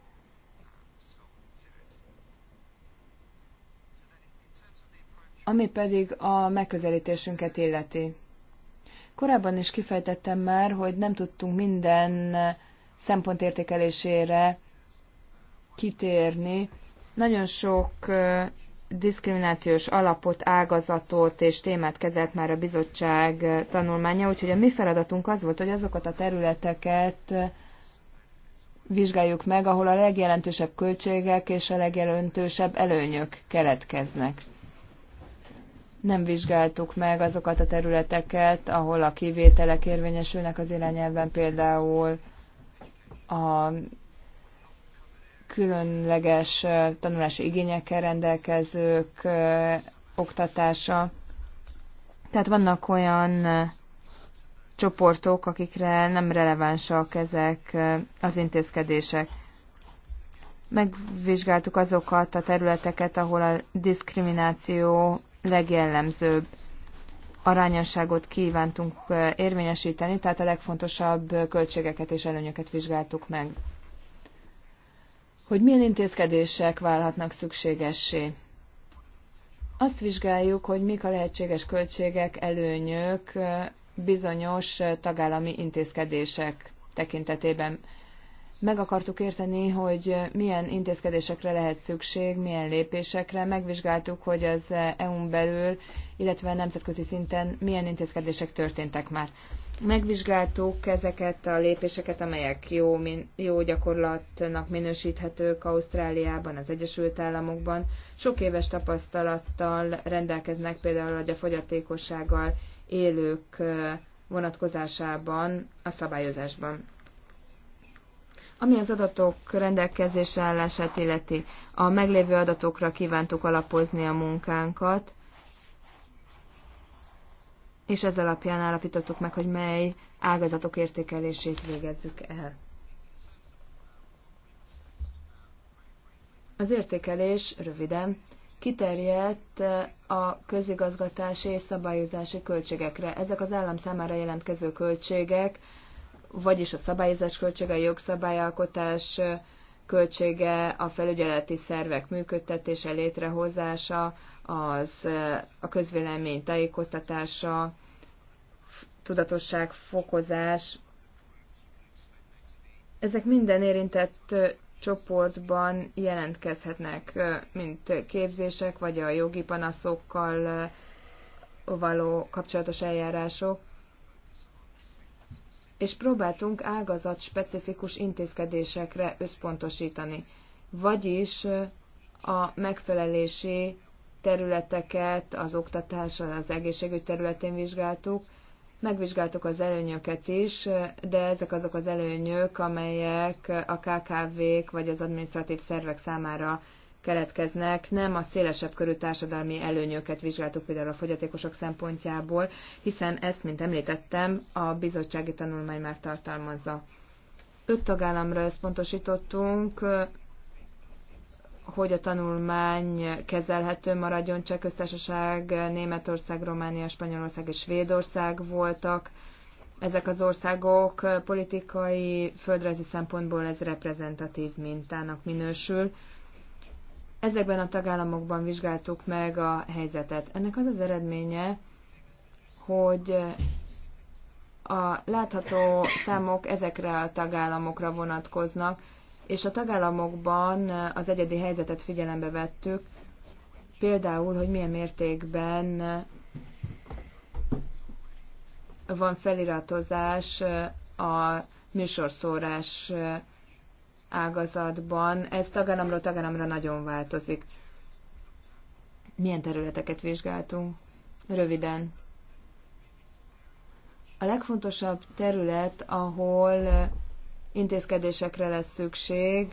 ami pedig a megközelítésünket illeti. Korábban is kifejtettem már, hogy nem tudtunk minden szempont értékelésére kitérni. Nagyon sok diszkriminációs alapot, ágazatot és témát kezelt már a bizottság tanulmánya, úgyhogy a mi feladatunk az volt, hogy azokat a területeket vizsgáljuk meg, ahol a legjelentősebb költségek és a legjelentősebb előnyök keletkeznek. Nem vizsgáltuk meg azokat a területeket, ahol a kivételek érvényesülnek az irányelven, például a különleges tanulási igényekkel rendelkezők oktatása. Tehát vannak olyan csoportok, akikre nem relevánsak ezek az intézkedések. Megvizsgáltuk azokat a területeket, ahol a diszkrimináció legjellemzőbb arányosságot kívántunk érvényesíteni, tehát a legfontosabb költségeket és előnyöket vizsgáltuk meg hogy milyen intézkedések válhatnak szükségessé. Azt vizsgáljuk, hogy mik a lehetséges költségek, előnyök bizonyos tagállami intézkedések tekintetében. Meg akartuk érteni, hogy milyen intézkedésekre lehet szükség, milyen lépésekre. Megvizsgáltuk, hogy az EU-n belül, illetve nemzetközi szinten milyen intézkedések történtek már. Megvizsgáltuk ezeket a lépéseket, amelyek jó, min, jó gyakorlatnak minősíthetők Ausztráliában, az Egyesült Államokban. Sok éves tapasztalattal rendelkeznek például a fogyatékossággal élők vonatkozásában a szabályozásban. Ami az adatok rendelkezésre állását illeti, a meglévő adatokra kívántuk alapozni a munkánkat, és ez alapján állapítottuk meg, hogy mely ágazatok értékelését végezzük el. Az értékelés röviden kiterjedt a közigazgatási és szabályozási költségekre. Ezek az állam számára jelentkező költségek, vagyis a szabályozás költsége, a jogszabályalkotás költsége, a felügyeleti szervek működtetése, létrehozása, az, a közvélemény tájékoztatása, tudatosság, fokozás. Ezek minden érintett csoportban jelentkezhetnek, mint képzések, vagy a jogi panaszokkal való kapcsolatos eljárások. És próbáltunk ágazat specifikus intézkedésekre összpontosítani, vagyis a megfelelési területeket, az oktatás, az egészségügy területén vizsgáltuk, megvizsgáltuk az előnyöket is, de ezek azok az előnyök, amelyek a KKV-k vagy az adminisztratív szervek számára keletkeznek, nem a szélesebb körű társadalmi előnyöket vizsgáltuk például a fogyatékosok szempontjából, hiszen ezt, mint említettem, a bizottsági tanulmány már tartalmazza. Öt tagállamra összpontosítottunk, hogy a tanulmány kezelhető maradjon. Cseh köztársaság, Németország, Románia, Spanyolország és Svédország voltak. Ezek az országok politikai, földrajzi szempontból ez reprezentatív mintának minősül. Ezekben a tagállamokban vizsgáltuk meg a helyzetet. Ennek az az eredménye, hogy a látható számok ezekre a tagállamokra vonatkoznak, és a tagállamokban eh, az egyedi helyzetet figyelembe vettük, például, hogy milyen mértékben eh, van feliratozás eh, a műsorszórás ágazatban. Ez tagállamról tagállamra nagyon változik. Milyen területeket vizsgáltunk? Röviden. A legfontosabb terület, ahol intézkedésekre lesz szükség,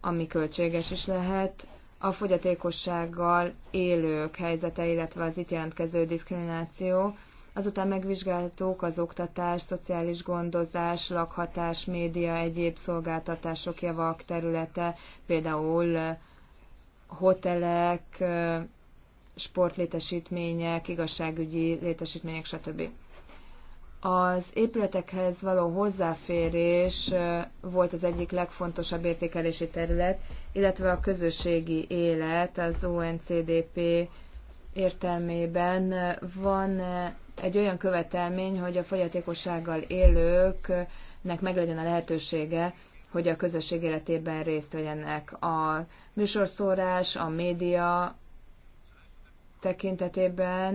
ami költséges is lehet, a fogyatékossággal élők helyzete, illetve az itt jelentkező diszkrimináció. Azután megvizsgáltuk az oktatás, szociális gondozás, lakhatás, média, egyéb szolgáltatások, javak területe, például hotelek, sportlétesítmények, igazságügyi létesítmények, stb. Az épületekhez való hozzáférés volt az egyik legfontosabb értékelési terület, illetve a közösségi élet az UNCDP értelmében van egy olyan követelmény, hogy a fogyatékossággal élőknek meglegyen a lehetősége, hogy a közösség életében részt vegyenek. A műsorszórás, a média tekintetében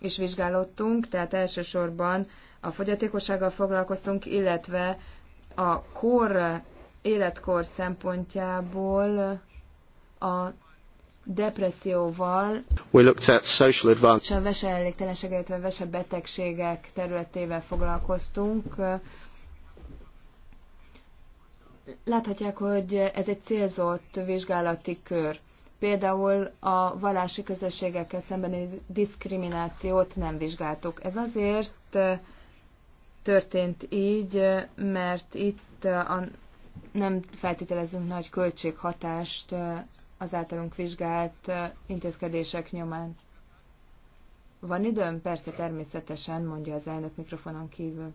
is vizsgálódtunk, tehát elsősorban a fogyatékossággal foglalkoztunk, illetve a kor, életkor szempontjából a depresszióval We looked at social advanced. és a veseelégtelenség, illetve vesebetegségek területével foglalkoztunk. Láthatják, hogy ez egy célzott vizsgálati kör például a vallási közösségekkel szembeni diszkriminációt nem vizsgáltuk. Ez azért történt így, mert itt a, nem feltételezünk nagy költséghatást az általunk vizsgált intézkedések nyomán. Van időm? Persze, természetesen, mondja az elnök mikrofonon kívül.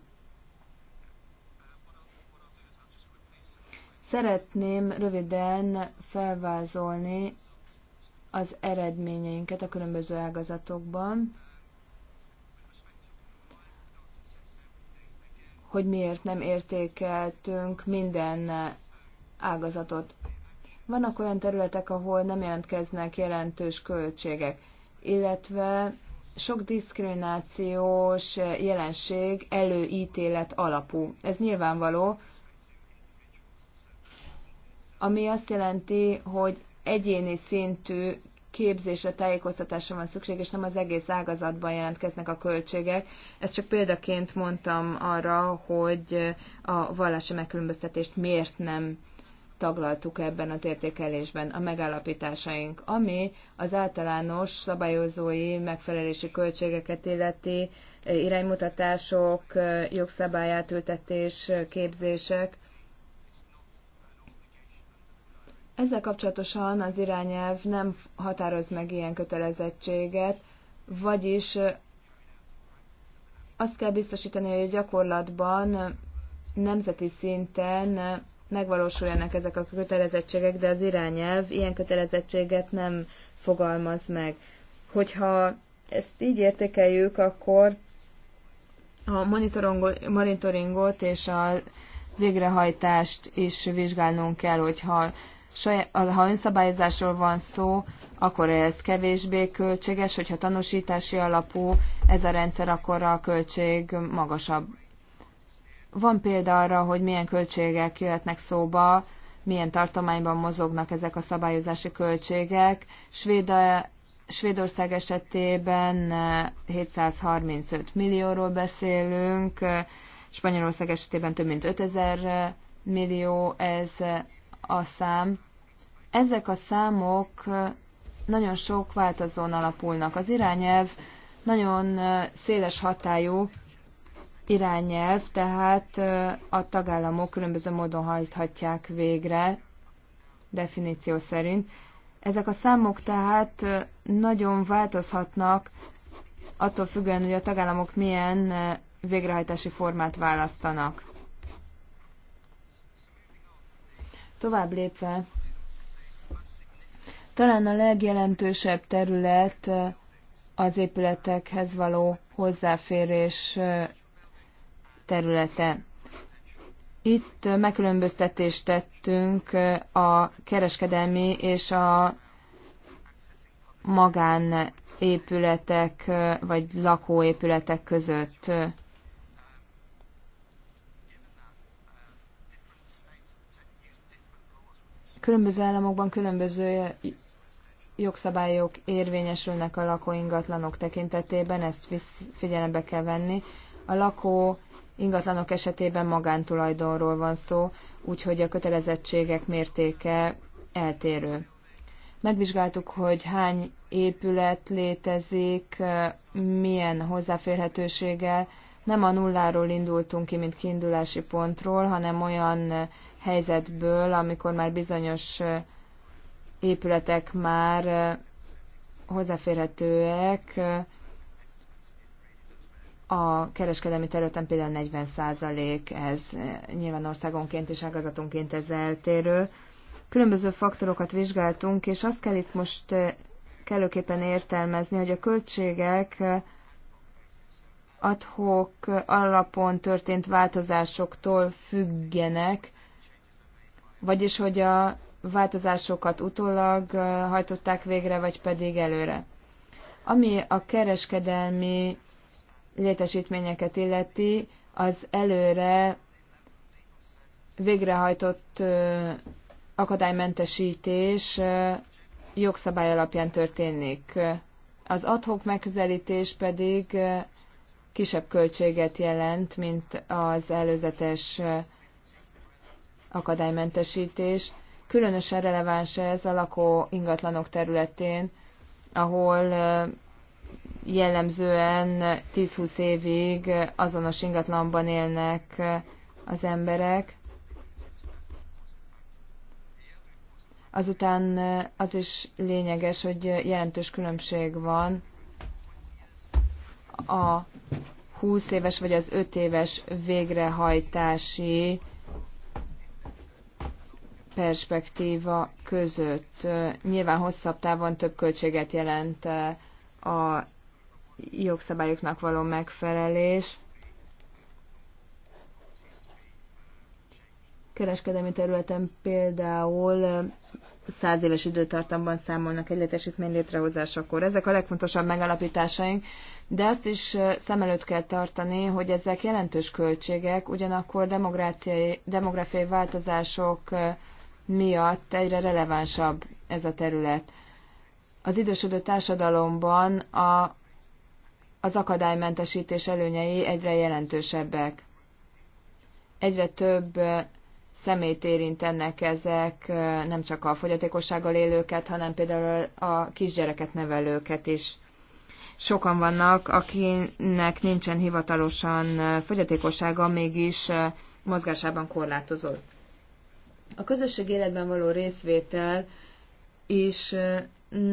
Szeretném röviden felvázolni az eredményeinket a különböző ágazatokban, hogy miért nem értékeltünk minden ágazatot. Vannak olyan területek, ahol nem jelentkeznek jelentős költségek, illetve sok diszkriminációs jelenség előítélet alapú. Ez nyilvánvaló, ami azt jelenti, hogy egyéni szintű képzésre, tájékoztatásra van szükség, és nem az egész ágazatban jelentkeznek a költségek. Ezt csak példaként mondtam arra, hogy a vallási megkülönböztetést miért nem taglaltuk ebben az értékelésben a megállapításaink, ami az általános szabályozói megfelelési költségeket illeti iránymutatások, jogszabályátültetés, képzések, Ezzel kapcsolatosan az irányelv nem határoz meg ilyen kötelezettséget, vagyis azt kell biztosítani, hogy a gyakorlatban nemzeti szinten megvalósuljanak ezek a kötelezettségek, de az irányelv ilyen kötelezettséget nem fogalmaz meg. Hogyha ezt így értékeljük, akkor a monitoringot és a végrehajtást is vizsgálnunk kell, hogyha ha önszabályozásról van szó, akkor ez kevésbé költséges, hogyha tanúsítási alapú ez a rendszer, akkor a költség magasabb. Van példa arra, hogy milyen költségek jöhetnek szóba, milyen tartományban mozognak ezek a szabályozási költségek. Svéda, Svédország esetében 735 eh, millióról beszélünk, eh, Spanyolország esetében több mint 5000 eh, millió, ez a szám. Ezek a számok nagyon sok változón alapulnak. Az irányelv nagyon széles hatályú irányelv, tehát a tagállamok különböző módon hajthatják végre, definíció szerint. Ezek a számok tehát nagyon változhatnak attól függően, hogy a tagállamok milyen végrehajtási formát választanak. Tovább lépve, talán a legjelentősebb terület az épületekhez való hozzáférés területe. Itt megkülönböztetést tettünk a kereskedelmi és a magánépületek vagy lakóépületek között. Különböző államokban különböző jogszabályok érvényesülnek a lakóingatlanok tekintetében, ezt figyelembe kell venni. A lakó ingatlanok esetében magántulajdonról van szó, úgyhogy a kötelezettségek mértéke eltérő. Megvizsgáltuk, hogy hány épület létezik, milyen hozzáférhetőséggel. Nem a nulláról indultunk ki, mint kiindulási pontról, hanem olyan helyzetből, amikor már bizonyos épületek már hozzáférhetőek a kereskedelmi területen például 40 százalék, ez nyilván országonként és ágazatonként ez eltérő. Különböző faktorokat vizsgáltunk, és azt kell itt most kellőképpen értelmezni, hogy a költségek adhok alapon történt változásoktól függenek, vagyis hogy a változásokat utólag hajtották végre, vagy pedig előre. Ami a kereskedelmi létesítményeket illeti, az előre végrehajtott akadálymentesítés jogszabály alapján történik. Az adhok megközelítés pedig kisebb költséget jelent, mint az előzetes akadálymentesítés. Különösen releváns ez a lakó ingatlanok területén, ahol jellemzően 10-20 évig azonos ingatlanban élnek az emberek. Azután az is lényeges, hogy jelentős különbség van a 20 éves vagy az 5 éves végrehajtási perspektíva között. Nyilván hosszabb távon több költséget jelent a jogszabályoknak való megfelelés. Kereskedelmi területen például száz éves időtartamban számolnak egy létesítmény létrehozásakor. Ezek a legfontosabb megalapításaink, de azt is szem előtt kell tartani, hogy ezek jelentős költségek, ugyanakkor demográfiai változások miatt egyre relevánsabb ez a terület. Az idősödő társadalomban a, az akadálymentesítés előnyei egyre jelentősebbek. Egyre több szemét érintenek ezek, nem csak a fogyatékossággal élőket, hanem például a kisgyereket nevelőket is. Sokan vannak, akinek nincsen hivatalosan fogyatékossága, mégis mozgásában korlátozott. A közösség életben való részvétel is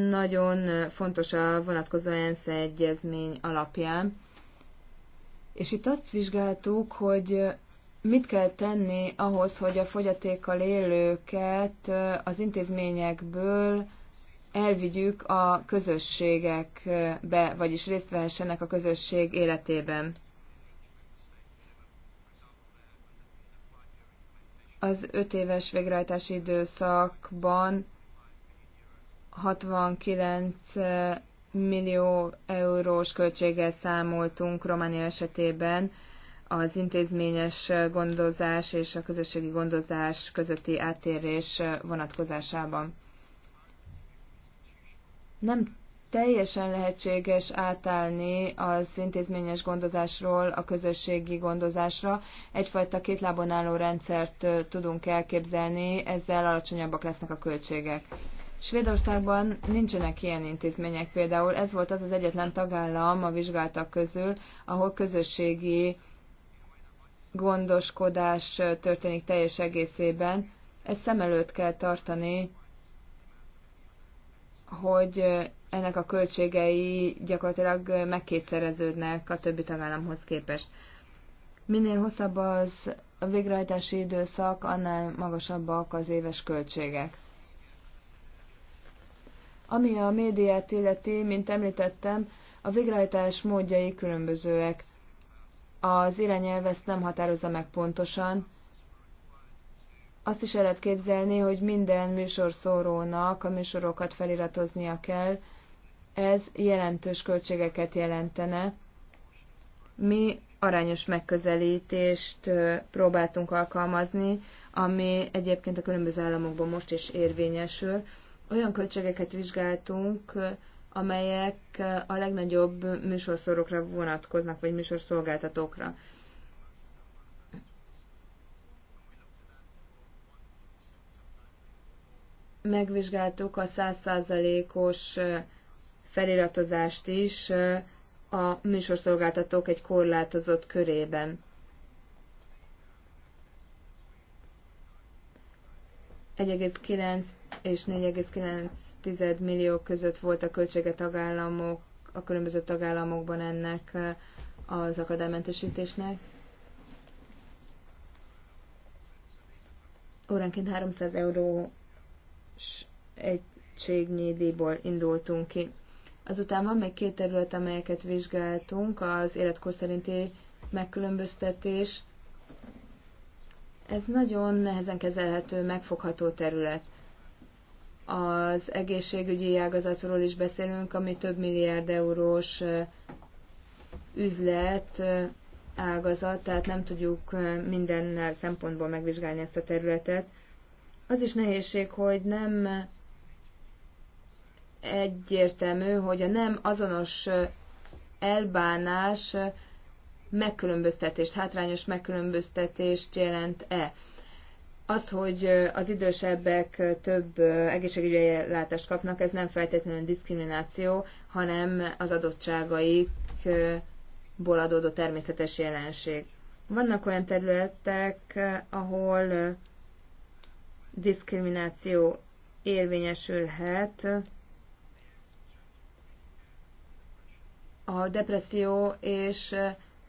nagyon fontos a vonatkozó ENSZ egyezmény alapján. És itt azt vizsgáltuk, hogy mit kell tenni ahhoz, hogy a fogyatékkal élőket az intézményekből elvigyük a közösségekbe, vagyis részt vehessenek a közösség életében. Az öt éves végrehajtási időszakban 69 eh, millió eurós költséggel számoltunk Románia esetében az intézményes gondozás és a közösségi gondozás közötti áttérés eh, vonatkozásában. Nem teljesen lehetséges átállni az intézményes gondozásról a közösségi gondozásra. Egyfajta két lábon álló rendszert tudunk elképzelni, ezzel alacsonyabbak lesznek a költségek. Svédországban nincsenek ilyen intézmények például. Ez volt az az egyetlen tagállam a vizsgáltak közül, ahol közösségi gondoskodás történik teljes egészében. Ezt szem előtt kell tartani, hogy ennek a költségei gyakorlatilag megkétszereződnek a többi tagállamhoz képest. Minél hosszabb az a végrehajtási időszak, annál magasabbak az éves költségek. Ami a médiát illeti, mint említettem, a végrehajtás módjai különbözőek. Az irányelv ezt nem határozza meg pontosan. Azt is el lehet képzelni, hogy minden műsorszórónak a műsorokat feliratoznia kell, ez jelentős költségeket jelentene. Mi arányos megközelítést próbáltunk alkalmazni, ami egyébként a különböző államokban most is érvényesül. Olyan költségeket vizsgáltunk, amelyek a legnagyobb műsorszorokra vonatkoznak, vagy műsorszolgáltatókra. Megvizsgáltuk a százszázalékos os feliratozást is a műsorszolgáltatók egy korlátozott körében. és 4,9 millió között volt a költsége tagállamok, a különböző tagállamokban ennek az akadálymentesítésnek. Óránként 300 euró egységnyi díjból indultunk ki. Azután van még két terület, amelyeket vizsgáltunk, az életkor szerinti megkülönböztetés. Ez nagyon nehezen kezelhető, megfogható terület. Az egészségügyi ágazatról is beszélünk, ami több milliárd eurós üzlet ágazat, tehát nem tudjuk minden szempontból megvizsgálni ezt a területet. Az is nehézség, hogy nem egyértelmű, hogy a nem azonos elbánás megkülönböztetést, hátrányos megkülönböztetést jelent-e. Az, hogy az idősebbek több egészségügyi ellátást kapnak, ez nem feltétlenül diszkrimináció, hanem az adottságaikból adódó természetes jelenség. Vannak olyan területek, ahol diszkrimináció érvényesülhet, a depresszió és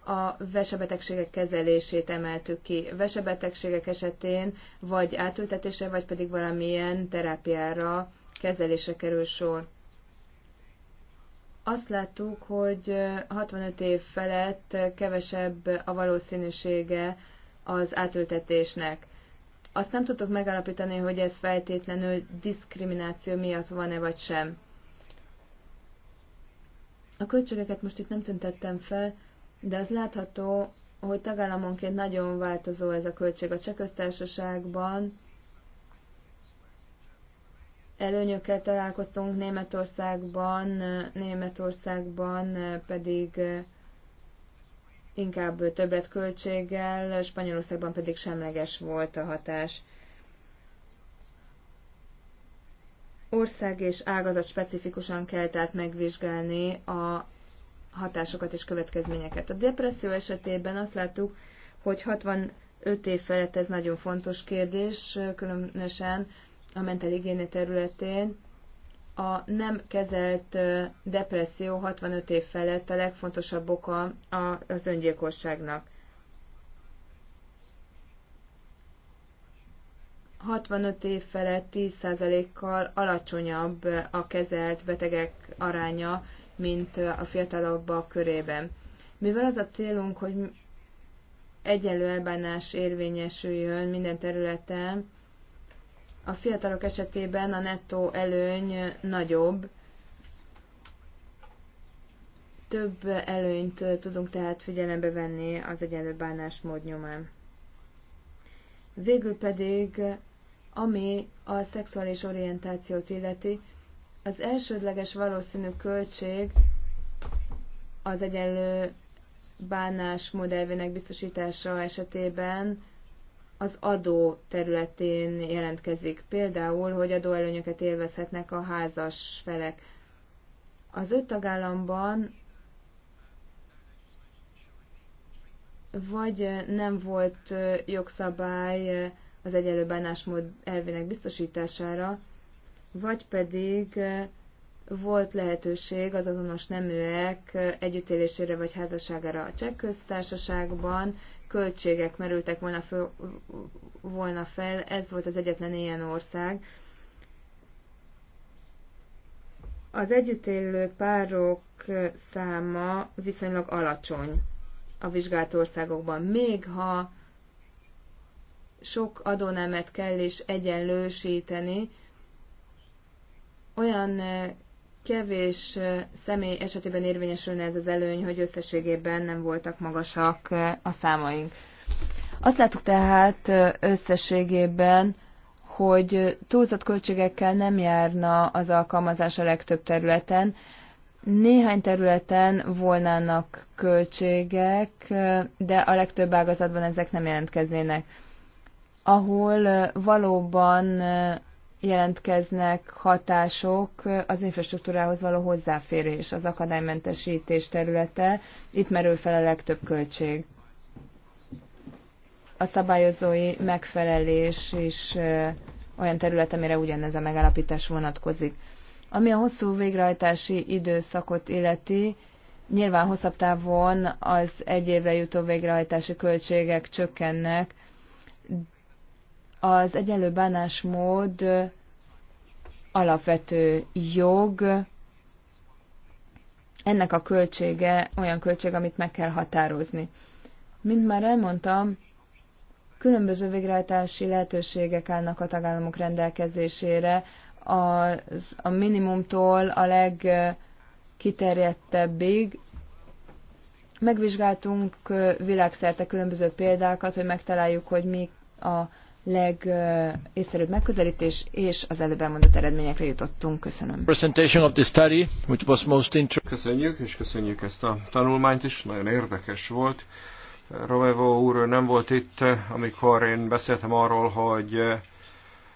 a vesebetegségek kezelését emeltük ki. Vesebetegségek esetén vagy átültetésre, vagy pedig valamilyen terápiára, kezelése kerül sor. Azt láttuk, hogy 65 év felett kevesebb a valószínűsége az átültetésnek. Azt nem tudtuk megalapítani, hogy ez feltétlenül diszkrimináció miatt van-e vagy sem. A költségeket most itt nem tüntettem fel, de az látható, hogy tagállamonként nagyon változó ez a költség. A Csehköztársaságban előnyökkel találkoztunk Németországban, Németországban pedig inkább többet költséggel, Spanyolországban pedig semleges volt a hatás. ország és ágazat specifikusan kell tehát megvizsgálni a hatásokat és következményeket. A depresszió esetében azt láttuk, hogy 65 év felett ez nagyon fontos kérdés, különösen a mentál területén. A nem kezelt depresszió 65 év felett a legfontosabb oka az öngyilkosságnak. 65 év felett 10%-kal alacsonyabb a kezelt betegek aránya, mint a fiatalabbak körében. Mivel az a célunk, hogy egyenlő elbánás érvényesüljön minden területen, a fiatalok esetében a nettó előny nagyobb, több előnyt tudunk tehát figyelembe venni az egyenlő bánásmód nyomán. Végül pedig ami a szexuális orientációt illeti, az elsődleges valószínű költség az egyenlő bánás modellvének biztosítása esetében az adó területén jelentkezik. Például, hogy adóelőnyöket élvezhetnek a házas felek. Az öt tagállamban vagy nem volt jogszabály az egyenlő bánásmód elvének biztosítására, vagy pedig eh, volt lehetőség az azonos neműek eh, együttélésére vagy házasságára a cseh köztársaságban, költségek merültek volna, föl, volna fel, ez volt az egyetlen ilyen ország. Az együttélő párok eh, száma viszonylag alacsony a vizsgált országokban, még ha sok adónemet kell is egyenlősíteni. Olyan kevés személy esetében érvényesülne ez az előny, hogy összességében nem voltak magasak a számaink. Azt láttuk tehát összességében, hogy túlzott költségekkel nem járna az alkalmazás a legtöbb területen. Néhány területen volnának költségek, de a legtöbb ágazatban ezek nem jelentkeznének ahol valóban jelentkeznek hatások az infrastruktúrához való hozzáférés, az akadálymentesítés területe, itt merül fel a legtöbb költség. A szabályozói megfelelés is olyan terület, amire ugyanez a megállapítás vonatkozik. Ami a hosszú végrehajtási időszakot illeti, nyilván hosszabb távon az egy évre jutó végrehajtási költségek csökkennek, az egyenlő bánásmód alapvető jog, ennek a költsége olyan költség, amit meg kell határozni. Mint már elmondtam, különböző végrehajtási lehetőségek állnak a tagállamok rendelkezésére, az, a minimumtól a legkiterjedtebbig. Megvizsgáltunk világszerte különböző példákat, hogy megtaláljuk, hogy mi a legészszerűbb megközelítés, és az előbb elmondott eredményekre jutottunk. Köszönöm. Köszönjük, és köszönjük ezt a tanulmányt is, nagyon érdekes volt. Romevo úr nem volt itt, amikor én beszéltem arról, hogy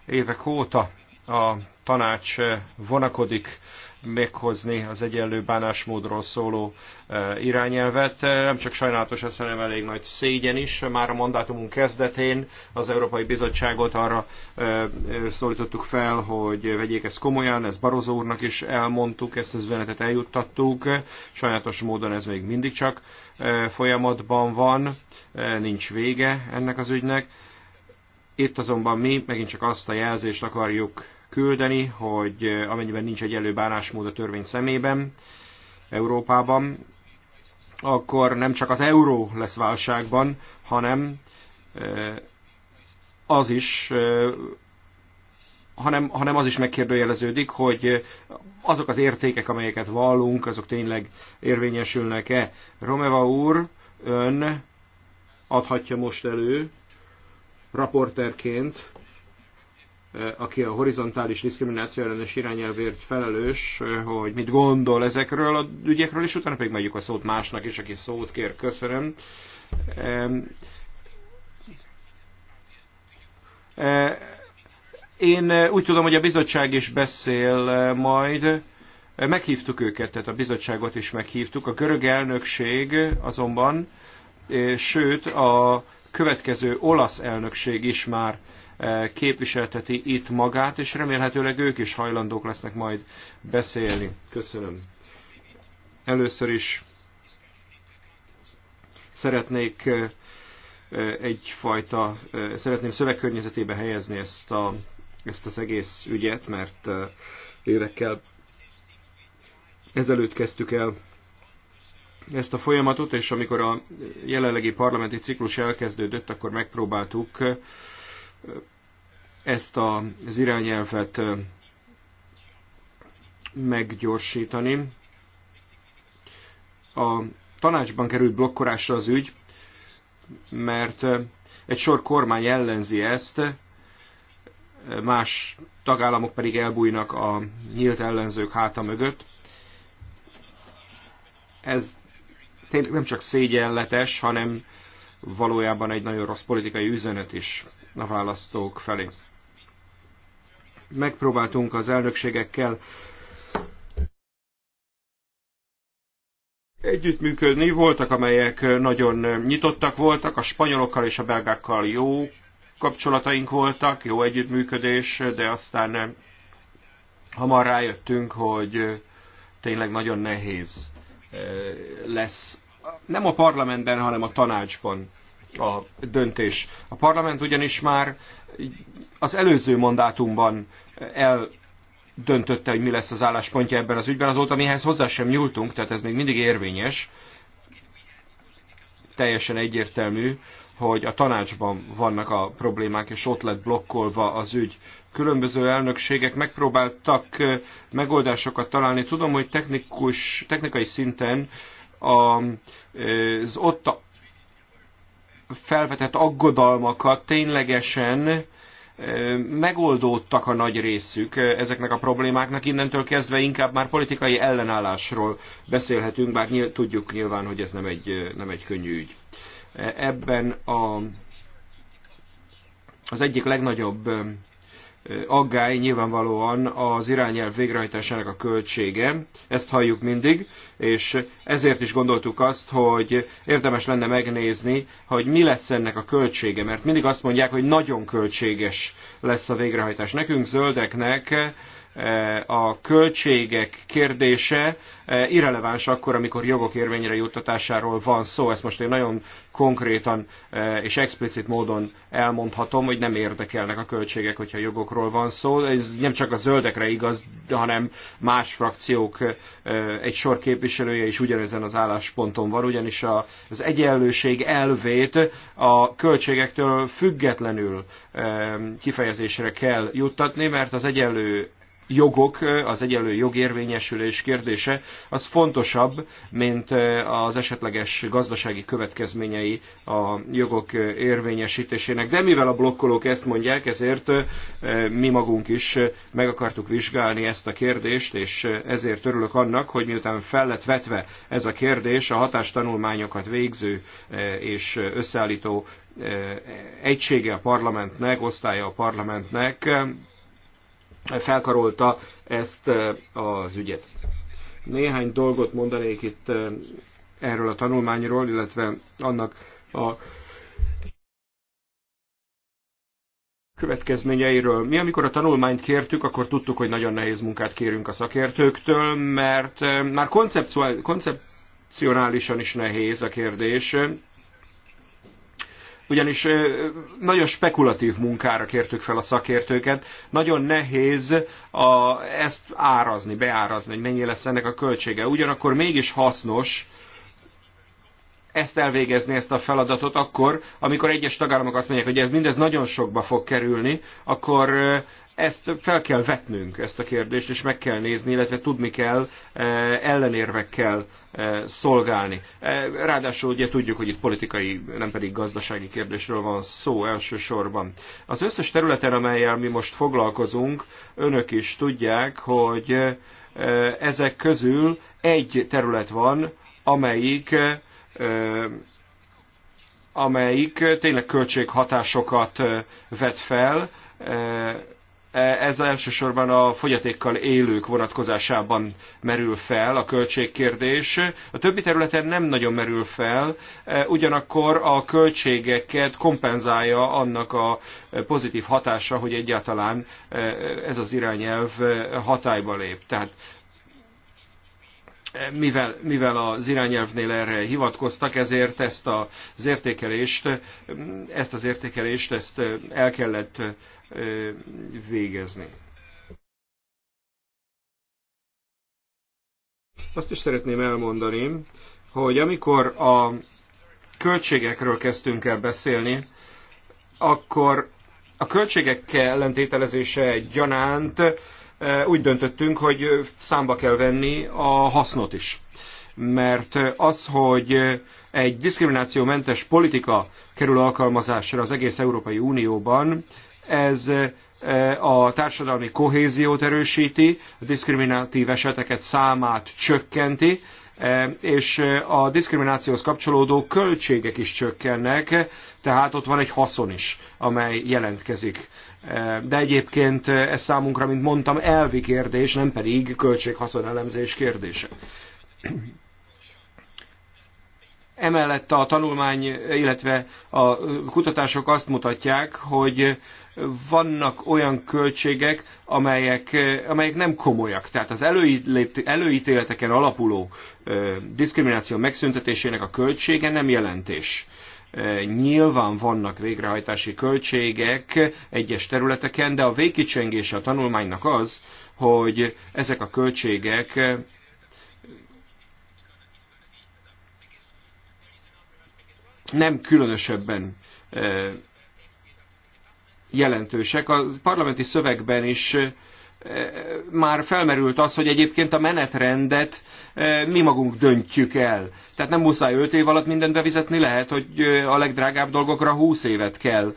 évek óta a tanács vonakodik meghozni az egyenlő bánásmódról szóló e, irányelvet. E, nem csak sajnálatos ez, hanem elég nagy szégyen is. Már a mandátumunk kezdetén az Európai Bizottságot arra e, szólítottuk fel, hogy vegyék ezt komolyan, ezt Barozó úrnak is elmondtuk, ezt az üzenetet eljuttattuk. Sajnálatos módon ez még mindig csak folyamatban van, nincs vége ennek az ügynek. Itt azonban mi megint csak azt a jelzést akarjuk küldeni, hogy amennyiben nincs egy előbánásmód a törvény szemében Európában, akkor nem csak az euró lesz válságban, hanem az is hanem, hanem az is megkérdőjeleződik, hogy azok az értékek, amelyeket vallunk, azok tényleg érvényesülnek-e. Romeva úr, ön adhatja most elő raporterként Eh, aki a horizontális diszkrimináció ellenes irányelvért felelős, eh, hogy mit gondol ezekről a ügyekről, és utána pedig megyük a szót másnak is, aki szót kér. Köszönöm. Eh, én úgy tudom, hogy a bizottság is beszél majd. Meghívtuk őket, tehát a bizottságot is meghívtuk. A görög elnökség azonban, sőt a következő olasz elnökség is már E, képviselteti itt magát, és remélhetőleg ők is hajlandók lesznek majd beszélni. Köszönöm. Először is szeretnék e, e, egyfajta, szeretném szövegkörnyezetébe helyezni ezt, a, ezt az egész ügyet, mert évekkel ezelőtt kezdtük el ezt a folyamatot, és amikor a jelenlegi parlamenti ciklus elkezdődött, akkor megpróbáltuk ezt az irányelvet meggyorsítani. A tanácsban került blokkorásra az ügy, mert egy sor kormány ellenzi ezt, más tagállamok pedig elbújnak a nyílt ellenzők háta mögött. Ez tényleg nem csak szégyenletes, hanem valójában egy nagyon rossz politikai üzenet is a választók felé. Megpróbáltunk az elnökségekkel együttműködni. Voltak, amelyek nagyon nyitottak voltak, a spanyolokkal és a belgákkal jó kapcsolataink voltak, jó együttműködés, de aztán hamar rájöttünk, hogy tényleg nagyon nehéz eh, lesz nem a parlamentben, hanem a tanácsban a döntés. A parlament ugyanis már az előző mandátumban el döntötte, hogy mi lesz az álláspontja ebben az ügyben, azóta mihez hozzá sem nyúltunk, tehát ez még mindig érvényes. Teljesen egyértelmű, hogy a tanácsban vannak a problémák, és ott lett blokkolva az ügy. Különböző elnökségek megpróbáltak megoldásokat találni. Tudom, hogy technikus, technikai szinten az ott felvetett aggodalmakat ténylegesen megoldódtak a nagy részük ezeknek a problémáknak, innentől kezdve inkább már politikai ellenállásról beszélhetünk, bár nyil, tudjuk nyilván, hogy ez nem egy, nem egy könnyű ügy. E, ebben a, az egyik legnagyobb aggály nyilvánvalóan az irányelv végrehajtásának a költsége, ezt halljuk mindig, és ezért is gondoltuk azt, hogy érdemes lenne megnézni, hogy mi lesz ennek a költsége, mert mindig azt mondják, hogy nagyon költséges lesz a végrehajtás. Nekünk zöldeknek a költségek kérdése e, irreleváns akkor, amikor jogok érvényre juttatásáról van szó. Ezt most én nagyon konkrétan e, és explicit módon elmondhatom, hogy nem érdekelnek a költségek, hogyha jogokról van szó. Ez nem csak a zöldekre igaz, hanem más frakciók e, egy sor képviselője is ugyanezen az állásponton van, ugyanis az egyenlőség elvét a költségektől függetlenül kifejezésre kell juttatni, mert az egyenlő jogok, az egyenlő jogérvényesülés kérdése, az fontosabb, mint az esetleges gazdasági következményei a jogok érvényesítésének. De mivel a blokkolók ezt mondják, ezért mi magunk is meg akartuk vizsgálni ezt a kérdést, és ezért örülök annak, hogy miután fel lett vetve ez a kérdés, a hatástanulmányokat végző és összeállító egysége a parlamentnek, osztálya a parlamentnek, felkarolta ezt eh, az ügyet. Néhány dolgot mondanék itt eh, erről a tanulmányról, illetve annak a következményeiről. Mi, amikor a tanulmányt kértük, akkor tudtuk, hogy nagyon nehéz munkát kérünk a szakértőktől, mert eh, már koncepcionálisan is nehéz a kérdés ugyanis nagyon spekulatív munkára kértük fel a szakértőket, nagyon nehéz a, ezt árazni, beárazni, hogy mennyi lesz ennek a költsége. Ugyanakkor mégis hasznos, ezt elvégezni, ezt a feladatot akkor, amikor egyes tagállamok azt mondják, hogy ez mindez nagyon sokba fog kerülni, akkor ezt fel kell vetnünk, ezt a kérdést, és meg kell nézni, illetve tudni kell eh, ellenérvekkel eh, szolgálni. Eh, ráadásul ugye tudjuk, hogy itt politikai, nem pedig gazdasági kérdésről van szó elsősorban. Az összes területen, amelyel mi most foglalkozunk, önök is tudják, hogy ezek közül egy terület van, amelyik amelyik tényleg költséghatásokat vet fel, ez elsősorban a fogyatékkal élők vonatkozásában merül fel a költségkérdés. A többi területen nem nagyon merül fel, e, ugyanakkor a költségeket kompenzálja annak a pozitív hatása, hogy egyáltalán e, ez az irányelv hatályba lép. Tehát mivel, mivel az irányelvnél erre hivatkoztak, ezért ezt az értékelést, ezt az értékelést ezt el kellett végezni. Azt is szeretném elmondani, hogy amikor a költségekről kezdtünk el beszélni, akkor a költségekkel ellentételezése gyanánt E, úgy döntöttünk, hogy számba kell venni a hasznot is. Mert az, hogy egy diszkriminációmentes politika kerül alkalmazásra az egész Európai Unióban, ez a társadalmi kohéziót erősíti, a diszkriminatív eseteket számát csökkenti, E, és e, a diszkriminációhoz kapcsolódó költségek is csökkennek, tehát ott van egy haszon is, amely jelentkezik. E, de egyébként ez számunkra, mint mondtam, elvi kérdés, nem pedig költség-haszon elemzés kérdése. Emellett a tanulmány, illetve a kutatások azt mutatják, hogy vannak olyan költségek, amelyek, eh, amelyek nem komolyak. Tehát az előítéleteken alapuló eh, diszkrimináció megszüntetésének a költsége nem jelentés. Eh, nyilván vannak végrehajtási költségek egyes területeken, de a végkicsengése a tanulmánynak az, hogy ezek a költségek nem különösebben jelentősek. A parlamenti szövegben is eh, már felmerült az, hogy egyébként a menetrendet eh, mi magunk döntjük el. Tehát nem muszáj 5 év alatt mindent bevizetni, lehet, hogy eh, a legdrágább dolgokra 20 évet kell,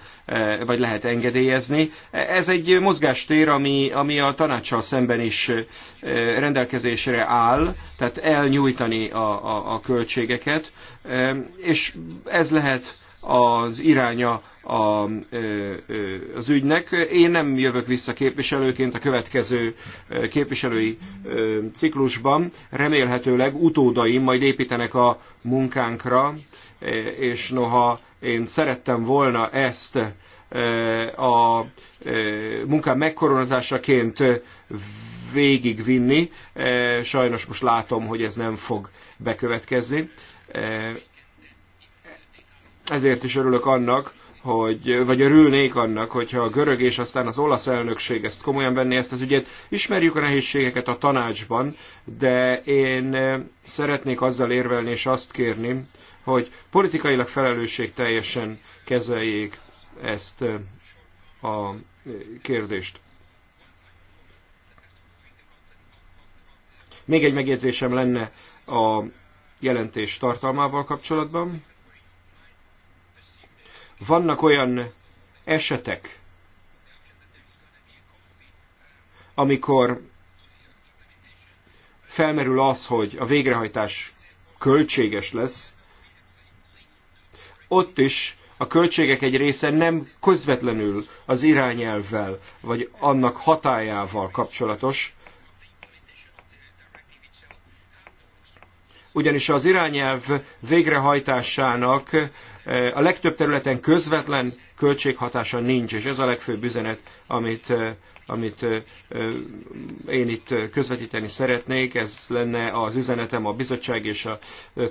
vagy lehet engedélyezni. Ez egy mozgástér, ami, ami a tanácssal szemben is rendelkezésre áll, tehát elnyújtani a, a, a költségeket, és ez lehet az iránya a, az ügynek. Én nem jövök vissza képviselőként a következő képviselői ciklusban. Remélhetőleg utódaim majd építenek a munkánkra, és noha én szerettem volna ezt a munkám megkoronázásaként végigvinni, sajnos most látom, hogy ez nem fog bekövetkezni ezért is örülök annak, hogy, vagy örülnék annak, hogyha a görög és aztán az olasz elnökség ezt komolyan venné ezt az ügyet. Ismerjük a nehézségeket a tanácsban, de én eh, szeretnék azzal érvelni és azt kérni, hogy politikailag felelősség teljesen kezeljék ezt eh, a kérdést. Még egy megjegyzésem lenne a jelentés tartalmával kapcsolatban. Vannak olyan esetek, amikor felmerül az, hogy a végrehajtás költséges lesz, ott is a költségek egy része nem közvetlenül az irányelvvel, vagy annak hatájával kapcsolatos, ugyanis az irányelv végrehajtásának eh, a legtöbb területen közvetlen költséghatása nincs, és ez a legfőbb üzenet, amit, eh, amit eh, én itt közvetíteni szeretnék. Ez lenne az üzenetem a bizottság és a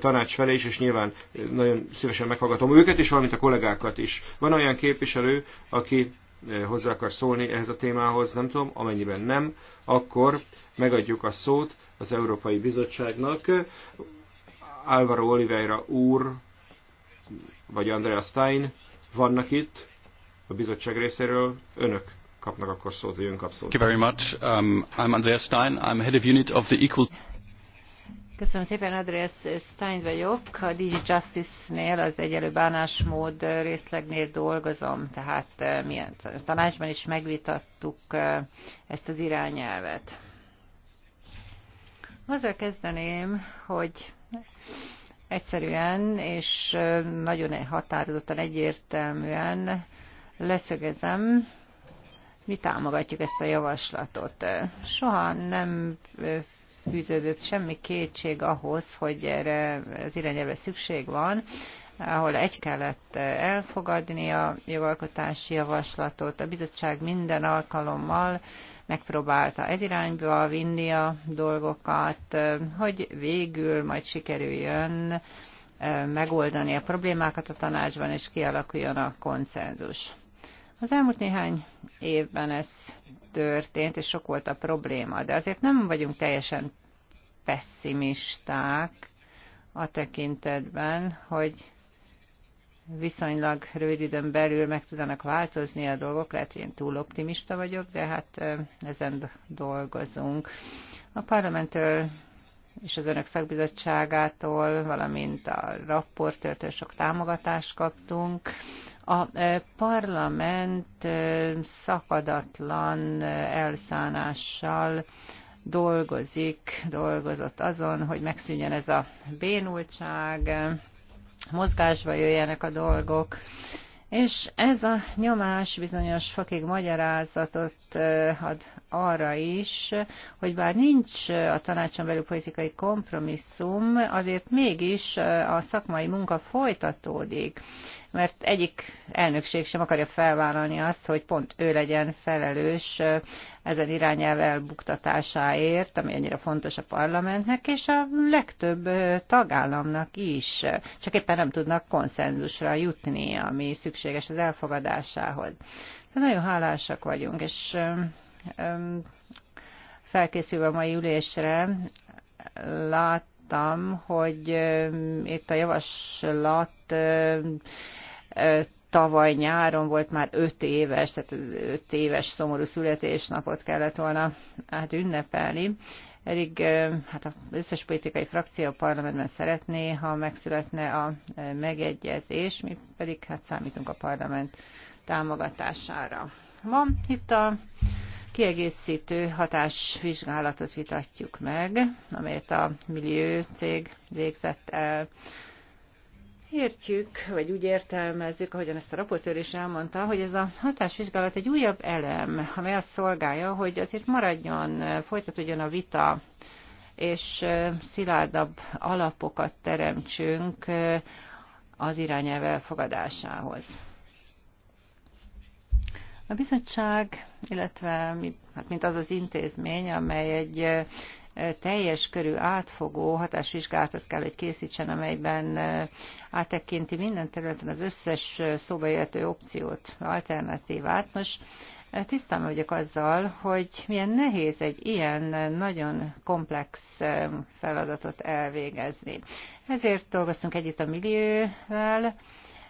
tanács felé is, és nyilván nagyon szívesen meghallgatom őket is, valamint a kollégákat is. Van olyan képviselő, aki Eh, hozzá akar szólni ehhez a témához, nem tudom, amennyiben nem, akkor megadjuk a szót az Európai Bizottságnak. Álvaro Oliveira úr, vagy Andrea Stein vannak itt a bizottság részéről, önök kapnak akkor szót, hogy ön kap szót. Thank you very much. Um, I'm Andrea Stein, I'm head of unit of the Equal... Köszönöm szépen, Andrés Stein vagyok. A Digi Justice-nél, az egyelő bánásmód részlegnél dolgozom, tehát eh, mi a tanácsban is megvitattuk eh, ezt az irányelvet. Azzal kezdeném, hogy egyszerűen és eh, nagyon határozottan, egyértelműen leszögezem, mi támogatjuk ezt a javaslatot. Soha nem fűződött semmi kétség ahhoz, hogy erre az irányelve szükség van, ahol egy kellett elfogadni a jogalkotási javaslatot. A bizottság minden alkalommal megpróbálta ez irányba vinni a dolgokat, hogy végül majd sikerüljön eh, megoldani a problémákat a tanácsban, és kialakuljon a konszenzus. Az elmúlt néhány évben ez történt, és sok volt a probléma, de azért nem vagyunk teljesen pessimisták a tekintetben, hogy viszonylag rövid időn belül meg tudanak változni a dolgok. Lehet, hogy én túl optimista vagyok, de hát ezen dolgozunk. A parlamenttől és az önök szakbizottságától, valamint a rapportőrtől sok támogatást kaptunk. A e, parlament e, szakadatlan e, elszánással dolgozik, dolgozott azon, hogy megszűnjön ez a bénultság, mozgásba jöjjenek a dolgok, és ez a nyomás bizonyos fokig magyarázatot ad arra is, hogy bár nincs a tanácson belül politikai kompromisszum, azért mégis a szakmai munka folytatódik mert egyik elnökség sem akarja felvállalni azt, hogy pont ő legyen felelős ezen irányelv elbuktatásáért, ami annyira fontos a parlamentnek, és a legtöbb tagállamnak is. Csak éppen nem tudnak konszenzusra jutni, ami szükséges az elfogadásához. De nagyon hálásak vagyunk, és felkészülve a mai ülésre láttam, hogy itt a javaslat Tavaly nyáron volt már öt éves, tehát öt éves szomorú születésnapot kellett volna hát ünnepelni. Eddig hát az összes politikai frakció a parlamentben szeretné, ha megszületne a megegyezés, mi pedig hát számítunk a parlament támogatására. Ma itt a kiegészítő hatásvizsgálatot vitatjuk meg, amelyet a millió cég végzett el értjük, vagy úgy értelmezzük, ahogyan ezt a raportőr is elmondta, hogy ez a hatásvizsgálat egy újabb elem, amely azt szolgálja, hogy azért maradjon, folytatódjon a vita, és szilárdabb alapokat teremtsünk az irányelv elfogadásához. A bizottság, illetve mint, hát mint az az intézmény, amely egy teljes körű átfogó hatásvizsgálatot kell, hogy készítsen, amelyben áttekinti minden területen az összes szóba jöhető opciót, alternatívát. Most tisztán vagyok azzal, hogy milyen nehéz egy ilyen nagyon komplex feladatot elvégezni. Ezért dolgoztunk együtt a millióvel,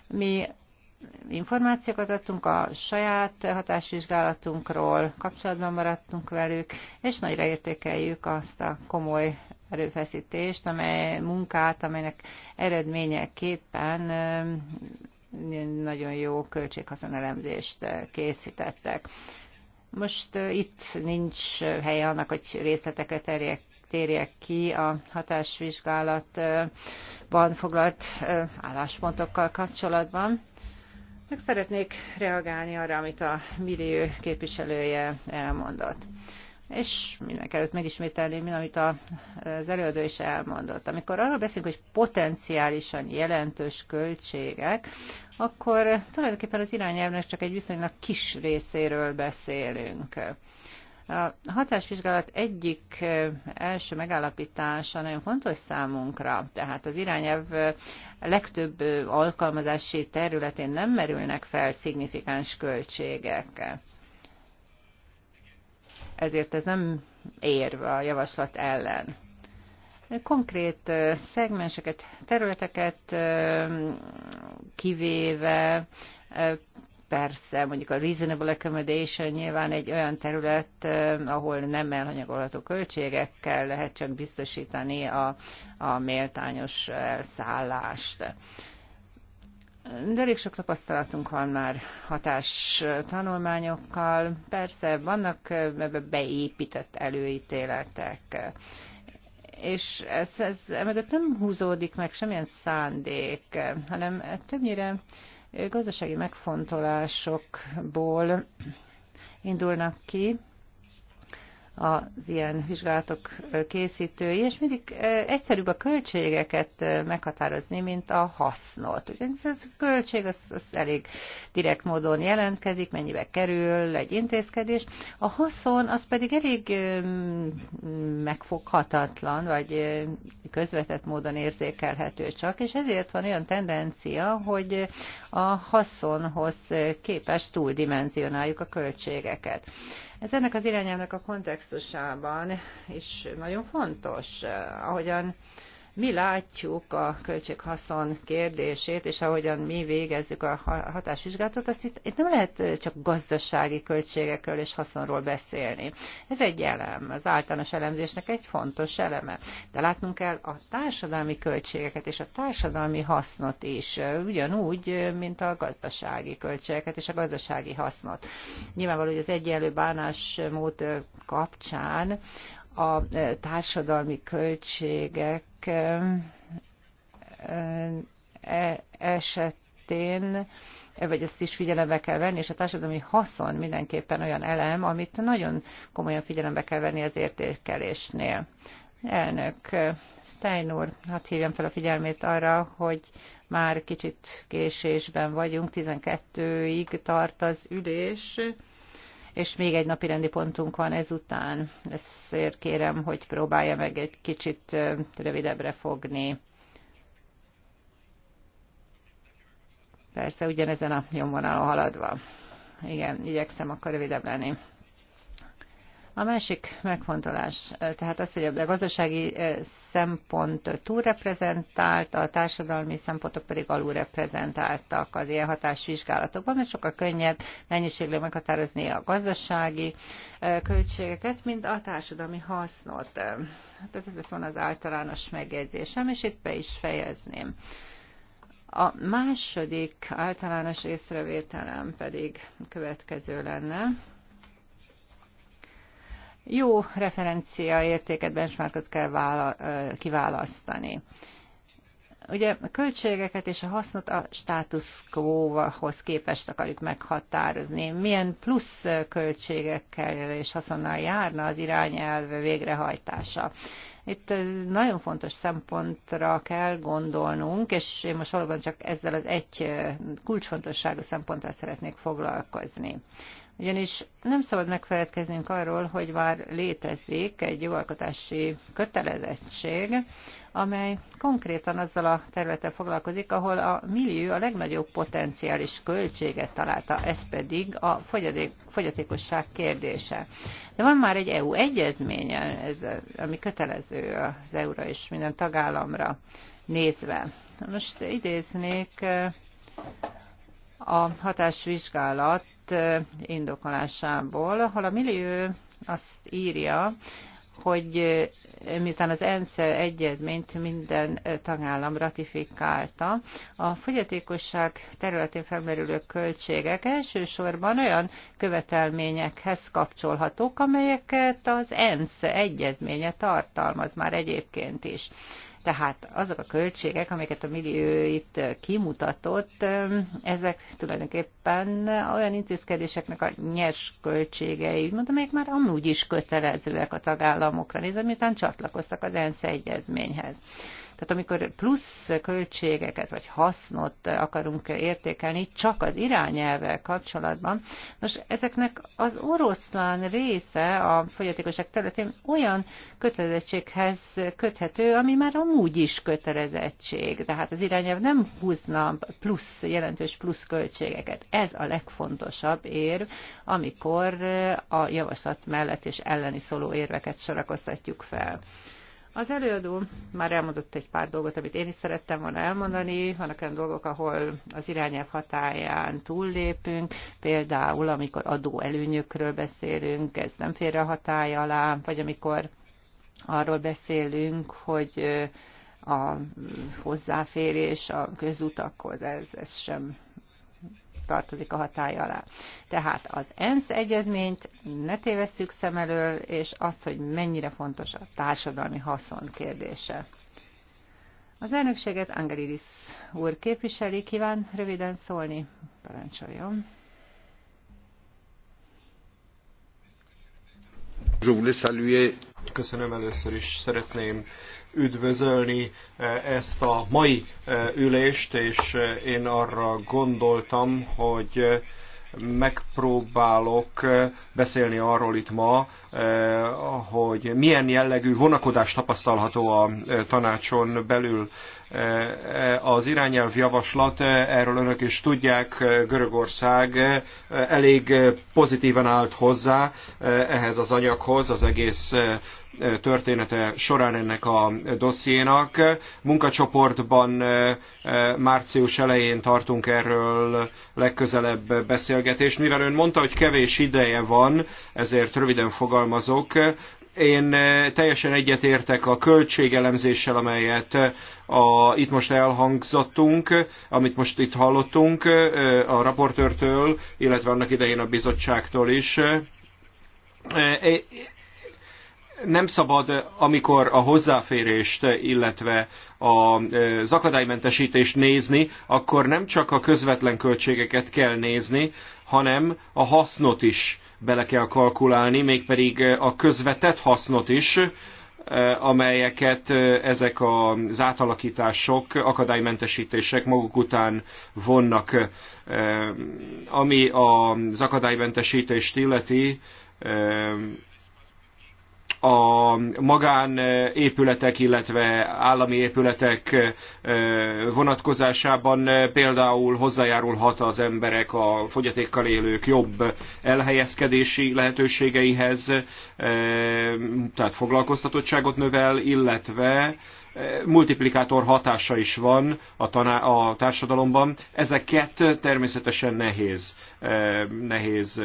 mi információkat adtunk a saját hatásvizsgálatunkról, kapcsolatban maradtunk velük, és nagyra értékeljük azt a komoly erőfeszítést, amely munkát, amelynek eredményeképpen um, nagyon jó költséghaszonelemzést készítettek. Most uh, itt nincs helye annak, hogy részletekre terjek térjek ki a hatásvizsgálatban foglalt uh, álláspontokkal kapcsolatban. Meg szeretnék reagálni arra, amit a millió képviselője elmondott. És mindenek előtt megismételni, mint amit az előadó is elmondott. Amikor arról beszélünk, hogy potenciálisan jelentős költségek, akkor tulajdonképpen az irányelvnek csak egy viszonylag kis részéről beszélünk. A hatásvizsgálat egyik első megállapítása nagyon fontos számunkra, tehát az irányelv legtöbb alkalmazási területén nem merülnek fel szignifikáns költségek. Ezért ez nem érv a javaslat ellen konkrét szegmenseket, területeket kivéve Persze, mondjuk a reasonable accommodation nyilván egy olyan terület, ahol nem elhanyagolható költségekkel lehet csak biztosítani a, a méltányos szállást. De elég sok tapasztalatunk van már hatás tanulmányokkal. Persze, vannak ebbe beépített előítéletek és ez, ez emögött nem húzódik meg semmilyen szándék, hanem többnyire gazdasági megfontolásokból indulnak ki, az ilyen vizsgálatok készítői, és mindig egyszerűbb a költségeket meghatározni, mint a hasznot. Ugyanis ez a költség az, az elég direkt módon jelentkezik, mennyibe kerül egy intézkedés. A haszon az pedig elég megfoghatatlan, vagy közvetett módon érzékelhető csak, és ezért van olyan tendencia, hogy a haszonhoz képes túldimenzionáljuk a költségeket. Ez ennek az irányának a kontextusában is nagyon fontos, eh, ahogyan mi látjuk a költséghaszon kérdését, és ahogyan mi végezzük a hatásvizsgálatot, azt itt, itt nem lehet csak gazdasági költségekről és haszonról beszélni. Ez egy elem, az általános elemzésnek egy fontos eleme. De látnunk kell a társadalmi költségeket és a társadalmi hasznot is, ugyanúgy, mint a gazdasági költségeket és a gazdasági hasznot. Nyilvánvaló, hogy az egyenlő bánásmód kapcsán a e, társadalmi költségek e, e, esetén vagy ezt is figyelembe kell venni, és a társadalmi haszon mindenképpen olyan elem, amit nagyon komolyan figyelembe kell venni az értékelésnél. Elnök Stein úr, hát hívjam fel a figyelmét arra, hogy már kicsit késésben vagyunk, 12-ig tart az ülés és még egy napi rendi pontunk van ezután. Ezért kérem, hogy próbálja meg egy kicsit rövidebbre fogni. Persze ugyanezen a nyomvonalon haladva. Igen, igyekszem akkor rövidebb lenni. A másik megfontolás, tehát az, hogy a gazdasági szempont túlreprezentált, a társadalmi szempontok pedig alulreprezentáltak az ilyen hatásvizsgálatokban, mert sokkal könnyebb mennyiségre meghatározni a gazdasági költségeket, mint a társadalmi hasznot. Tehát ez lesz van az általános megjegyzésem, és itt be is fejezném. A második általános észrevételem pedig következő lenne jó értéket benchmarkot kell vála, kiválasztani. Ugye a költségeket és a hasznot a status quo-hoz képest akarjuk meghatározni. Milyen plusz költségekkel és haszonnal járna az irányelv végrehajtása? Itt ez nagyon fontos szempontra kell gondolnunk, és én most valóban csak ezzel az egy kulcsfontosságú szemponttal szeretnék foglalkozni. Ugyanis nem szabad megfeledkeznünk arról, hogy már létezik egy jogalkotási kötelezettség, amely konkrétan azzal a területtel foglalkozik, ahol a millió a legnagyobb potenciális költséget találta, ez pedig a fogyaték, fogyatékosság kérdése. De van már egy EU egyezménye, ez, ami kötelező az EU-ra és minden tagállamra nézve. Most idéznék eh, a hatásvizsgálat indokolásából, ahol a millió azt írja, hogy miután az ENSZ egyezményt minden tagállam ratifikálta, a fogyatékosság területén felmerülő költségek elsősorban olyan követelményekhez kapcsolhatók, amelyeket az ENSZ egyezménye tartalmaz már egyébként is. Tehát azok a költségek, amiket a millió itt kimutatott, ezek tulajdonképpen olyan intézkedéseknek a nyers költségei, mondom amelyek már amúgy is kötelezőek a tagállamokra nézve, miután csatlakoztak az ENSZ egyezményhez. Tehát amikor plusz költségeket vagy hasznot akarunk értékelni, csak az irányelvvel kapcsolatban, most ezeknek az oroszlán része a fogyatékosság területén olyan kötelezettséghez köthető, ami már amúgy is kötelezettség. Tehát az irányelv nem húzna plusz, jelentős plusz költségeket. Ez a legfontosabb érv, amikor a javaslat mellett és elleni szóló érveket sorakoztatjuk fel. Az előadó már elmondott egy pár dolgot, amit én is szerettem volna elmondani. Vannak olyan dolgok, ahol az irányelv hatáján túllépünk, például amikor adó előnyökről beszélünk, ez nem fér a hatája alá, vagy amikor arról beszélünk, hogy a hozzáférés a közutakhoz, ez, ez sem tartozik a hatája alá. Tehát az ENSZ egyezményt ne tévesszük szem elől, és azt, hogy mennyire fontos a társadalmi haszon kérdése. Az elnökséget Angelidis úr képviseli, kíván röviden szólni. Parancsoljon. Köszönöm először is. Szeretném üdvözölni eh, ezt a mai eh, ülést, és eh, én arra gondoltam, hogy megpróbálok beszélni arról itt ma, hogy milyen jellegű vonakodás tapasztalható a tanácson belül. Az irányelvjavaslat, erről önök is tudják, Görögország elég pozitívan állt hozzá ehhez az anyaghoz, az egész története során ennek a dossziénak. Munkacsoportban eh, március elején tartunk erről legközelebb beszélgetést. Mivel ön mondta, hogy kevés ideje van, ezért röviden fogalmazok, én eh, teljesen egyetértek a költségelemzéssel, amelyet eh, a, itt most elhangzottunk, amit most itt hallottunk eh, a raportőrtől, illetve annak idején a bizottságtól is nem szabad, amikor a hozzáférést, illetve az akadálymentesítést nézni, akkor nem csak a közvetlen költségeket kell nézni, hanem a hasznot is bele kell kalkulálni, mégpedig a közvetett hasznot is, amelyeket ezek az átalakítások, akadálymentesítések maguk után vonnak. Ami az akadálymentesítést illeti, a magánépületek, illetve állami épületek vonatkozásában például hozzájárulhat az emberek, a fogyatékkal élők jobb elhelyezkedési lehetőségeihez, tehát foglalkoztatottságot növel, illetve multiplikátor hatása is van a, taná- a társadalomban. Ezeket természetesen nehéz, nehéz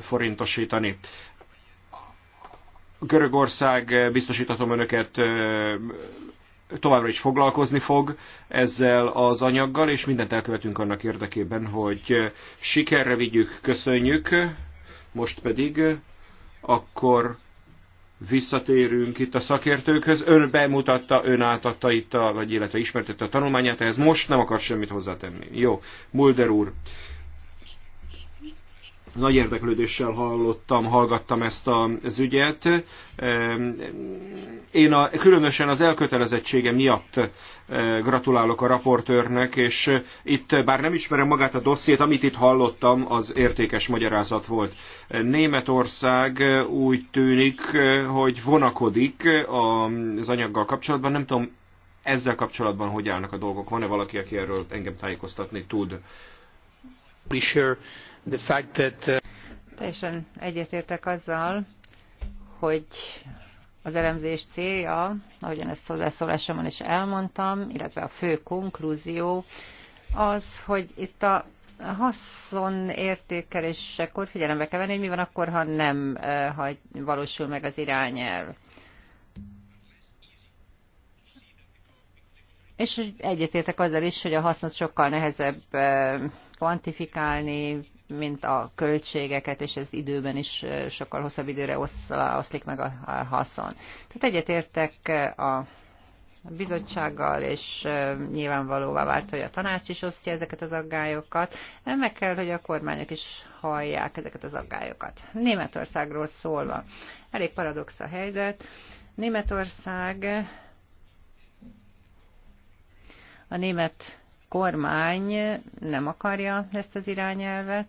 forintosítani. Görögország, eh, biztosítatom önöket, eh, továbbra is foglalkozni fog ezzel az anyaggal, és mindent elkövetünk annak érdekében, hogy eh, sikerre vigyük, köszönjük. Most pedig akkor visszatérünk itt a szakértőkhöz. Ön bemutatta, ön átadta itt, a, vagy illetve ismertette a tanulmányát, ehhez most nem akar semmit hozzátenni. Jó, Mulder úr, nagy érdeklődéssel hallottam, hallgattam ezt az ügyet. Én a, különösen az elkötelezettsége miatt gratulálok a raportőrnek, és itt bár nem ismerem magát a dossziét, amit itt hallottam, az értékes magyarázat volt. Németország úgy tűnik, hogy vonakodik az anyaggal kapcsolatban, nem tudom, ezzel kapcsolatban hogy állnak a dolgok? Van-e valaki, aki erről engem tájékoztatni tud? Sure. Uh, Teljesen egyetértek azzal, hogy az elemzés célja, ahogyan ezt hozzászólásomban is elmondtam, illetve a fő konklúzió az, hogy itt a haszon figyelembe kell venni, hogy mi van akkor, ha nem eh, ha valósul meg az irányelv. És egyetértek azzal is, hogy a hasznot sokkal nehezebb eh, kvantifikálni, mint a költségeket, és ez időben is sokkal hosszabb időre oszlik meg a haszon. Tehát egyetértek a bizottsággal, és nyilvánvalóvá vált, hogy a tanács is osztja ezeket az aggályokat. Meg kell, hogy a kormányok is hallják ezeket az aggályokat. Németországról szólva, elég paradox a helyzet. Németország a német kormány nem akarja ezt az irányelvet,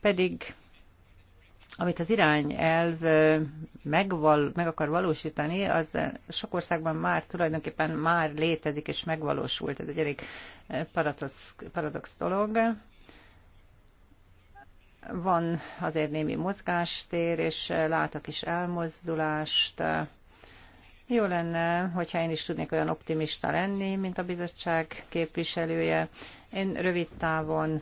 pedig amit az irányelv megval, meg akar valósítani, az sok országban már tulajdonképpen már létezik és megvalósult. Ez egy elég paradox, paradox dolog. Van azért némi mozgástér, és látok is elmozdulást jó lenne, hogyha én is tudnék olyan optimista lenni, mint a bizottság képviselője. Én rövid távon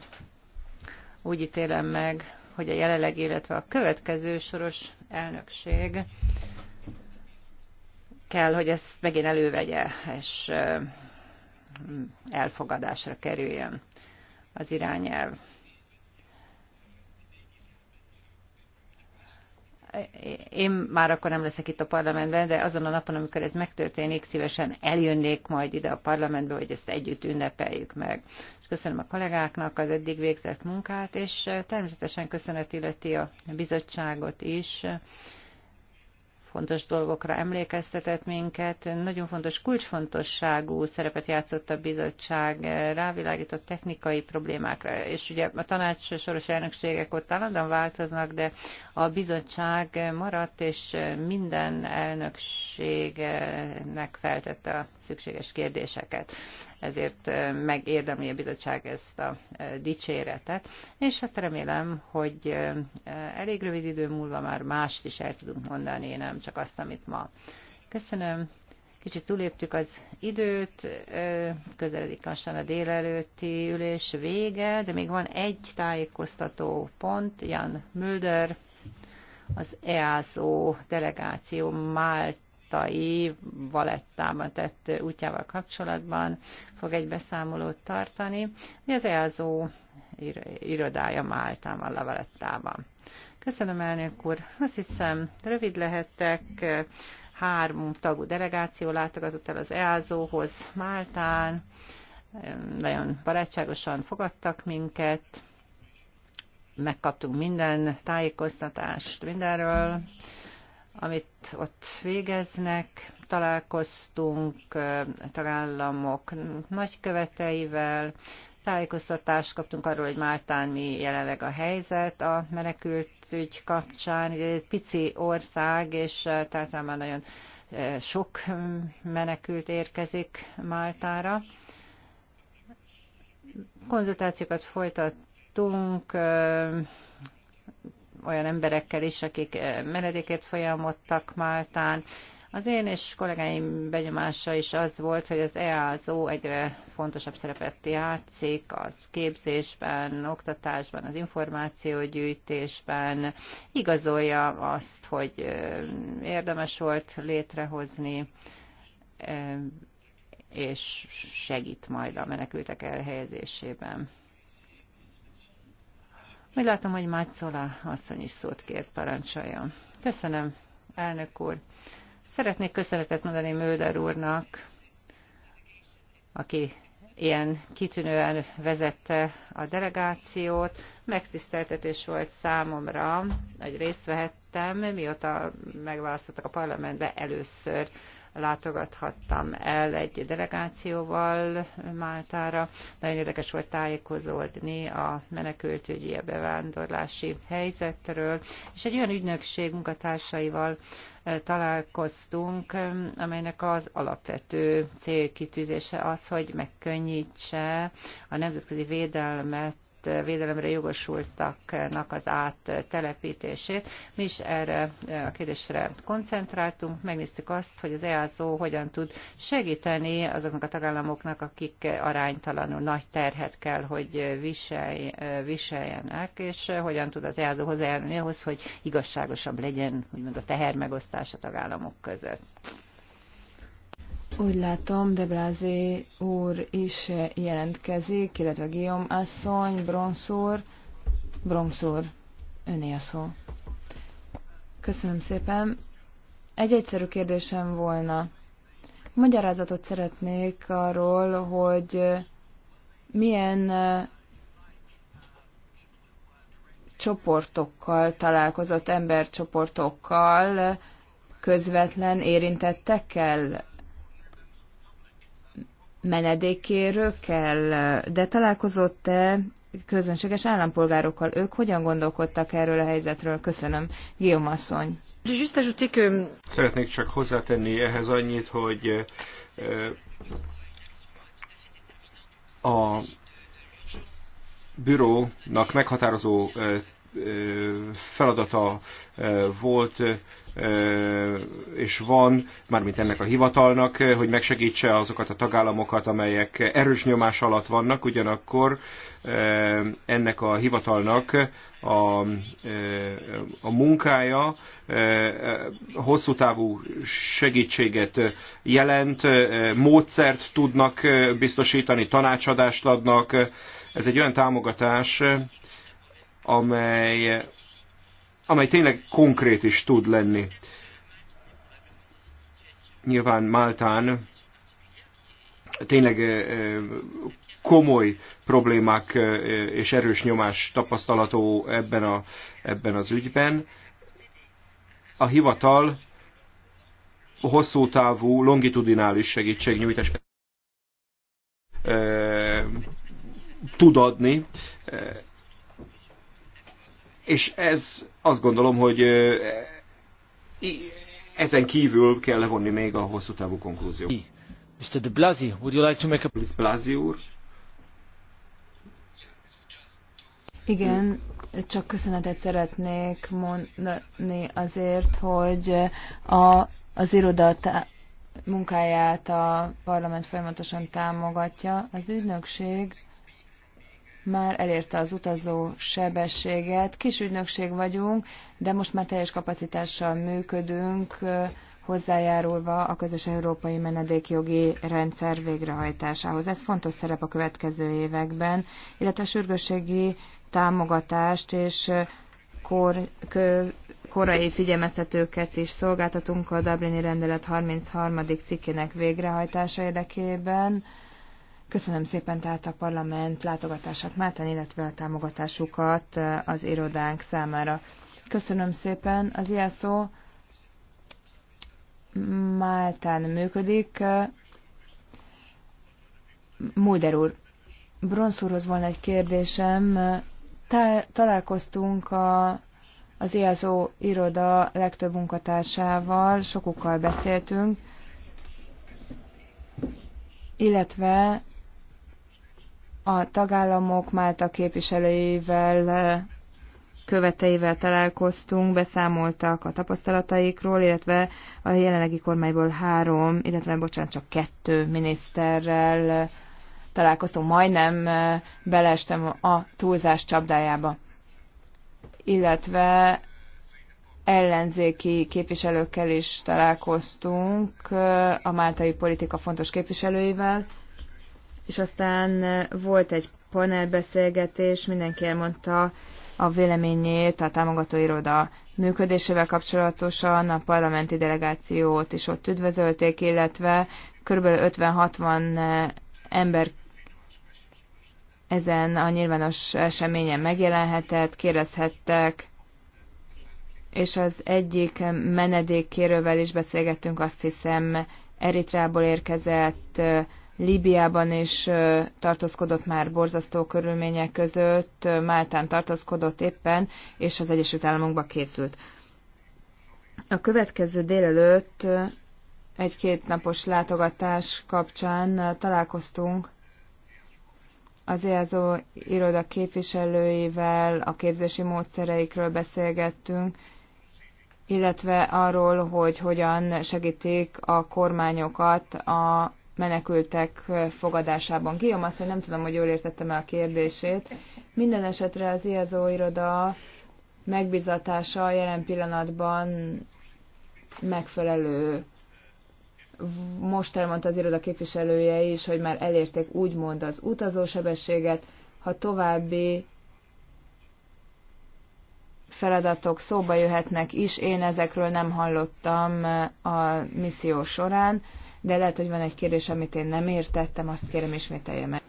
úgy ítélem meg, hogy a jelenleg, illetve a következő soros elnökség kell, hogy ezt megint elővegye, és elfogadásra kerüljön az irányelv. én már akkor nem leszek itt a parlamentben, de azon a napon, amikor ez megtörténik, szívesen eljönnék majd ide a parlamentbe, hogy ezt együtt ünnepeljük meg. És köszönöm a kollégáknak az eddig végzett munkát, és természetesen köszönet illeti a bizottságot is, fontos dolgokra emlékeztetett minket. Nagyon fontos, kulcsfontosságú szerepet játszott a bizottság, rávilágított technikai problémákra, és ugye a tanács soros elnökségek ott állandóan változnak, de a bizottság maradt, és minden elnökségnek feltette a szükséges kérdéseket ezért megérdemli a bizottság ezt a dicséretet, és hát remélem, hogy elég rövid idő múlva már mást is el tudunk mondani, nem csak azt, amit ma. Köszönöm. Kicsit túléptük az időt, közeledik lassan a délelőtti ülés vége, de még van egy tájékoztató pont, Jan Mulder, az EASO delegáció Málta valettai, valettában tett útjával kapcsolatban fog egy beszámolót tartani. Mi az elzó irodája Máltában, Lavalettában. Köszönöm, elnök úr. Azt hiszem, rövid lehetek három tagú delegáció látogatott el az EASO-hoz Máltán, nagyon barátságosan fogadtak minket, megkaptunk minden tájékoztatást mindenről, amit ott végeznek. Találkoztunk tagállamok nagyköveteivel, tájékoztatást kaptunk arról, hogy Máltán mi jelenleg a helyzet a menekült ügy kapcsán. Ugye ez pici ország, és tehát már nagyon sok menekült érkezik Máltára. Konzultációkat folytattunk, olyan emberekkel is, akik eh, menedékért folyamodtak Máltán. Az én és kollégáim benyomása is az volt, hogy az EASO egyre fontosabb szerepet játszik az képzésben, oktatásban, az információgyűjtésben, igazolja azt, hogy eh, érdemes volt létrehozni, eh, és segít majd a menekültek elhelyezésében. Úgy látom, hogy Máccola asszony is szót kért, parancsoljon. Köszönöm, elnök úr. Szeretnék köszönetet mondani Mölder úrnak, aki ilyen kitűnően vezette a delegációt. Megtiszteltetés volt számomra, hogy részt vehettem, mióta megválasztottak a parlamentbe először látogathattam el egy delegációval Máltára. Nagyon érdekes volt tájékozódni a menekültügyi, a bevándorlási helyzetről, és egy olyan ügynökség munkatársaival eh, találkoztunk, eh, amelynek az alapvető célkitűzése az, hogy megkönnyítse a nemzetközi védelmet védelemre jogosultaknak az áttelepítését. Mi is erre eh, a kérdésre koncentráltunk, megnéztük azt, hogy az EASO hogyan tud segíteni azoknak a tagállamoknak, akik aránytalanul nagy terhet kell, hogy viselj, eh, viseljenek, és hogyan tud az EASO hozzájárulni ahhoz, hogy igazságosabb legyen úgymond a tehermegosztás a tagállamok között. Úgy látom, de Blázé úr is jelentkezik, illetve Guillaume asszony, Bronszúr. Bronszúr, öné a szó. Köszönöm szépen. Egy egyszerű kérdésem volna. Magyarázatot szeretnék arról, hogy milyen csoportokkal találkozott, embercsoportokkal, közvetlen érintettekkel kell, de találkozott-e közönséges állampolgárokkal? Ők hogyan gondolkodtak erről a helyzetről? Köszönöm. Guillaume asszony. Szeretnék csak hozzátenni ehhez annyit, hogy a bürónak meghatározó feladata volt és van, mármint ennek a hivatalnak, hogy megsegítse azokat a tagállamokat, amelyek erős nyomás alatt vannak, ugyanakkor ennek a hivatalnak a, a munkája hosszú távú segítséget jelent, módszert tudnak biztosítani, tanácsadást adnak. Ez egy olyan támogatás, amely, amely tényleg konkrét is tud lenni. Nyilván Máltán tényleg komoly problémák és erős nyomás tapasztalató ebben, a, ebben az ügyben. A hivatal hosszú távú, longitudinális segítségnyújtás tud adni, és ez azt gondolom, hogy ezen kívül kell levonni még a hosszú távú konklúziót. Mr. de Blasi, would you like to make a... Blasi úr? Igen, csak köszönetet szeretnék mondani azért, hogy a, az iroda munkáját a parlament folyamatosan támogatja. Az ügynökség már elérte az utazó sebességet. Kis ügynökség vagyunk, de most már teljes kapacitással működünk, hozzájárulva a közös európai menedékjogi rendszer végrehajtásához. Ez fontos szerep a következő években, illetve a sürgősségi támogatást és kor, kö, korai figyelmeztetőket is szolgáltatunk a Dublini rendelet 33. cikkének végrehajtása érdekében Köszönöm szépen tehát a parlament látogatását Máltán, illetve a támogatásukat eh, az irodánk számára. Köszönöm szépen. Az szó. Máltán működik. Eh, Múder úr, Bronsz úrhoz van egy kérdésem. Találkoztunk a az IASO iroda legtöbb munkatársával, sokukkal beszéltünk, illetve a tagállamok Málta képviselőivel, eh, követeivel találkoztunk, beszámoltak a tapasztalataikról, illetve a jelenlegi kormányból három, illetve bocsánat, csak kettő miniszterrel eh, találkoztunk, majdnem eh, beleestem a túlzás csapdájába. Illetve ellenzéki képviselőkkel is találkoztunk, a máltai politika fontos képviselőivel, és aztán volt egy panelbeszélgetés, mindenki elmondta a véleményét a támogatóiroda működésével kapcsolatosan, a parlamenti delegációt is ott üdvözölték, illetve kb. 50-60 ember ezen a nyilvános eseményen megjelenhetett, kérdezhettek, és az egyik menedékkérővel is beszélgettünk, azt hiszem Eritrából érkezett Líbiában is tartózkodott már borzasztó körülmények között, Máltán tartózkodott éppen, és az Egyesült Államokba készült. A következő délelőtt egy-két napos látogatás kapcsán találkoztunk az EASO iroda képviselőivel, a képzési módszereikről beszélgettünk, illetve arról, hogy hogyan segítik a kormányokat a menekültek fogadásában. Guillaume azt, hogy nem tudom, hogy jól értettem el a kérdését. Minden esetre az IAZO iroda megbizatása jelen pillanatban megfelelő. Most elmondta az iroda képviselője is, hogy már elérték úgymond az utazósebességet, ha további feladatok szóba jöhetnek is, én ezekről nem hallottam a misszió során de lehet, hogy van egy kérdés, amit én nem értettem, azt kérem ismételje meg.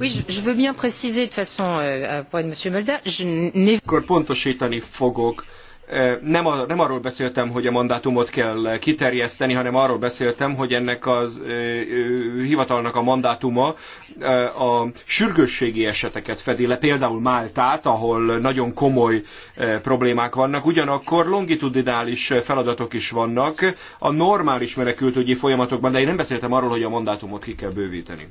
Oui, je veux bien préciser de façon, euh, pour M. Mulder, je n'ai... Akkor pontosítani fogok nem, a, nem arról beszéltem, hogy a mandátumot kell kiterjeszteni, hanem arról beszéltem, hogy ennek az hivatalnak a mandátuma a sürgősségi eseteket fedi le, például Máltát, ahol nagyon komoly problémák vannak, ugyanakkor longitudinális feladatok is vannak a normális menekültügyi folyamatokban, de én nem beszéltem arról, hogy a mandátumot ki kell bővíteni.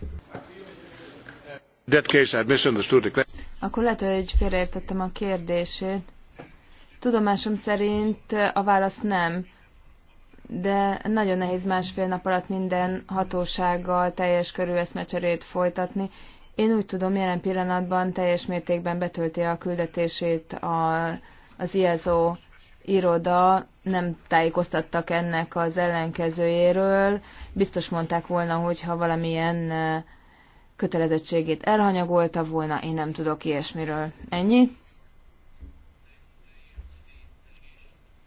Akkor lehet, hogy félreértettem a kérdését Tudomásom szerint a válasz nem, de nagyon nehéz másfél nap alatt minden hatósággal teljes körű eszmecserét folytatni. Én úgy tudom, jelen pillanatban teljes mértékben betölti a küldetését a, az IEZO iroda, nem tájékoztattak ennek az ellenkezőjéről. Biztos mondták volna, hogy ha valamilyen eh, kötelezettségét elhanyagolta volna, én nem tudok ilyesmiről. Ennyi?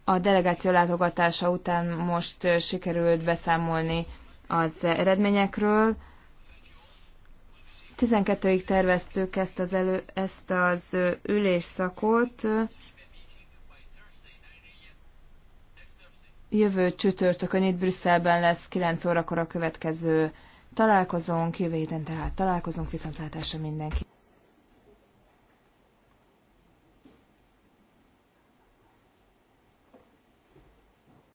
A delegáció látogatása után most sikerült beszámolni az eredményekről. 12-ig terveztük ezt az, elő, ezt az ülésszakot. Jövő csütörtökön itt Brüsszelben lesz 9 órakor a következő találkozónk. Jövő héten tehát találkozunk, viszontlátásra mindenki.